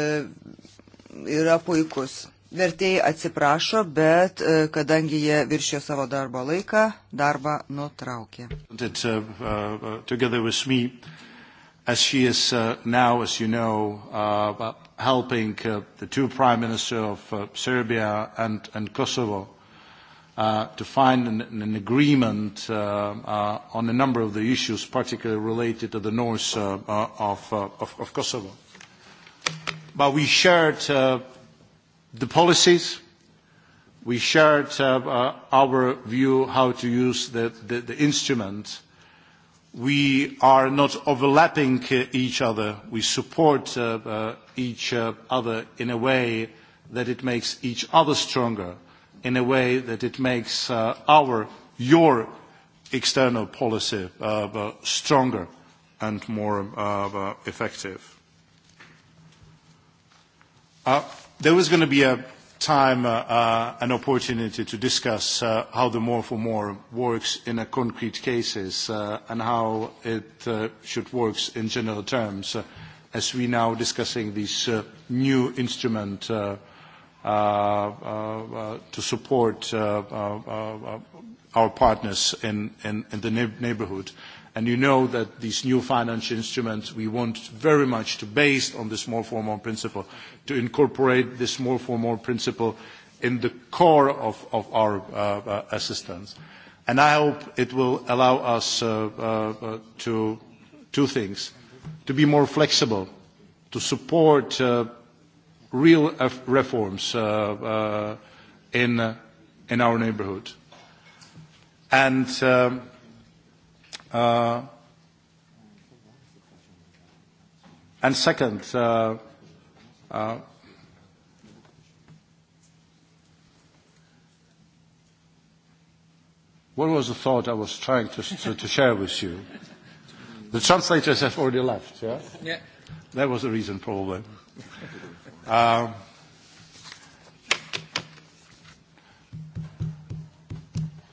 yra puikus. Vertėjai atsiprašo, bet kadangi jie viršė savo darbo laiką, darbą nutraukė. That, uh, uh, uh as she is uh, now, as you know, uh, helping uh, the two prime ministers of uh, Serbia and, and Kosovo uh, to find an, an agreement uh, uh, on a number of the issues, particularly related to the north uh, uh, of, uh, of, of Kosovo. But we shared uh, the policies. We shared uh, uh, our view how to use the, the, the instrument we are not overlapping uh, each other. We support uh, uh, each uh, other in a way that it makes each other stronger, in a way that it makes uh, our, your external policy uh, uh, stronger and more uh, uh, effective. Uh, there was going to be a time uh, uh, an opportunity to discuss uh, how the more for more works in a concrete cases uh, and how it uh, should work in general terms uh, as we now discussing this uh, new instrument uh, uh, uh, uh to support uh, uh, uh, our partners in, in, in the neighborhood. Uh, And you know that these new financial instruments, we want very much to, based on the small for more principle, to incorporate the small for more principle in the core of, of our uh, uh, assistance. And I hope it will allow us uh, uh, uh to two things, to be more flexible, to support uh, real reforms uh, uh, in, uh, in our neighborhood. And... Um, Uh, and second, uh, uh, what was the thought I was trying to, to, to share with you? The translators have already left, yeah? Yeah. That was the reason, probably. Um,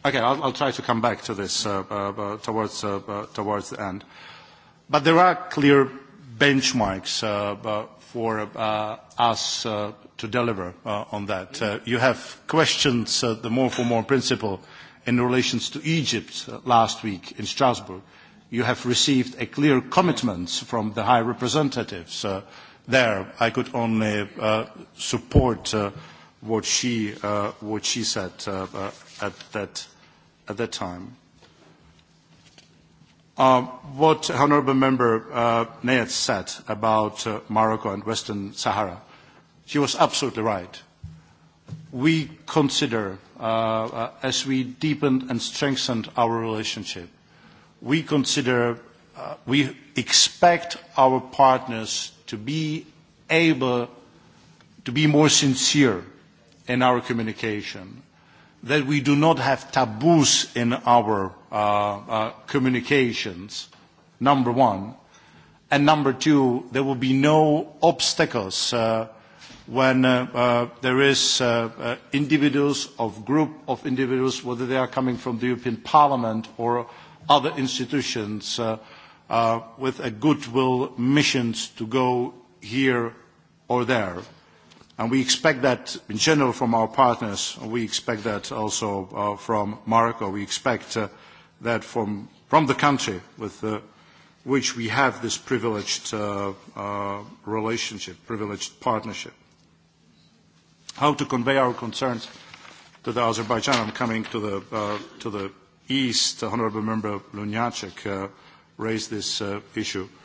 Okay, I'll, I'll try to come back to this uh, uh, uh, towards, uh, uh, towards the end. But there are clear benchmarks uh, uh, for uh, us uh, to deliver uh, on that. Uh, you have questioned uh, the more for more principle in relation to Egypt uh, last week in Strasbourg. You have received a clear commitment from the high representatives uh, there. I could only uh, support uh, what, she, uh, what she said uh, uh, at that at that time. Uh, what Honourable Member uh, Nayat said about uh, Morocco and Western Sahara, she was absolutely right. We consider, uh, uh, as we deepened and strengthened our relationship, we consider, uh, we expect our partners to be able to be more sincere in our communication that we do not have taboos in our uh, uh, communications, number one. And number two, there will be no obstacles uh, when uh, uh, there is uh, uh, individuals of group of individuals, whether they are coming from the European Parliament or other institutions, uh, uh, with a goodwill missions to go here or there. And we expect that in general from our partners. We expect that also uh, from Morocco. We expect uh, that from, from the country with uh, which we have this privileged uh, uh, relationship, privileged partnership. How to convey our concerns to the Azerbaijan? I'm coming to the, uh, to the east. Honorable Member Lunacek uh, raised this uh, issue. Uh,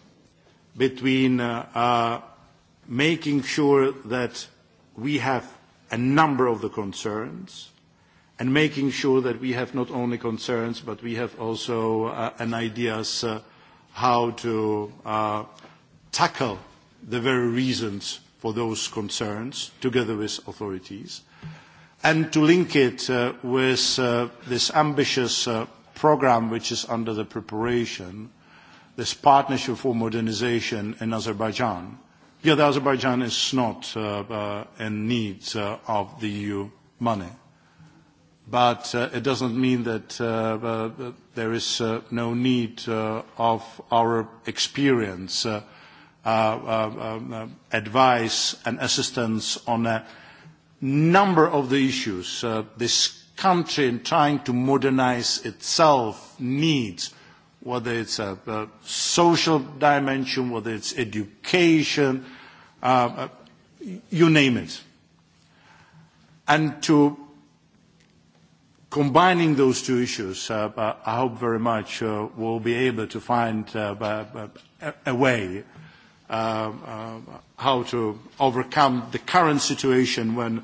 between uh, uh, making sure that we have a number of the concerns and making sure that we have not only concerns, but we have also uh, an ideas uh, how to uh, tackle the very reasons for those concerns together with authorities, and to link it uh, with uh, this ambitious uh, program which is under the preparation uh, this partnership for modernization in Azerbaijan, yet Azerbaijan is not uh, uh, in need uh, of the EU money. But uh, it doesn't mean that uh, uh, there is uh, no need uh, of our experience, uh, uh, uh, um, uh, advice and assistance on a number of the issues uh, this country in trying to modernize itself needs – whether it's a, a social dimension, whether it's education, uh, uh, you name it. And to combining those two issues, uh, uh I hope very much uh, we'll be able to find uh, uh, a, a way uh, uh, how to overcome the current situation when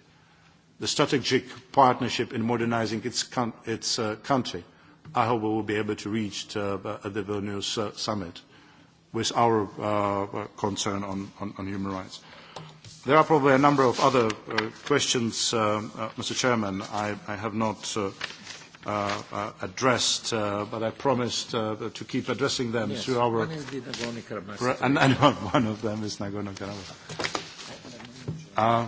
the strategic partnership in modernizing its, con- its uh, country. I hope we will be able to reach uh, at uh, the Vilnius uh, summit with our uh, concern on, on, on human rights. There are probably a number of other uh, questions, uh, uh, Mr. Chairman, I, I have not uh, uh, uh, addressed, uh, but I promised uh, to keep addressing them yes, through our... One is the Nagorno-Karabakh. And, and (laughs) one of them is Nagorno-Karabakh. Uh,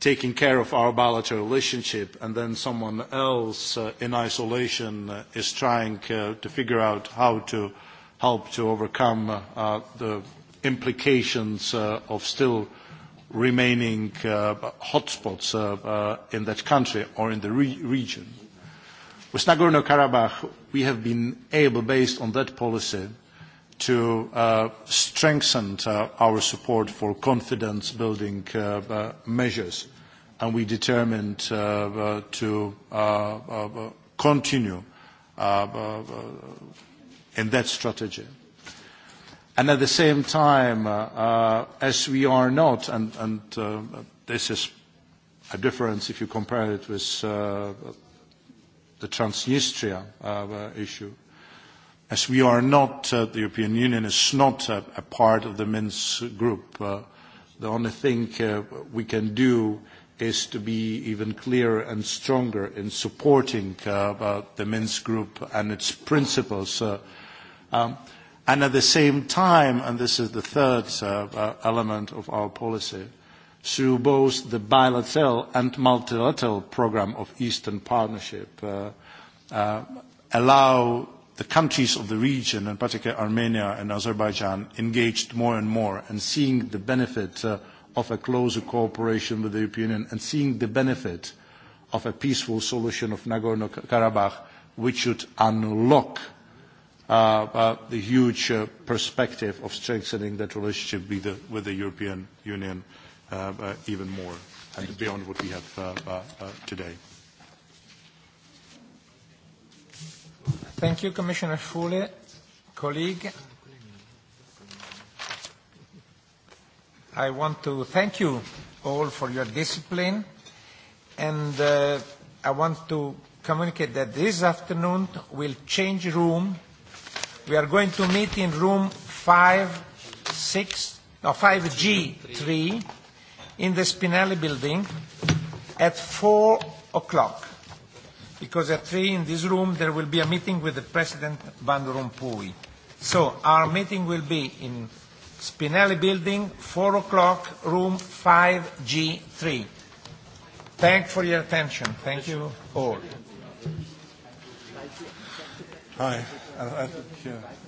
taking care of our bilateral relationship and then someone else uh, in isolation uh, is trying uh, to figure out how to help to overcome uh, uh, the implications uh, of still remaining uh, hotspots uh, uh, in that country or in the re region. With Nagorno-Karabakh, we have been able, based on that policy, to uh, strengthen uh, our support for confidence-building uh, uh, measures, and we determined uh, uh, to uh, uh, uh continue uh, uh, uh, in that strategy. And at the same time, uh, uh, as we are not, and, and uh, this is a difference if you compare it with uh, the Transnistria uh, uh issue, uh, as we are not, uh, the European Union is not a, a part of the Minsk group, uh, the only thing uh, we can do is to be even clearer and stronger in supporting uh, uh, the Minsk group and its principles. Uh, um, and at the same time, and this is the third uh, uh, element of our policy, through both the bilateral and multilateral program of Eastern Partnership, uh, uh, allow the countries of the region, in particular Armenia and Azerbaijan, engaged more and more and seeing the benefit uh, of a closer cooperation with the European Union and seeing the benefit of a peaceful solution of Nagorno-Karabakh, which should unlock uh, uh, the huge uh, perspective of strengthening that relationship with the, with the European Union uh, uh, even more and Thank beyond you. what we have uh, uh, uh today. Thank you, Commissioner Fule. Colleague, I want to thank you all for your discipline, and uh, I want to communicate that this afternoon we'll change room. We are going to meet in room 5, 6, no, 5G3 in the Spinelli building at 4 o'clock because at 3 in this room there will be a meeting with the President Van Rompuy. So our meeting will be in Spinelli Building, 4 o'clock, room 5G3. Thanks for your attention. Thank you all. Hi. I, I, uh, uh, yeah.